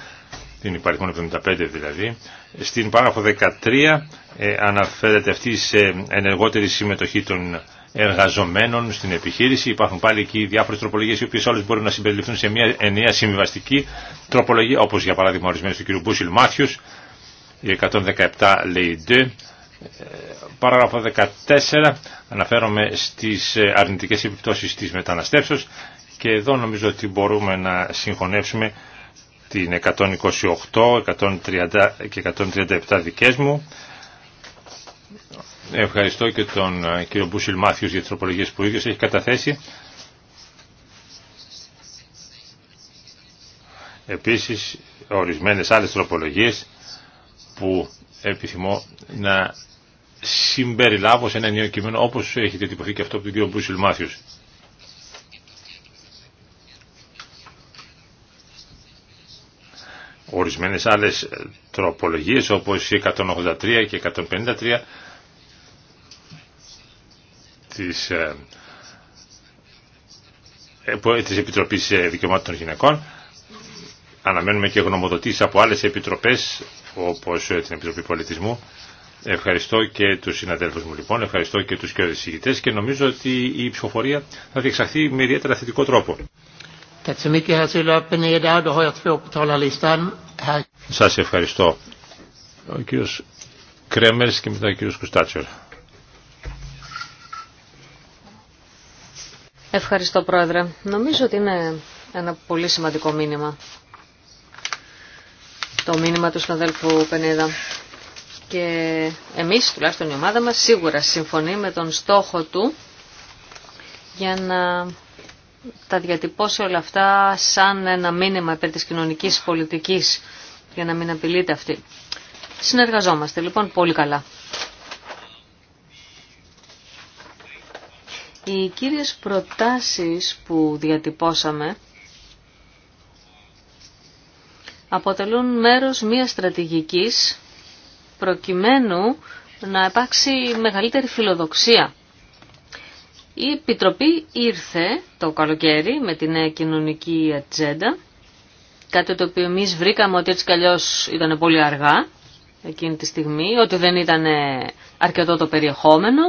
την υπαριθμόν 75 δηλαδή. Στην παράγραφο 13 ε, αναφέρεται αυτή σε ενεργότερη συμμετοχή των εργαζομένων στην επιχείρηση. Υπάρχουν πάλι εκεί διάφορε τροπολογίε οι οποίε όλε μπορούν να συμπεριληφθούν σε μια ενιαία συμβιβαστική τροπολογία, όπω για παράδειγμα ορισμένε του κ. Μπούσιλ Μάθιου, η 117 λέει ντε. Ε, παράγραφο 14 αναφέρομαι στι ε, αρνητικέ επιπτώσει τη μεταναστεύσεω και εδώ νομίζω ότι μπορούμε να συγχωνεύσουμε την 128, 130 και 137 δικές μου Ευχαριστώ και τον ε, κύριο Μπούσιλ Μάθιους για τις τροπολογίες που ίδιος έχει καταθέσει. Επίσης, ορισμένες άλλες τροπολογίες που επιθυμώ να συμπεριλάβω σε ένα νέο κείμενο όπως έχει διατυπωθεί και αυτό από τον κύριο Μπούσιλ Μάθιους. Ορισμένες άλλες τροπολογίες όπως η 183 και 153 της, ε, ε, ε, της Επιτροπής Δικαιωμάτων των Γυναικών. Αναμένουμε και γνωμοδοτήσεις από άλλες επιτροπές, όπως την Επιτροπή Πολιτισμού. Ευχαριστώ και τους συναδέλφους μου λοιπόν, ευχαριστώ και τους και και νομίζω ότι η ψηφοφορία θα διεξαχθεί με ιδιαίτερα θετικό τρόπο. Σας ευχαριστώ. Ο κύριος Κρέμερς και μετά ο κύριος Κουστάτσιο. Ευχαριστώ Πρόεδρε. Νομίζω ότι είναι ένα πολύ σημαντικό μήνυμα. Το μήνυμα του συναδέλφου Πενέδα. Και εμείς, τουλάχιστον η ομάδα μας, σίγουρα συμφωνεί με τον στόχο του για να τα διατυπώσει όλα αυτά σαν ένα μήνυμα περί της κοινωνικής πολιτικής για να μην απειλείται αυτή. Συνεργαζόμαστε λοιπόν πολύ καλά. Οι κύριες προτάσεις που διατυπώσαμε αποτελούν μέρος μιας στρατηγικής προκειμένου να υπάρξει μεγαλύτερη φιλοδοξία. Η Επιτροπή ήρθε το καλοκαίρι με την νέα κοινωνική ατζέντα, κάτι το οποίο εμεί βρήκαμε ότι έτσι κι ήταν πολύ αργά εκείνη τη στιγμή, ότι δεν ήταν αρκετό το περιεχόμενο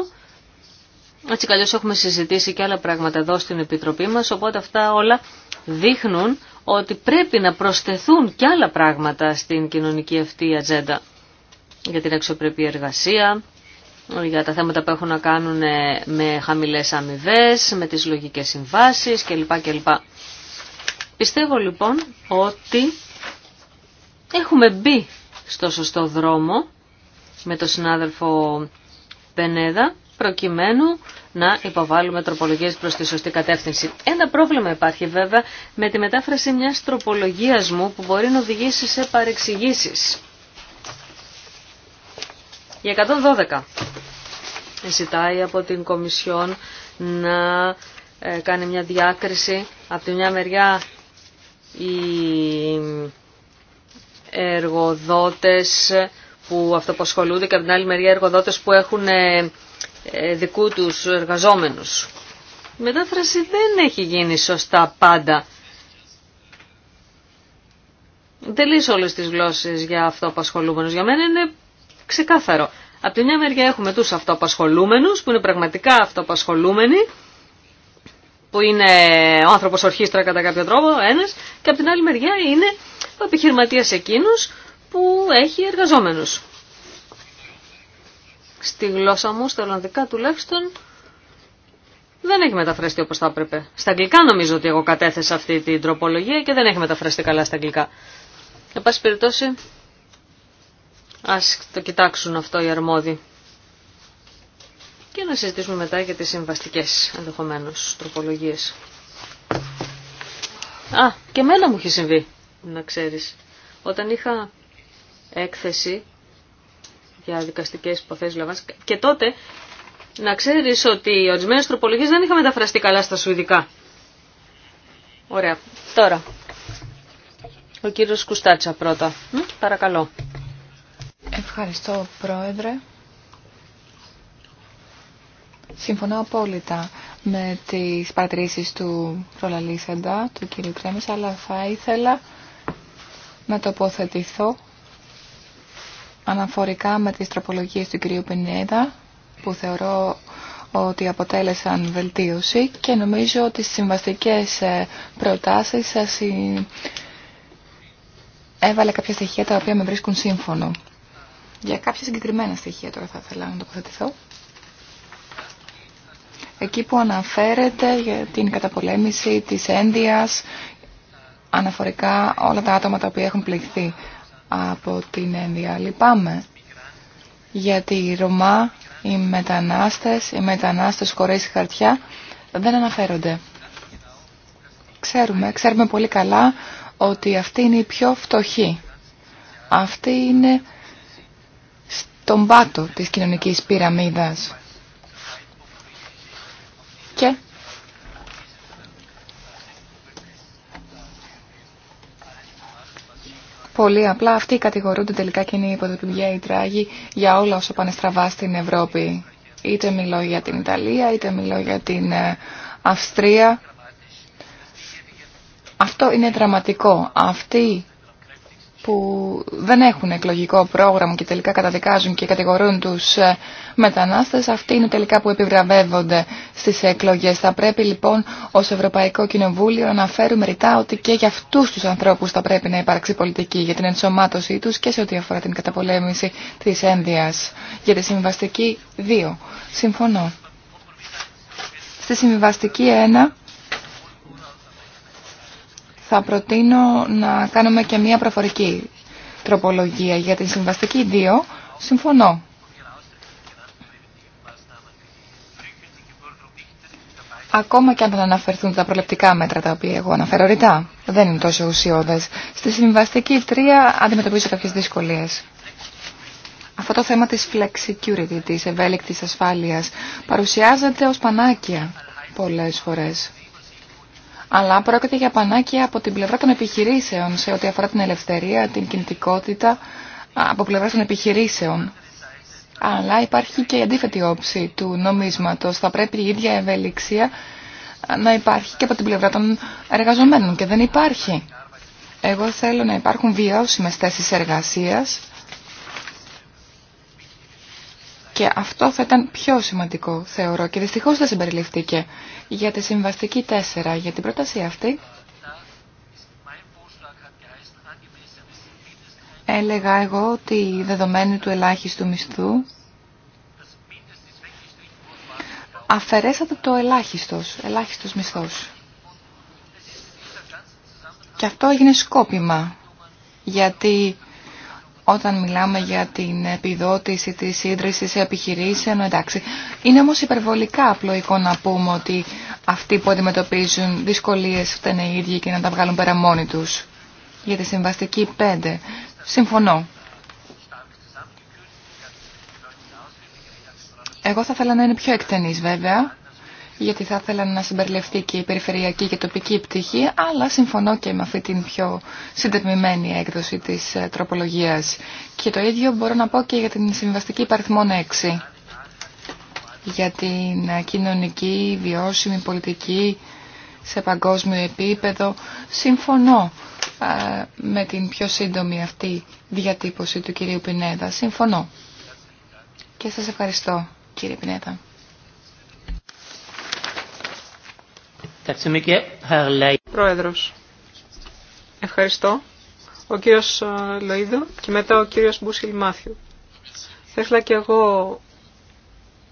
έτσι καλώς έχουμε συζητήσει και άλλα πράγματα εδώ στην Επιτροπή μας, οπότε αυτά όλα δείχνουν ότι πρέπει να προσθεθούν και άλλα πράγματα στην κοινωνική αυτή ατζέντα. Για την αξιοπρεπή εργασία, για τα θέματα που έχουν να κάνουν με χαμηλές αμοιβέ, με τις λογικές συμβάσεις κλπ. κλπ. Πιστεύω λοιπόν ότι έχουμε μπει στο σωστό δρόμο με τον συνάδελφο Πενέδα προκειμένου να υποβάλουμε τροπολογίες προς τη σωστή κατεύθυνση. Ένα πρόβλημα υπάρχει βέβαια με τη μετάφραση μιας τροπολογίας μου που μπορεί να οδηγήσει σε παρεξηγήσεις. Η 112 ζητάει από την Κομισιόν να ε, κάνει μια διάκριση από τη μια μεριά οι εργοδότες που αυτοποσχολούνται και από την άλλη μεριά εργοδότες που έχουν ε, ε, δικού τους εργαζόμενους. Η μετάφραση δεν έχει γίνει σωστά πάντα. Δεν όλες τις γλώσσες για αυτοαπασχολούμενους. Για μένα είναι ξεκάθαρο. Από τη μια μεριά έχουμε τους αυτοπασχολούμενους που είναι πραγματικά αυτοπασχολούμενοι που είναι ο άνθρωπος ορχήστρα κατά κάποιο τρόπο, ένας, και από την άλλη μεριά είναι ο επιχειρηματίας εκείνος που έχει εργαζόμενους στη γλώσσα μου, στα Ολλανδικά τουλάχιστον, δεν έχει μεταφραστεί όπως θα έπρεπε. Στα αγγλικά νομίζω ότι εγώ κατέθεσα αυτή την τροπολογία και δεν έχει μεταφραστεί καλά στα αγγλικά. Εν πάση περιπτώσει, ας το κοιτάξουν αυτό οι αρμόδιοι. Και να συζητήσουμε μετά για τις συμβαστικές ενδεχομένω τροπολογίες. Α, και μένα μου έχει συμβεί, να ξέρεις. Όταν είχα έκθεση για δικαστικές υποθέσεις λαβάς. Και τότε να ξέρεις ότι ορισμένες τροπολογίες δεν είχαν μεταφραστεί καλά στα σουηδικά. Ωραία. Τώρα, ο κύριος Κουστάτσα πρώτα. Παρακαλώ. Ευχαριστώ, Πρόεδρε. Συμφωνώ απόλυτα με τις παρατηρήσεις του Ρολαλίσεντα, του κύριου Κρέμης, αλλά θα ήθελα να τοποθετηθώ αναφορικά με τις τροπολογίες του κυρίου Πινέδα που θεωρώ ότι αποτέλεσαν βελτίωση και νομίζω ότι στις συμβαστικές ε, προτάσεις σας έβαλε κάποια στοιχεία τα οποία με βρίσκουν σύμφωνο. Για κάποια συγκεκριμένα στοιχεία τώρα θα ήθελα να τοποθετηθώ. Εκεί που αναφέρεται για την καταπολέμηση της ένδυας αναφορικά όλα τα άτομα τα οποία έχουν πληγθεί από την Ένδια. Λυπάμαι γιατί οι Ρωμά, οι μετανάστες, οι μετανάστες χωρίς χαρτιά δεν αναφέρονται. Ξέρουμε, ξέρουμε πολύ καλά ότι αυτοί είναι η πιο φτωχή. Αυτή είναι στον πάτο της κοινωνικής πυραμίδας. Και Πολύ απλά αυτοί κατηγορούνται τελικά και είναι η υποδοτουργία ή τράγοι για όλα όσα πάνε στραβά στην Ευρώπη. Είτε μιλώ για την Ιταλία, είτε μιλώ για την ε, Αυστρία. Αυτό είναι δραματικό. Αυτοί που δεν έχουν εκλογικό πρόγραμμα και τελικά καταδικάζουν και κατηγορούν τους ε, μετανάστες, αυτοί είναι τελικά που επιβραβεύονται στις εκλογές. Θα πρέπει λοιπόν ως Ευρωπαϊκό Κοινοβούλιο να φέρουμε ρητά ότι και για αυτούς τους ανθρώπους θα πρέπει να υπάρξει πολιτική για την ενσωμάτωσή τους και σε ό,τι αφορά την καταπολέμηση της ένδυας. Για τη συμβαστική 2. Συμφωνώ. Στη Συμβιβαστική 1 θα προτείνω να κάνουμε και μία προφορική τροπολογία για την συμβαστική 2. Συμφωνώ. Ακόμα και αν δεν αναφερθούν τα προληπτικά μέτρα τα οποία εγώ αναφέρω ρητά, δεν είναι τόσο ουσιώδες. Στη συμβαστική 3 αντιμετωπίζω κάποιες δυσκολίες. Αυτό το θέμα της flexicurity, της ευέλικτης ασφάλειας, παρουσιάζεται ως πανάκια πολλές φορές αλλά πρόκειται για πανάκια από την πλευρά των επιχειρήσεων σε ό,τι αφορά την ελευθερία, την κινητικότητα από πλευρά των επιχειρήσεων. Αλλά υπάρχει και η αντίθετη όψη του νομίσματος. Θα πρέπει η ίδια ευελιξία να υπάρχει και από την πλευρά των εργαζομένων και δεν υπάρχει. Εγώ θέλω να υπάρχουν βιώσιμες θέσεις εργασίας και αυτό θα ήταν πιο σημαντικό, θεωρώ, και δυστυχώς δεν συμπεριληφθήκε για τη συμβαστική 4, για την πρόταση αυτή. Έλεγα εγώ ότι δεδομένου του ελάχιστου μισθού αφαιρέσατε το ελάχιστος, ελάχιστος μισθός. Και αυτό έγινε σκόπιμα, γιατί όταν μιλάμε για την επιδότηση της ίδρυσης επιχειρήσεων, εντάξει. Είναι όμως υπερβολικά απλοϊκό να πούμε ότι αυτοί που αντιμετωπίζουν δυσκολίες φταίνε οι ίδιοι και να τα βγάλουν πέρα μόνοι τους. Για τη συμβαστική 5. Συμφωνώ. Εγώ θα ήθελα να είναι πιο εκτενής βέβαια γιατί θα ήθελα να συμπεριληφθεί και η περιφερειακή και τοπική πτυχή, αλλά συμφωνώ και με αυτή την πιο συντεμημένη έκδοση της ε, τροπολογίας. Και το ίδιο μπορώ να πω και για την συμβαστική παριθμόν 6, για την ε, κοινωνική, βιώσιμη πολιτική σε παγκόσμιο επίπεδο. Συμφωνώ ε, με την πιο σύντομη αυτή διατύπωση του κυρίου Πινέδα. Συμφωνώ. Και σας ευχαριστώ κύριε Πινέδα. Πρόεδρος, ευχαριστώ. Ο κύριος ε, Λοίδου και μετά ο κύριος Μπούσιλ Μάθιου. Θα ήθελα και εγώ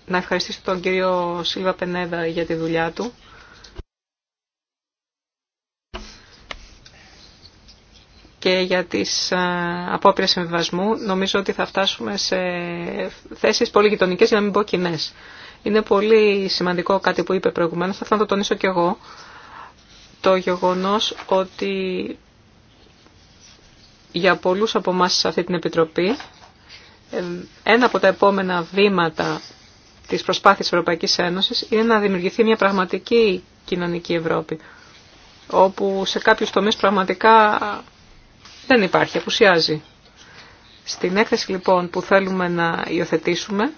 να ευχαριστήσω τον κύριο Σίλβα Πενέδα για τη δουλειά του. και για τις ε, απόπειρες συμβιβασμού νομίζω ότι θα φτάσουμε σε θέσεις πολύ γειτονικέ για να μην πω κοινέ. Είναι πολύ σημαντικό κάτι που είπε προηγουμένως, θα το τονίσω κι εγώ, το γεγονός ότι για πολλούς από εμά σε αυτή την Επιτροπή ένα από τα επόμενα βήματα της προσπάθειας της Ευρωπαϊκής Ένωσης είναι να δημιουργηθεί μια πραγματική κοινωνική Ευρώπη όπου σε κάποιους τομείς πραγματικά δεν υπάρχει, απουσιάζει. Στην έκθεση λοιπόν που θέλουμε να υιοθετήσουμε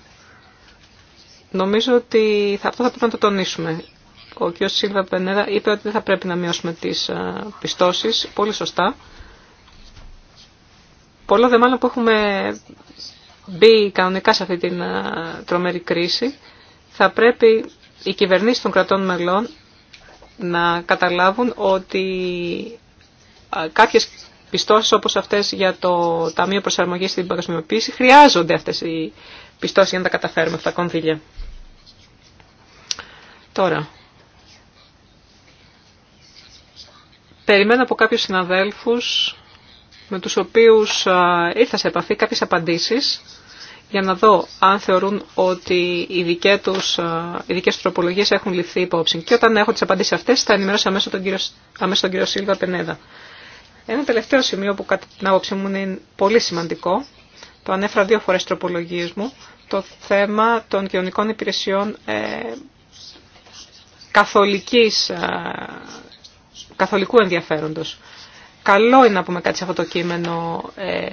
Νομίζω ότι αυτό θα πρέπει να το τονίσουμε. Ο κ. Σίλβα Πενέρα είπε ότι δεν θα πρέπει να μειώσουμε τις ε, πιστώσεις, πολύ σωστά. Πολλά δε μάλλον που έχουμε μπει κανονικά σε αυτή την ε, τρομερή κρίση, θα πρέπει οι κυβερνήσει των κρατών μελών να καταλάβουν ότι ε, κάποιες πιστώσεις όπως αυτές για το Ταμείο Προσαρμογής στην Παγκοσμιοποίηση χρειάζονται αυτές οι πιστώσεις για να τα καταφέρουμε αυτά τα κονδύλια. Τώρα, περιμένω από κάποιους συναδέλφους με τους οποίους ήρθα σε επαφή κάποιες απαντήσεις για να δω αν θεωρούν ότι οι, δικές τους, οι δικές τους τροπολογίες έχουν ληφθεί υπόψη. Και όταν έχω τις απαντήσεις αυτές θα ενημερώσω αμέσως τον κύριο, αμέσως τον κύριο Σίλβα Πενέδα. Ένα τελευταίο σημείο που κατά την άποψή μου είναι πολύ σημαντικό, το ανέφερα δύο φορές τροπολογίες μου, το θέμα των κοινωνικών υπηρεσιών ε, καθολικής, ε, καθολικού ενδιαφέροντος. Καλό είναι να πούμε κάτι σε αυτό το κείμενο, ε,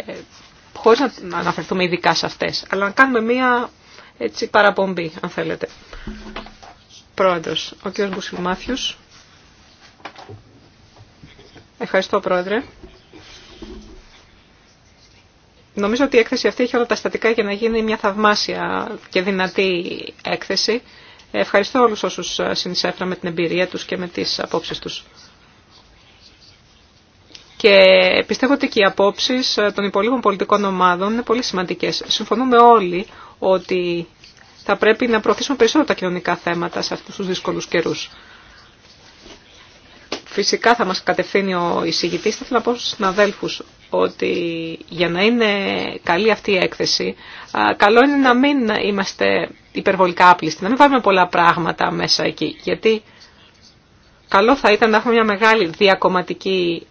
χωρίς να αναφερθούμε ειδικά σε αυτές, αλλά να κάνουμε μία έτσι, παραπομπή, αν θέλετε. Πρόεδρος, ο κ. Μπουσιμάθιος. Ευχαριστώ, Πρόεδρε. Νομίζω ότι η έκθεση αυτή έχει όλα τα στατικά για να γίνει μια θαυμάσια και δυνατή έκθεση. Ευχαριστώ όλους όσους συνεισέφεραν με την εμπειρία τους και με τις απόψεις τους. Και πιστεύω ότι και οι απόψεις των υπολείπων πολιτικών ομάδων είναι πολύ σημαντικές. Συμφωνούμε όλοι ότι θα πρέπει να προωθήσουμε περισσότερο τα κοινωνικά θέματα σε αυτούς τους δύσκολους καιρούς φυσικά θα μας κατευθύνει ο εισηγητής. Θα ήθελα να πω στους συναδέλφους ότι για να είναι καλή αυτή η έκθεση, καλό είναι να μην είμαστε υπερβολικά άπλιστοι, να μην βάλουμε πολλά πράγματα μέσα εκεί, γιατί καλό θα ήταν να έχουμε μια μεγάλη διακομματική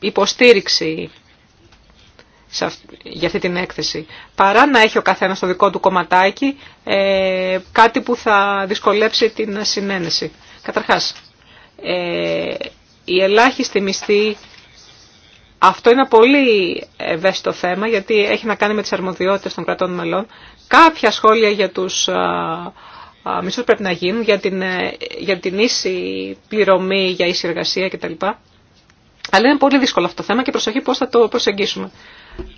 υποστήριξη για αυτή την έκθεση, παρά να έχει ο καθένας το δικό του κομματάκι ε, κάτι που θα δυσκολέψει την συνένεση. Καταρχάς, ε, η ελάχιστη μισθή, αυτό είναι ένα πολύ ευαίσθητο θέμα γιατί έχει να κάνει με τις αρμοδιότητες των κρατών μελών. Κάποια σχόλια για τους μισθούς πρέπει να γίνουν, για την, ε, για την ίση πληρωμή, για ίση εργασία κτλ. Αλλά είναι πολύ δύσκολο αυτό το θέμα και προσοχή πώς θα το προσεγγίσουμε.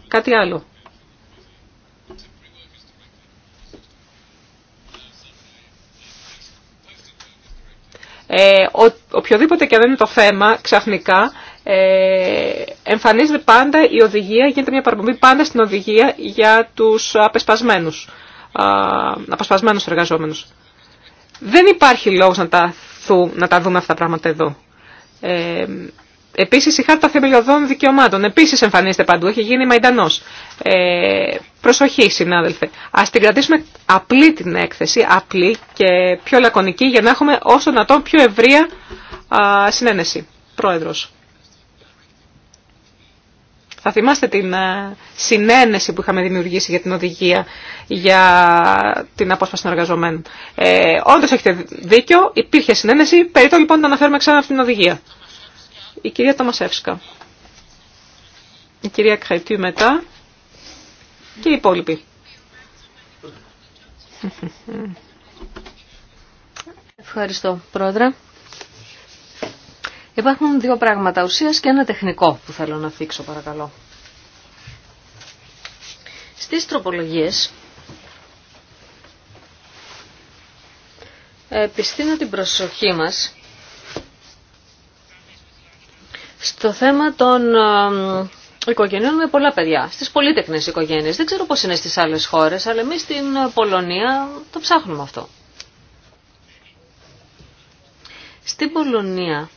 Κάτι άλλο. ε, οποιοδήποτε και αν είναι το θέμα, ξαφνικά ε, εμφανίζεται πάντα η οδηγία, γίνεται μια παραπομπή πάντα στην οδηγία για τους απεσπασμένους, α, απεσπασμένους εργαζόμενους. Δεν υπάρχει λόγος να τα, να τα δούμε αυτά τα πράγματα εδώ. Ε, Επίση, η Χάρτα Θεμελιωδών Δικαιωμάτων. Επίση, εμφανίζεται παντού. Έχει γίνει μαϊντανό. Ε, προσοχή, συνάδελφε. Α την κρατήσουμε απλή την έκθεση, απλή και πιο λακωνική, για να έχουμε όσο να τον πιο ευρεία α, συνένεση. Πρόεδρο. Θα θυμάστε την ε, συνένεση που είχαμε δημιουργήσει για την οδηγία για την απόσπαση των εργαζομένων. Ε, Όντω έχετε δίκιο, υπήρχε συνένεση. Περίτω λοιπόν να αναφέρουμε ξανά αυτήν την οδηγία η κυρία Ταμασεύσκα. Η κυρία Κχαϊτή μετά και οι υπόλοιποι. Ευχαριστώ, Πρόεδρε. Υπάρχουν δύο πράγματα ουσίας και ένα τεχνικό που θέλω να θίξω παρακαλώ. Στις τροπολογίες επιστήνω την προσοχή μας στο θέμα των οικογενειών με πολλά παιδιά, στις πολύτεκνες οικογένειες, δεν ξέρω πώς είναι στις άλλες χώρες, αλλά εμείς στην Πολωνία το ψάχνουμε αυτό. Στην Πολωνία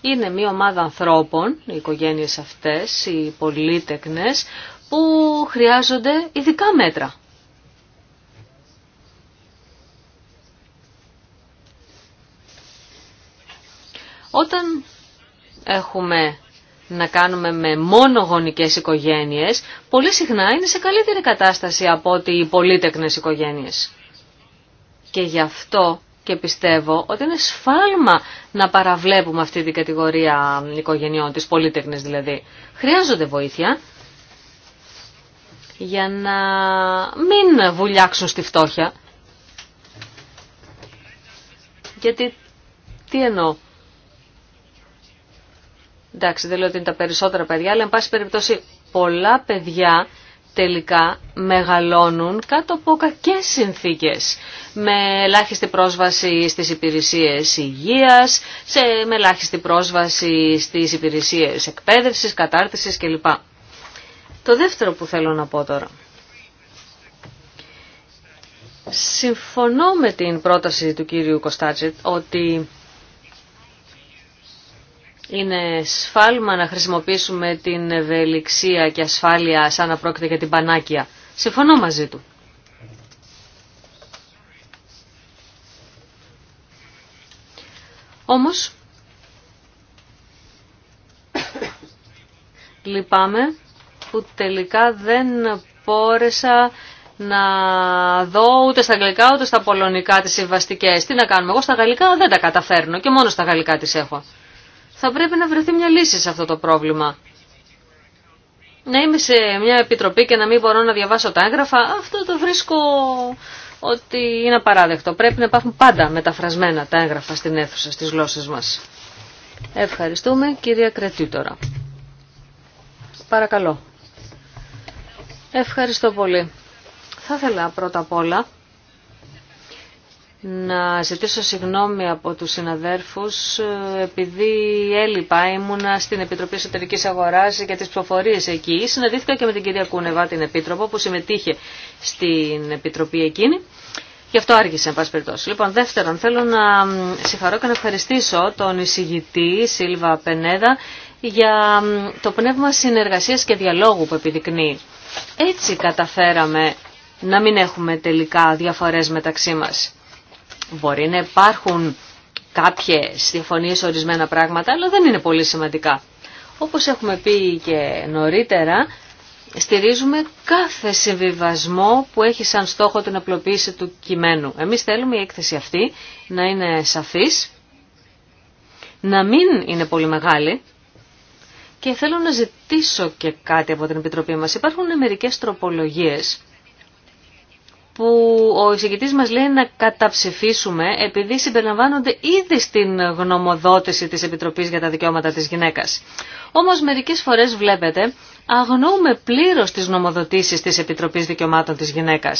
είναι μια ομάδα ανθρώπων, οι οικογένειες αυτές, οι πολύτεκνες, που χρειάζονται ειδικά μέτρα. Όταν έχουμε να κάνουμε με μόνο γονικές οικογένειες, πολύ συχνά είναι σε καλύτερη κατάσταση από ότι οι πολύτεκνες οικογένειες. Και γι' αυτό και πιστεύω ότι είναι σφάλμα να παραβλέπουμε αυτή την κατηγορία οικογενειών, τις πολύτεκνες δηλαδή. Χρειάζονται βοήθεια για να μην βουλιάξουν στη φτώχεια. Γιατί τι εννοώ εντάξει δεν λέω ότι είναι τα περισσότερα παιδιά, αλλά εν πάση περιπτώσει πολλά παιδιά τελικά μεγαλώνουν κάτω από κακές συνθήκες, με ελάχιστη πρόσβαση στις υπηρεσίες υγείας, σε, με ελάχιστη πρόσβαση στις υπηρεσίες εκπαίδευσης, κατάρτισης κλπ. Το δεύτερο που θέλω να πω τώρα. Συμφωνώ με την πρόταση του κύριου Κωστάτζετ ότι είναι σφάλμα να χρησιμοποιήσουμε την ευελιξία και ασφάλεια σαν να πρόκειται για την πανάκια. Συμφωνώ μαζί του. Όμως, λυπάμαι που τελικά δεν πόρεσα να δω ούτε στα αγγλικά ούτε στα πολωνικά τις συμβαστικές. Τι να κάνουμε, εγώ στα γαλλικά δεν τα καταφέρνω και μόνο στα γαλλικά τις έχω. Θα πρέπει να βρεθεί μια λύση σε αυτό το πρόβλημα. Να είμαι σε μια επιτροπή και να μην μπορώ να διαβάσω τα έγγραφα, αυτό το βρίσκω ότι είναι απαράδεκτο. Πρέπει να υπάρχουν πάντα μεταφρασμένα τα έγγραφα στην αίθουσα, στις γλώσσες μας. Ευχαριστούμε. Κυρία Κρετή τώρα. Παρακαλώ. Ευχαριστώ πολύ. Θα ήθελα πρώτα απ' όλα να ζητήσω συγγνώμη από τους συναδέρφους επειδή έλειπα ήμουνα στην Επιτροπή Εσωτερικής Αγοράς για τις προφορίες εκεί. Συναντήθηκα και με την κυρία Κούνεβα την Επίτροπο που συμμετείχε στην Επιτροπή εκείνη. Γι' αυτό άργησε, εν πάση περιπτώσει. Λοιπόν, δεύτερον, θέλω να συγχαρώ και να ευχαριστήσω τον εισηγητή Σίλβα Πενέδα για το πνεύμα συνεργασίας και διαλόγου που επιδεικνύει. Έτσι καταφέραμε να μην έχουμε τελικά διαφορές μεταξύ μας. Μπορεί να υπάρχουν κάποιες διαφωνίες ορισμένα πράγματα, αλλά δεν είναι πολύ σημαντικά. Όπως έχουμε πει και νωρίτερα, στηρίζουμε κάθε συμβιβασμό που έχει σαν στόχο την απλοποίηση του κειμένου. Εμείς θέλουμε η έκθεση αυτή να είναι σαφής, να μην είναι πολύ μεγάλη και θέλω να ζητήσω και κάτι από την Επιτροπή μας. Υπάρχουν μερικές τροπολογίες που ο εισηγητή μα λέει να καταψηφίσουμε επειδή συμπεριλαμβάνονται ήδη στην γνωμοδότηση τη επιτροπή για τα Δικαιώματα της γυναίκα. Όμω μερικέ φορέ βλέπετε αγνοούμε πλήρω τι νομοδοτήσει της επιτροπή Δικαιωμάτων της γυναίκα.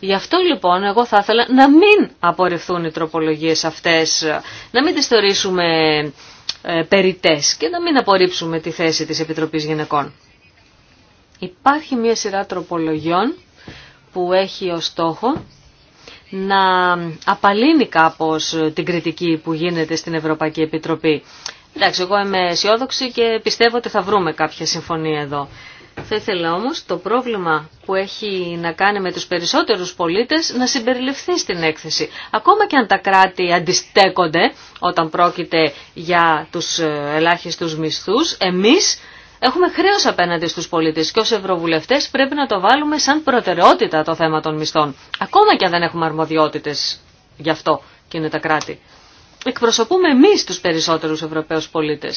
Γι' αυτό λοιπόν εγώ θα ήθελα να μην απορριφθούν οι τροπολογίε αυτέ, να μην τι θεωρήσουμε ε, περιτέ και να μην απορρίψουμε τη θέση της επιτροπή Γυναικών. Υπάρχει μια σειρά τροπολογιών που έχει ως στόχο να απαλύνει κάπως την κριτική που γίνεται στην Ευρωπαϊκή Επιτροπή. Εντάξει, εγώ είμαι αισιόδοξη και πιστεύω ότι θα βρούμε κάποια συμφωνία εδώ. Θα ήθελα όμως το πρόβλημα που έχει να κάνει με τους περισσότερους πολίτες να συμπεριληφθεί στην έκθεση. Ακόμα και αν τα κράτη αντιστέκονται όταν πρόκειται για τους ελάχιστους μισθούς, εμείς Έχουμε χρέο απέναντι στου πολίτε και ω Ευρωβουλευτέ πρέπει να το βάλουμε σαν προτεραιότητα το θέμα των μισθών. Ακόμα και αν δεν έχουμε αρμοδιότητε γι' αυτό και είναι τα κράτη. Εκπροσωπούμε εμεί του περισσότερου Ευρωπαίου πολίτε.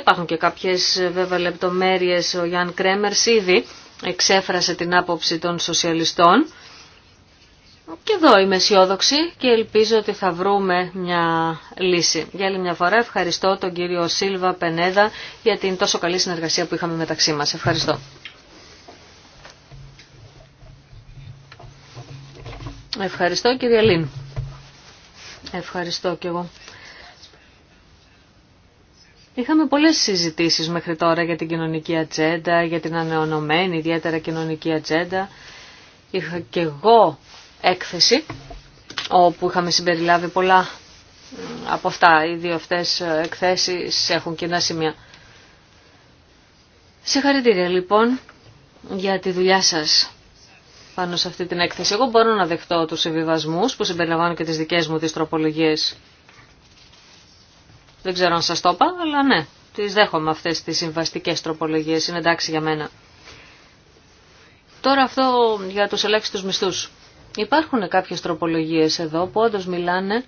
Υπάρχουν και κάποιε βέβαια λεπτομέρειε. Ο Γιάνν Κρέμερ ήδη εξέφρασε την άποψη των σοσιαλιστών και εδώ είμαι αισιόδοξη και ελπίζω ότι θα βρούμε μια λύση. Για άλλη μια φορά ευχαριστώ τον κύριο Σίλβα Πενέδα για την τόσο καλή συνεργασία που είχαμε μεταξύ μας. Ευχαριστώ. Ευχαριστώ κύριε Λίν. Ευχαριστώ κι εγώ. Είχαμε πολλές συζητήσεις μέχρι τώρα για την κοινωνική ατζέντα, για την ανεωνομένη ιδιαίτερα κοινωνική ατζέντα. Είχα κι εγώ έκθεση όπου είχαμε συμπεριλάβει πολλά από αυτά. Οι δύο αυτές ε, εκθέσεις έχουν κοινά σημεία. Συγχαρητήρια λοιπόν για τη δουλειά σας πάνω σε αυτή την έκθεση. Εγώ μπορώ να δεχτώ τους συμβιβασμούς που συμπεριλαμβάνουν και τις δικές μου τις τροπολογίες. Δεν ξέρω αν σας το είπα, αλλά ναι, τις δέχομαι αυτές τις συμβαστικές τροπολογίες. Είναι εντάξει για μένα. Τώρα αυτό για τους ελέγχιστους μισθούς. Υπάρχουν κάποιες τροπολογίες εδώ που όντω μιλάνε,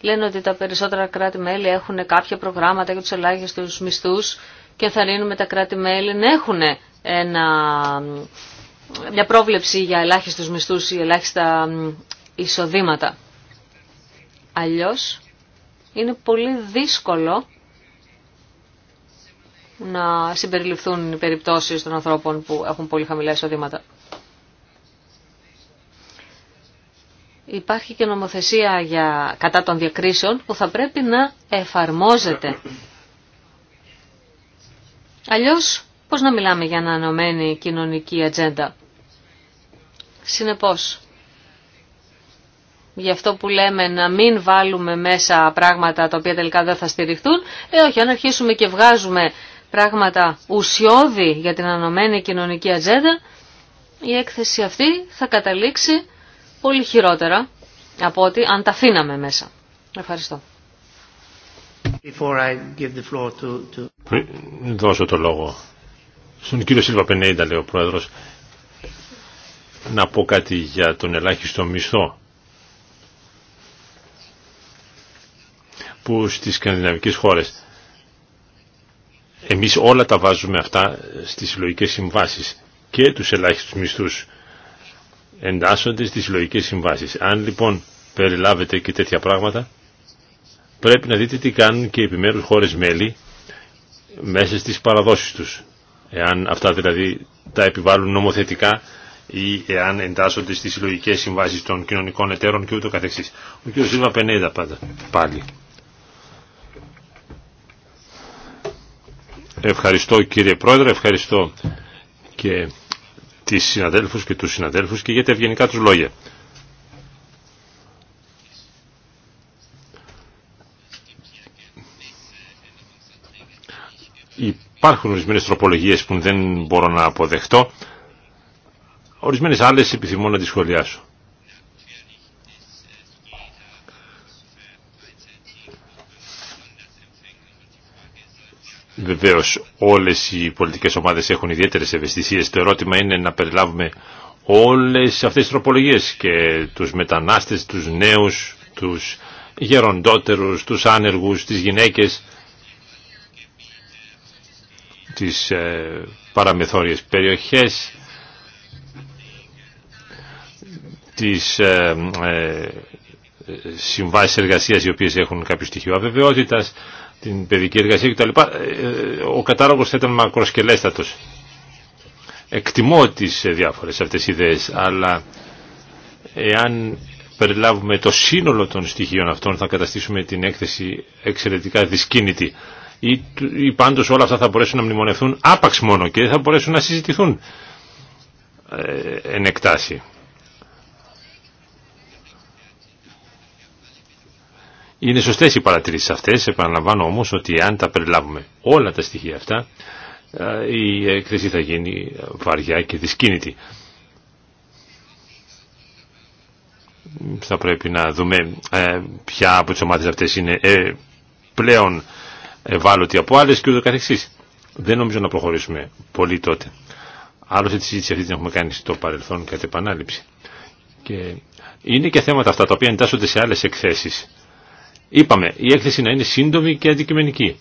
λένε ότι τα περισσότερα κράτη-μέλη έχουν κάποια προγράμματα για τους ελάχιστους μισθούς και θα ρίνουμε τα κράτη-μέλη να έχουν μια πρόβλεψη για ελάχιστους μισθούς ή ελάχιστα εισοδήματα. Αλλιώς είναι πολύ δύσκολο να συμπεριληφθούν οι περιπτώσεις των ανθρώπων που έχουν πολύ χαμηλά εισοδήματα. υπάρχει και νομοθεσία για, κατά των διακρίσεων που θα πρέπει να εφαρμόζεται. Αλλιώς, πώς να μιλάμε για ανανεωμένη κοινωνική ατζέντα. Συνεπώς, γι' αυτό που λέμε να μην βάλουμε μέσα πράγματα τα οποία τελικά δεν θα στηριχθούν, ε όχι, αν αρχίσουμε και βγάζουμε πράγματα ουσιώδη για την ανανεωμένη κοινωνική ατζέντα, η έκθεση αυτή θα καταλήξει πολύ χειρότερα από ότι αν τα αφήναμε μέσα. Ευχαριστώ. Πριν δώσω το λόγο στον κύριο Σίλβα Πενέιντα, λέει ο πρόεδρος, να πω κάτι για τον ελάχιστο μισθό που στις σκανδιναβικές χώρες εμείς όλα τα βάζουμε αυτά στις συλλογικές συμβάσεις και τους ελάχιστους μισθούς εντάσσονται στις συλλογικέ συμβάσεις. Αν λοιπόν περιλάβετε και τέτοια πράγματα, πρέπει να δείτε τι κάνουν και οι επιμέρους χώρες μέλη μέσα στις παραδόσεις τους. Εάν αυτά δηλαδή τα επιβάλλουν νομοθετικά ή εάν εντάσσονται στις συλλογικέ συμβάσεις των κοινωνικών εταίρων και ούτω καθεξής. Ο κ. Σίλβα Πενέδα πάντα πάλι. Ευχαριστώ κύριε Πρόεδρε, ευχαριστώ και τις συναδέλφους και τους συναδέλφους και για τα ευγενικά τους λόγια. Υπάρχουν ορισμένε τροπολογίε που δεν μπορώ να αποδεχτώ. Ορισμένε άλλε επιθυμώ να τις σχολιάσω. Βεβαίως όλες οι πολιτικές ομάδες έχουν ιδιαίτερες ευαισθησίες. Το ερώτημα είναι να περιλάβουμε όλες αυτές τις τροπολογίες και τους μετανάστες, τους νέους, τους γεροντότερους, τους άνεργους, τις γυναίκες, τις ε, παραμεθόριες περιοχές, τις ε, ε συμβάσεις εργασίας οι οποίες έχουν κάποιο στοιχείο αβεβαιότητας, την παιδική εργασία κτλ. Ε, ε, ο κατάλογος θα ήταν μακροσκελέστατος. Εκτιμώ τις ε, διάφορες αυτές ιδέες, αλλά εάν περιλάβουμε το σύνολο των στοιχείων αυτών θα καταστήσουμε την έκθεση εξαιρετικά δυσκίνητη ή, ή πάντως όλα αυτά θα μπορέσουν να μνημονευθούν άπαξ μόνο και δεν θα μπορέσουν να συζητηθούν ε, εν εκτάσει. Είναι σωστέ οι παρατηρήσει αυτέ, επαναλαμβάνω όμω, ότι αν τα περιλάβουμε όλα τα στοιχεία αυτά, ε, η έκθεση θα γίνει βαριά και δυσκίνητη. Θα πρέπει να δούμε ε, ποια από τι ομάδε αυτέ είναι ε, πλέον ευάλωτη από άλλε και ούτω καθεξή. Δεν νομίζω να προχωρήσουμε πολύ τότε. Άλλωστε τη συζήτηση αυτή την έχουμε κάνει στο παρελθόν κατά επανάληψη. Και είναι και θέματα αυτά τα οποία εντάσσονται σε άλλε εκθέσει. Είπαμε, η έκθεση να είναι σύντομη και αντικειμενική.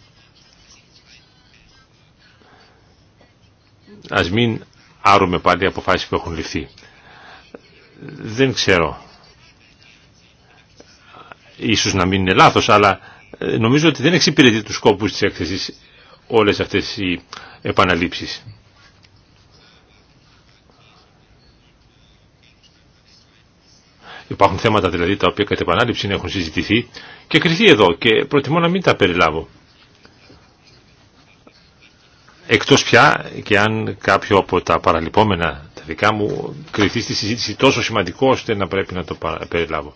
Ας μην άρουμε πάλι αποφάσεις που έχουν ληφθεί. Δεν ξέρω. Ίσως να μην είναι λάθος, αλλά ε, νομίζω ότι δεν εξυπηρετεί τους σκόπους της έκθεσης όλες αυτές οι επαναλήψεις. Υπάρχουν θέματα δηλαδή τα οποία κατά επανάληψη έχουν συζητηθεί και κριθεί εδώ και προτιμώ να μην τα περιλάβω. Εκτός πια και αν κάποιο από τα παραλυπόμενα τα δικά μου κριθεί στη συζήτηση τόσο σημαντικό ώστε να πρέπει να το περιλάβω.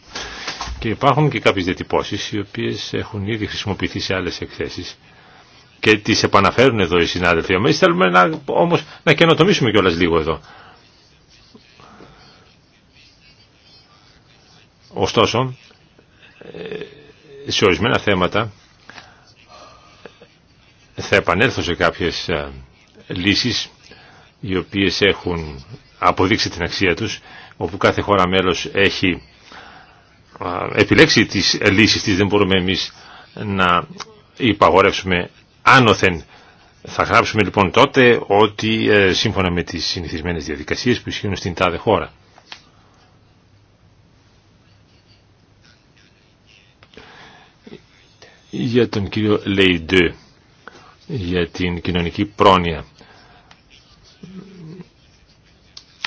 Και υπάρχουν και κάποιες διατυπώσεις οι οποίες έχουν ήδη χρησιμοποιηθεί σε άλλες εκθέσεις και τις επαναφέρουν εδώ οι συνάδελφοι. Εμείς θέλουμε να, όμως να καινοτομήσουμε κιόλας λίγο εδώ. Ωστόσο, ε, σε ορισμένα θέματα θα επανέλθω σε κάποιες ε, λύσεις οι οποίες έχουν αποδείξει την αξία τους, όπου κάθε χώρα μέλος έχει επιλέξει τις λύσεις της, δεν μπορούμε εμείς να υπαγορεύσουμε άνωθεν. Θα γράψουμε λοιπόν τότε ότι ε, σύμφωνα με τις συνηθισμένες διαδικασίες που ισχύουν στην τάδε χώρα. για τον κύριο Λεϊντε, για την κοινωνική πρόνοια.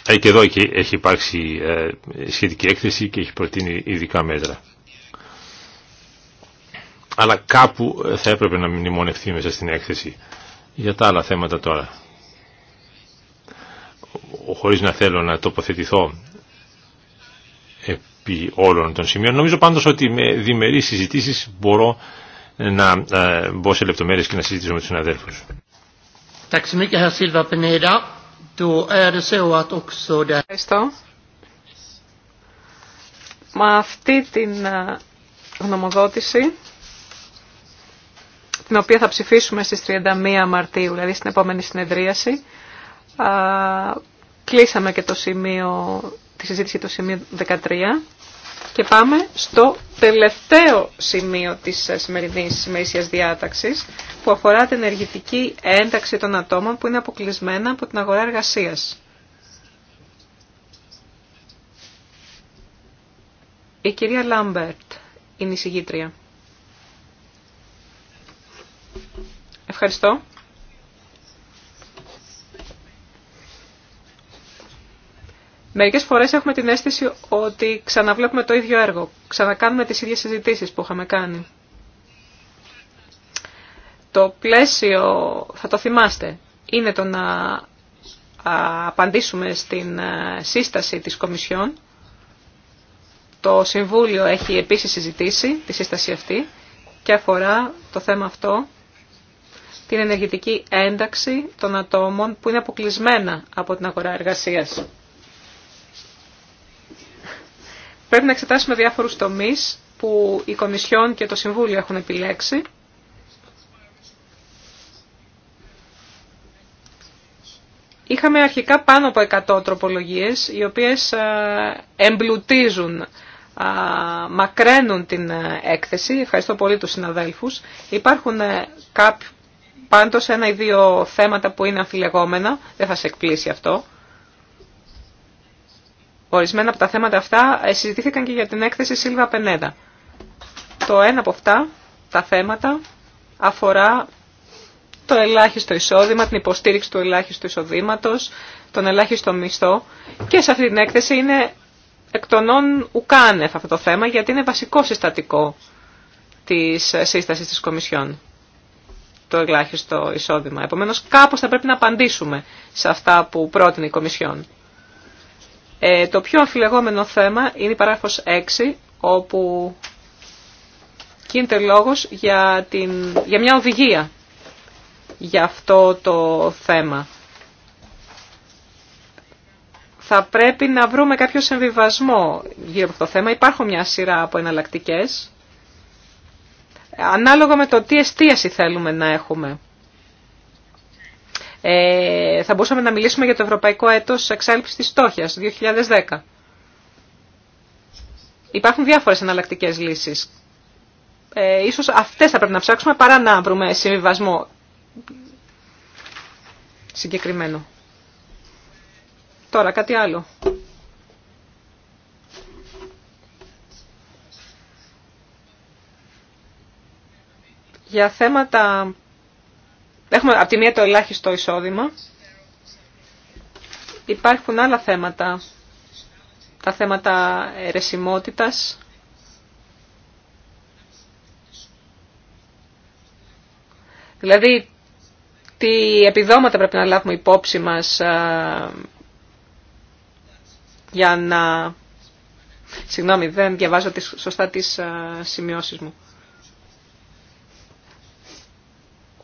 Ε, και εδώ έχει υπάρξει ε, σχετική έκθεση και έχει προτείνει ειδικά μέτρα. Αλλά κάπου ε, θα έπρεπε να μνημονευτεί μέσα στην έκθεση. Για τα άλλα θέματα τώρα. Χωρίς να θέλω να τοποθετηθώ επί όλων των σημείων. Νομίζω πάντως ότι με διμερείς συζητήσεις μπορώ να ε, μπω σε λεπτομέρειες και να συζητήσω με τους συναδέλφους. Ευχαριστώ. Με αυτή την ε, γνωμοδότηση, την οποία θα ψηφίσουμε στις 31 Μαρτίου, δηλαδή στην επόμενη συνεδρίαση, κλείσαμε και το σημείο, τη συζήτηση το σημείο 13. Και πάμε στο τελευταίο σημείο της σημερινής ημερήσιας διάταξης που αφορά την ενεργητική ένταξη των ατόμων που είναι αποκλεισμένα από την αγορά εργασίας. Η κυρία Λάμπερτ είναι η συγγήτρια. Ευχαριστώ. Μερικές φορές έχουμε την αίσθηση ότι ξαναβλέπουμε το ίδιο έργο, ξανακάνουμε τις ίδιες συζητήσεις που είχαμε κάνει. Το πλαίσιο, θα το θυμάστε, είναι το να απαντήσουμε στην ε, σύσταση της Κομισιόν. Το Συμβούλιο έχει επίσης συζητήσει τη σύσταση αυτή και αφορά το θέμα αυτό την ενεργητική ένταξη των ατόμων που είναι αποκλεισμένα από την αγορά εργασίας. Πρέπει να εξετάσουμε διάφορους τομείς που η Κομισιόν και το Συμβούλιο έχουν επιλέξει. Είχαμε αρχικά πάνω από 100 τροπολογίες, οι οποίες ε, εμπλουτίζουν, ε, μακραίνουν την ε, έκθεση. Ευχαριστώ πολύ τους συναδέλφους. Υπάρχουν πάντως ένα ή δύο θέματα που είναι αμφιλεγόμενα, δεν θα σε εκπλήσει αυτό. Ορισμένα από τα θέματα αυτά ε, συζητήθηκαν και για την έκθεση Σίλβα Πενέδα. Το ένα από αυτά, τα θέματα, αφορά το ελάχιστο εισόδημα, την υποστήριξη του ελάχιστου εισοδήματος, τον ελάχιστο μισθό και σε αυτή την έκθεση είναι εκ των όν αυτό το θέμα γιατί είναι βασικό συστατικό της ε, σύστασης της Κομισιόν το ελάχιστο εισόδημα. Επομένως κάπως θα πρέπει να απαντήσουμε σε αυτά που πρότεινε η Κομισιόν. Ε, το πιο αφιλεγόμενο θέμα είναι η παράγραφος 6, όπου γίνεται λόγος για, την, για μια οδηγία για αυτό το θέμα. Θα πρέπει να βρούμε κάποιο συμβιβασμό γύρω από αυτό το θέμα. Υπάρχουν μια σειρά από εναλλακτικέ. Ανάλογα με το τι εστίαση θέλουμε να έχουμε. Ε, θα μπορούσαμε να μιλήσουμε για το Ευρωπαϊκό Έτος Εξάλληψης της Στόχιας 2010. Υπάρχουν διάφορες εναλλακτικές λύσεις. Ε, ίσως αυτές θα πρέπει να ψάξουμε παρά να βρούμε συμβιβασμό συγκεκριμένο. Τώρα κάτι άλλο. Για θέματα Έχουμε από τη μία το ελάχιστο εισόδημα. Υπάρχουν άλλα θέματα, τα θέματα ερεσιμότητας. Δηλαδή, τι επιδόματα πρέπει να λάβουμε υπόψη μας για να... Συγγνώμη, δεν διαβάζω τις, σωστά τις α, σημειώσεις μου.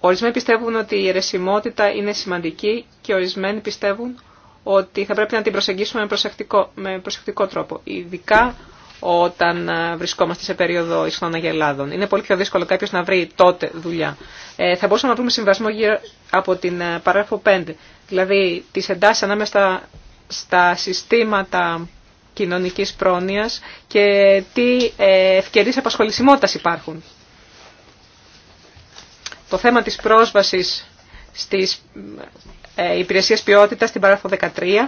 Ορισμένοι πιστεύουν ότι η αιρεσιμότητα είναι σημαντική και ορισμένοι πιστεύουν ότι θα πρέπει να την προσεγγίσουμε με προσεκτικό, με προσεκτικό τρόπο, ειδικά όταν ε, βρισκόμαστε σε περίοδο ισχνών αγελάδων. Είναι πολύ πιο δύσκολο κάποιο να βρει τότε δουλειά. Ε, θα μπορούσαμε να πούμε συμβασμό γύρω από την ε, παράγραφο 5, δηλαδή τι εντάσει ανάμεσα στα, στα συστήματα κοινωνικής πρόνοιας και τι ευκαιρίες απασχολησιμότητας υπάρχουν το θέμα της πρόσβασης στις ε, υπηρεσίες ποιότητας στην παράγραφο 13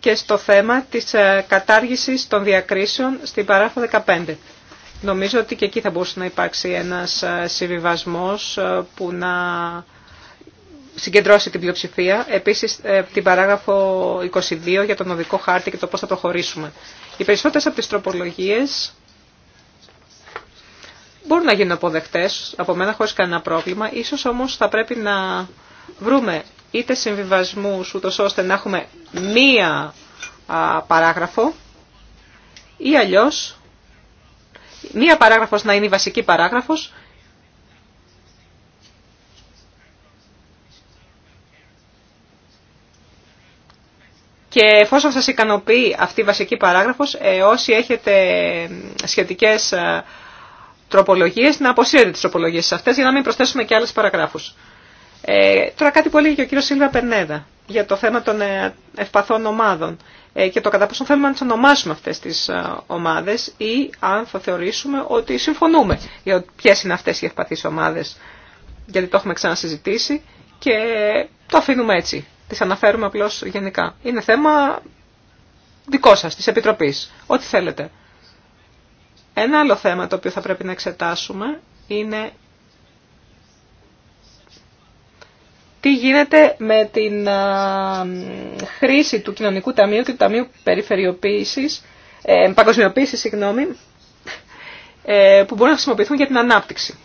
και στο θέμα της ε, κατάργησης των διακρίσεων στην παράγραφο 15. Νομίζω ότι και εκεί θα μπορούσε να υπάρξει ένας ε, συμβιβασμός που να συγκεντρώσει την πλειοψηφία. Επίσης την παράγραφο 22 για τον οδικό χάρτη και το πώς θα προχωρήσουμε. Οι περισσότερες από τις τροπολογίες μπορούν να γίνουν αποδεκτέ από μένα χωρί κανένα πρόβλημα. Ίσως όμω θα πρέπει να βρούμε είτε συμβιβασμού ούτω ώστε να έχουμε μία παράγραφο ή αλλιώς μία παράγραφος να είναι η βασική παράγραφος Και εφόσον σας ικανοποιεί αυτή η βασική παράγραφος, ε, όσοι έχετε σχετικές τροπολογίες, να αποσύρετε τι τροπολογίε αυτέ για να μην προσθέσουμε και άλλε παραγράφου. Ε, τώρα κάτι που έλεγε και ο κύριο Σίλβα Πενέδα για το θέμα των ε, ευπαθών ομάδων ε, και το κατά πόσο θέλουμε να τι ονομάσουμε αυτές τις ε, ομάδε ή αν θα θεωρήσουμε ότι συμφωνούμε για ποιε είναι αυτέ οι ευπαθεί ομάδε γιατί το έχουμε ξανασυζητήσει και το αφήνουμε έτσι. τι αναφέρουμε απλώ γενικά. Είναι θέμα δικό σα τη επιτροπή, ό,τι θέλετε. Ένα άλλο θέμα το οποίο θα πρέπει να εξετάσουμε είναι τι γίνεται με την χρήση του Κοινωνικού Ταμείου και του Ταμείου Περιφερειοποίησης, ε, Παγκοσμιοποίησης, συγγνώμη, ε, που μπορούν να χρησιμοποιηθούν για την ανάπτυξη.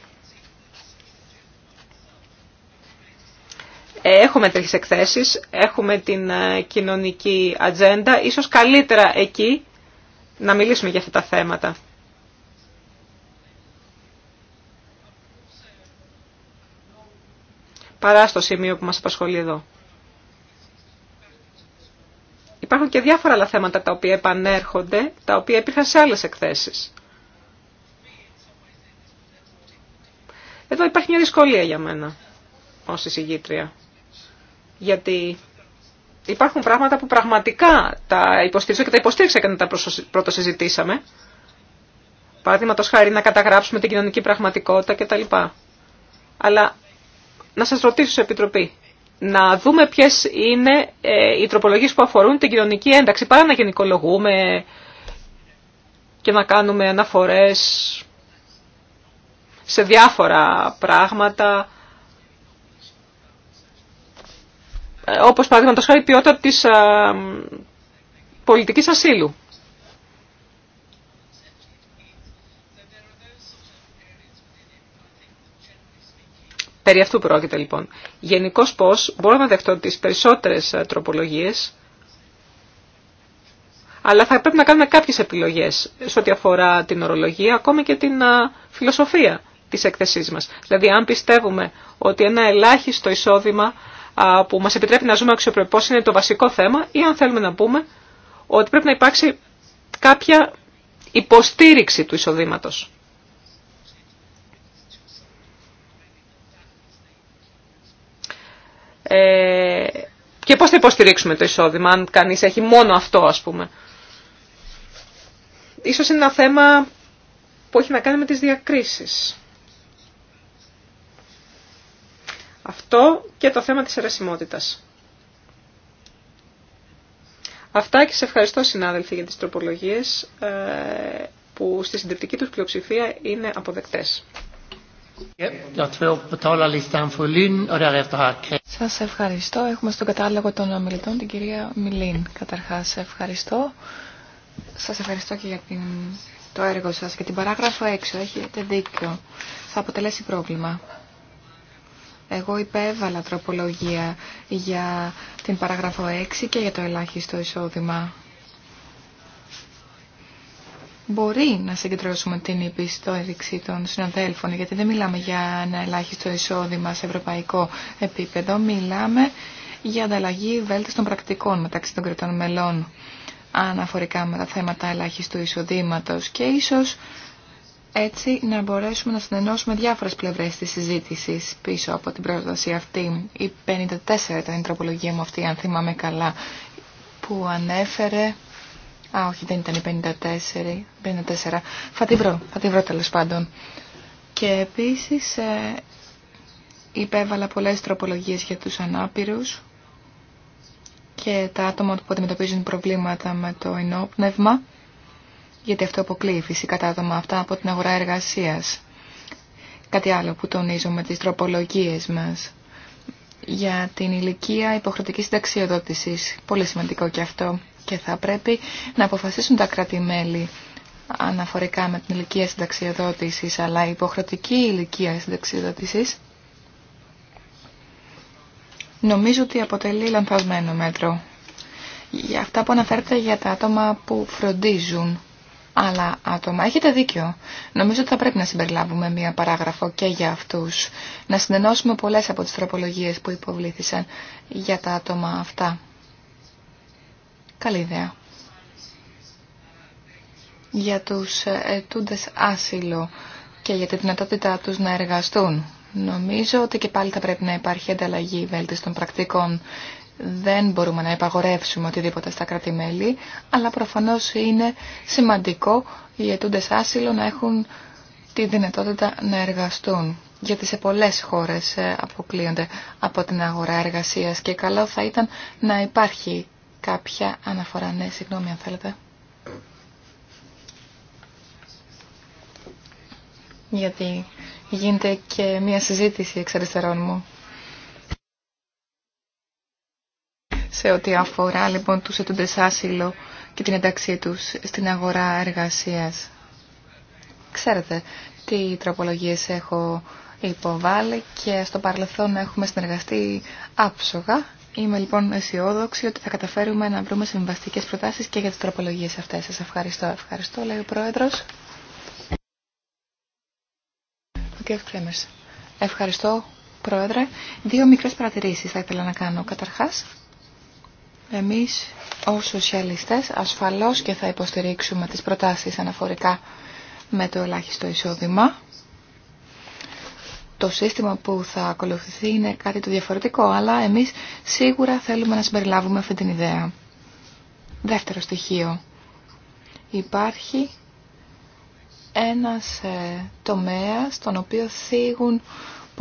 Ε, έχουμε τέτοιες εκθέσεις, έχουμε την κοινωνική ατζέντα, ίσως καλύτερα εκεί να μιλήσουμε για αυτά τα θέματα. παρά στο σημείο που μας απασχολεί εδώ. Υπάρχουν και διάφορα άλλα θέματα τα οποία επανέρχονται, τα οποία υπήρχαν σε άλλες εκθέσεις. Εδώ υπάρχει μια δυσκολία για μένα ως εισηγήτρια. Γιατί υπάρχουν πράγματα που πραγματικά τα υποστήριξα και τα υποστήριξα και τα πρώτο συζητήσαμε. Παραδείγματος χάρη να καταγράψουμε την κοινωνική πραγματικότητα κτλ. Αλλά να σας ρωτήσω, Επιτροπή, να δούμε ποιες είναι ε, οι τροπολογίες που αφορούν την κοινωνική ένταξη, παρά να γενικολογούμε και να κάνουμε αναφορές σε διάφορα πράγματα, ε, όπως παραδείγματος χάρη ποιότητα της ε, πολιτικής ασύλου. Περί αυτού πρόκειται λοιπόν. Γενικώ πώ μπορώ να δεχτώ τι περισσότερε ε, τροπολογίε, αλλά θα πρέπει να κάνουμε κάποιε επιλογέ σε ό,τι αφορά την ορολογία, ακόμη και την ε, φιλοσοφία τη έκθεσή μα. Δηλαδή, αν πιστεύουμε ότι ένα ελάχιστο εισόδημα που μα επιτρέπει να ζούμε αξιοπρεπώ είναι το βασικό θέμα, ή αν θέλουμε να πούμε ότι πρέπει να υπάρξει κάποια υποστήριξη του εισοδήματος. Ε, και πώς θα υποστηρίξουμε το εισόδημα αν κανείς έχει μόνο αυτό ας πούμε. Ίσως είναι ένα θέμα που έχει να κάνει με τις διακρίσεις. Αυτό και το θέμα της αιρεσιμότητας. Αυτά και σε ευχαριστώ συνάδελφοι για τις τροπολογίες ε, που στη συντριπτική τους πλειοψηφία είναι αποδεκτές. Σα ευχαριστώ. Έχουμε στον κατάλογο των ομιλητών την κυρία Μιλίν. Καταρχά ευχαριστώ. σα ευχαριστώ και για το έργο σα Και την παράγραφο 6 έχετε δίκιο. Θα αποτελέσει πρόβλημα. Εγώ υπέβαλα τροπολογία για την παράγραφο 6 και για το ελάχιστο εισόδημα μπορεί να συγκεντρώσουμε την επιστόριξη των συναδέλφων, γιατί δεν μιλάμε για ένα ελάχιστο εισόδημα σε ευρωπαϊκό επίπεδο, μιλάμε για ανταλλαγή βέλτιστων πρακτικών μεταξύ των κρατών μελών αναφορικά με τα θέματα ελάχιστου εισοδήματο και ίσως έτσι να μπορέσουμε να συνενώσουμε διάφορες πλευρές της συζήτηση πίσω από την πρόταση αυτή. Η 54 ήταν η τροπολογία μου αυτή, αν θυμάμαι καλά, που ανέφερε Α, όχι, δεν ήταν η 54. 54. Θα τη βρω, θα τη βρω τέλο πάντων. Και επίσης ε, υπέβαλα πολλές τροπολογίες για τους ανάπηρους και τα άτομα που αντιμετωπίζουν προβλήματα με το ενόπνευμα, γιατί αυτό αποκλείει φυσικά τα άτομα αυτά από την αγορά εργασίας. Κάτι άλλο που τονίζω με τις τροπολογίες μας για την ηλικία υποχρεωτική συνταξιοδότησης. Πολύ σημαντικό και αυτό και θα πρέπει να αποφασίσουν τα κράτη-μέλη αναφορικά με την ηλικία συνταξιοδότησης, αλλά η υποχρεωτική ηλικία συνταξιοδότησης νομίζω ότι αποτελεί λανθασμένο μέτρο. Για αυτά που αναφέρετε για τα άτομα που φροντίζουν άλλα άτομα. Έχετε δίκιο. Νομίζω ότι θα πρέπει να συμπεριλάβουμε μία παράγραφο και για αυτούς. Να συνενώσουμε πολλές από τις τροπολογίες που υποβλήθησαν για τα άτομα αυτά. Καλή ιδέα. Για τους ετούντες άσυλο και για τη δυνατότητά τους να εργαστούν. Νομίζω ότι και πάλι θα πρέπει να υπάρχει ανταλλαγή βέλτιστων πρακτικών. Δεν μπορούμε να υπαγορεύσουμε οτιδήποτε στα κρατημέλη, αλλά προφανώς είναι σημαντικό οι ετούντες άσυλο να έχουν τη δυνατότητα να εργαστούν. Γιατί σε πολλές χώρες αποκλείονται από την αγορά εργασίας και καλό θα ήταν να υπάρχει κάποια αναφορά. Ναι, συγγνώμη αν θέλετε. Γιατί γίνεται και μία συζήτηση εξ αριστερών μου. Σε ό,τι αφορά λοιπόν τους ετούντες άσυλο και την ένταξή τους στην αγορά εργασίας. Ξέρετε τι τροπολογίες έχω υποβάλει και στο παρελθόν έχουμε συνεργαστεί άψογα Είμαι λοιπόν αισιόδοξη ότι θα καταφέρουμε να βρούμε συμβαστικές προτάσεις και για τις τροπολογίες αυτές. Σας ευχαριστώ. Ευχαριστώ, λέει ο Πρόεδρος. Ο κ. Ευχαριστώ, Πρόεδρε. Δύο μικρές παρατηρήσεις θα ήθελα να κάνω. Καταρχάς, εμείς ως σοσιαλιστές ασφαλώς και θα υποστηρίξουμε τις προτάσεις αναφορικά με το ελάχιστο εισόδημα το σύστημα που θα ακολουθηθεί είναι κάτι το διαφορετικό, αλλά εμείς σίγουρα θέλουμε να συμπεριλάβουμε αυτή την ιδέα. Δεύτερο στοιχείο. Υπάρχει ένας ε, τομέας στον οποίο θίγουν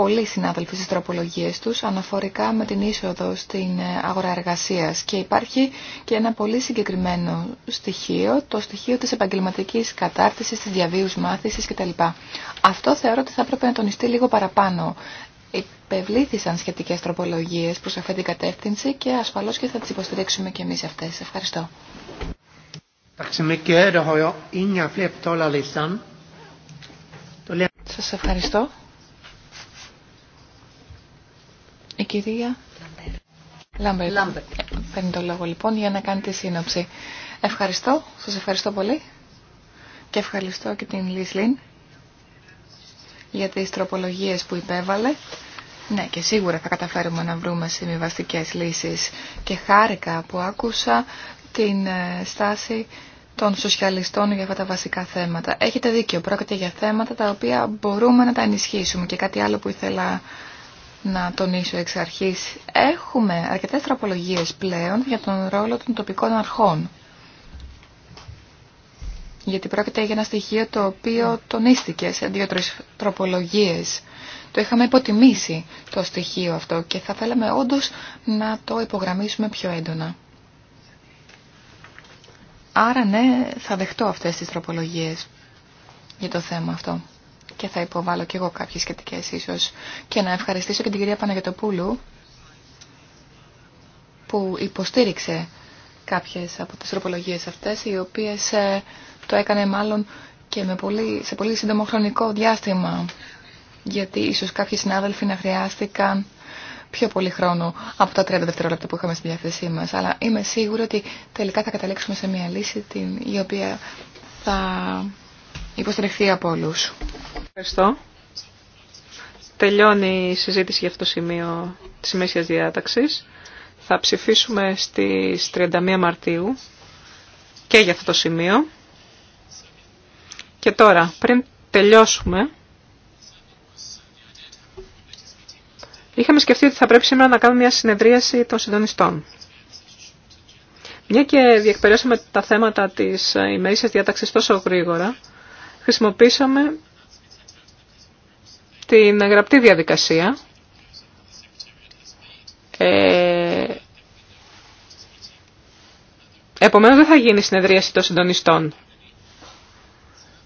πολλοί συνάδελφοι στις τροπολογίες τους αναφορικά με την είσοδο στην ε, αγορά εργασίας και υπάρχει και ένα πολύ συγκεκριμένο στοιχείο, το στοιχείο της επαγγελματικής κατάρτισης, της διαβίους μάθησης κτλ. Αυτό θεωρώ ότι θα έπρεπε να τονιστεί λίγο παραπάνω. Υπευλήθησαν σχετικές τροπολογίες προς αυτή την κατεύθυνση και ασφαλώς και θα τις υποστηρίξουμε και εμείς αυτές. Ευχαριστώ. Σας ευχαριστώ. Η κυρία Λάμπερτ. Λάμπερτ. Παίρνει το λόγο λοιπόν για να κάνει τη σύνοψη. Ευχαριστώ. Σας ευχαριστώ πολύ. Και ευχαριστώ και την Λίσλιν για τις τροπολογίες που υπέβαλε. Ναι, και σίγουρα θα καταφέρουμε να βρούμε συμβιβαστικέ λύσεις. Και χάρηκα που άκουσα την ε, στάση των σοσιαλιστών για αυτά τα βασικά θέματα. Έχετε δίκιο, πρόκειται για θέματα τα οποία μπορούμε να τα ενισχύσουμε. Και κάτι άλλο που ήθελα να τονίσω εξ αρχής. Έχουμε αρκετές τροπολογίες πλέον για τον ρόλο των τοπικών αρχών. Γιατί πρόκειται για ένα στοιχείο το οποίο ναι. τονίστηκε σε δύο-τρεις τροπολογίες. Το είχαμε υποτιμήσει το στοιχείο αυτό και θα θέλαμε όντως να το υπογραμμίσουμε πιο έντονα. Άρα ναι, θα δεχτώ αυτές τις τροπολογίες για το θέμα αυτό και θα υποβάλω και εγώ κάποιες σχετικές ίσως και να ευχαριστήσω και την κυρία Παναγιωτοπούλου που υποστήριξε κάποιες από τις τροπολογίες αυτές οι οποίες ε, το έκανε μάλλον και με πολύ, σε πολύ σύντομο χρονικό διάστημα γιατί ίσως κάποιοι συνάδελφοι να χρειάστηκαν πιο πολύ χρόνο από τα 30 δευτερόλεπτα που είχαμε στη διάθεσή μας. Αλλά είμαι σίγουρη ότι τελικά θα καταλήξουμε σε μια λύση την, η οποία θα υποστηριχθεί από όλου. Ευχαριστώ. Τελειώνει η συζήτηση για αυτό το σημείο της ημέσιας διάταξης. Θα ψηφίσουμε στις 31 Μαρτίου και για αυτό το σημείο. Και τώρα, πριν τελειώσουμε, είχαμε σκεφτεί ότι θα πρέπει σήμερα να κάνουμε μια συνεδρίαση των συντονιστών. Μια και διεκπαιρέσαμε τα θέματα της ημερήσιας διάταξης τόσο γρήγορα, χρησιμοποίησαμε την γραπτή διαδικασία. Ε, Επομένως δεν θα γίνει συνεδρίαση των συντονιστών.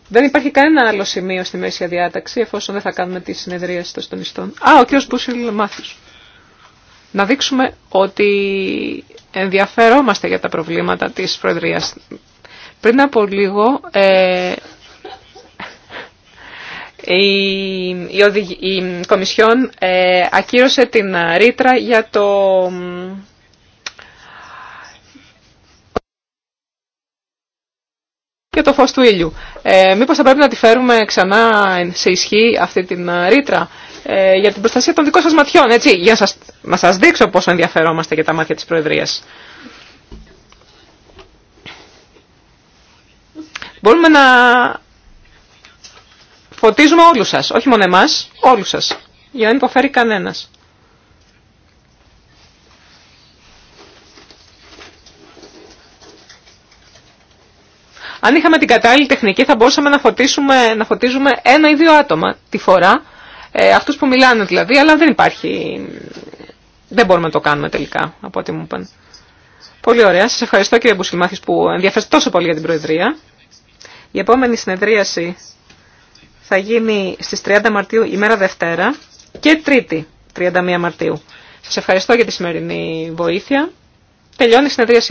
Δεν υπάρχει κανένα άλλο σημείο στη μέση διάταξη, εφόσον δεν θα κάνουμε τη συνεδρίαση των συντονιστών. Α, ο κ. Μπούσιλ Μάθιος. Να δείξουμε ότι ενδιαφερόμαστε για τα προβλήματα της Προεδρίας. Πριν από λίγο ε, η, η, η Κομισιόν ε, ακύρωσε την ε, ρήτρα για το... για το φως του ήλιου. Ε, μήπως θα πρέπει να τη φέρουμε ξανά σε ισχύ αυτή την ε, ρήτρα ε, για την προστασία των δικών σας ματιών, έτσι, για να σας, να σας δείξω πόσο ενδιαφερόμαστε για τα μάτια της Προεδρίας. Μπορούμε να Φωτίζουμε όλους σας, όχι μόνο εμάς, όλους σας, για να μην υποφέρει κανένας. Αν είχαμε την κατάλληλη τεχνική θα μπορούσαμε να, φωτίσουμε, να φωτίζουμε ένα ή δύο άτομα τη φορά, ε, αυτούς που μιλάνε δηλαδή, αλλά δεν υπάρχει, δεν μπορούμε να το κάνουμε τελικά από ό,τι μου είπαν. Πολύ ωραία. Σας ευχαριστώ κύριε Μπουσκημάθης που ενδιαφέρεστε τόσο πολύ για την Προεδρία. Η επόμενη συνεδρίαση θα γίνει στις 30 Μαρτίου ημέρα Δευτέρα και Τρίτη 31 Μαρτίου. Σας ευχαριστώ για τη σημερινή βοήθεια. Τελειώνει η συνεδρίαση εδώ.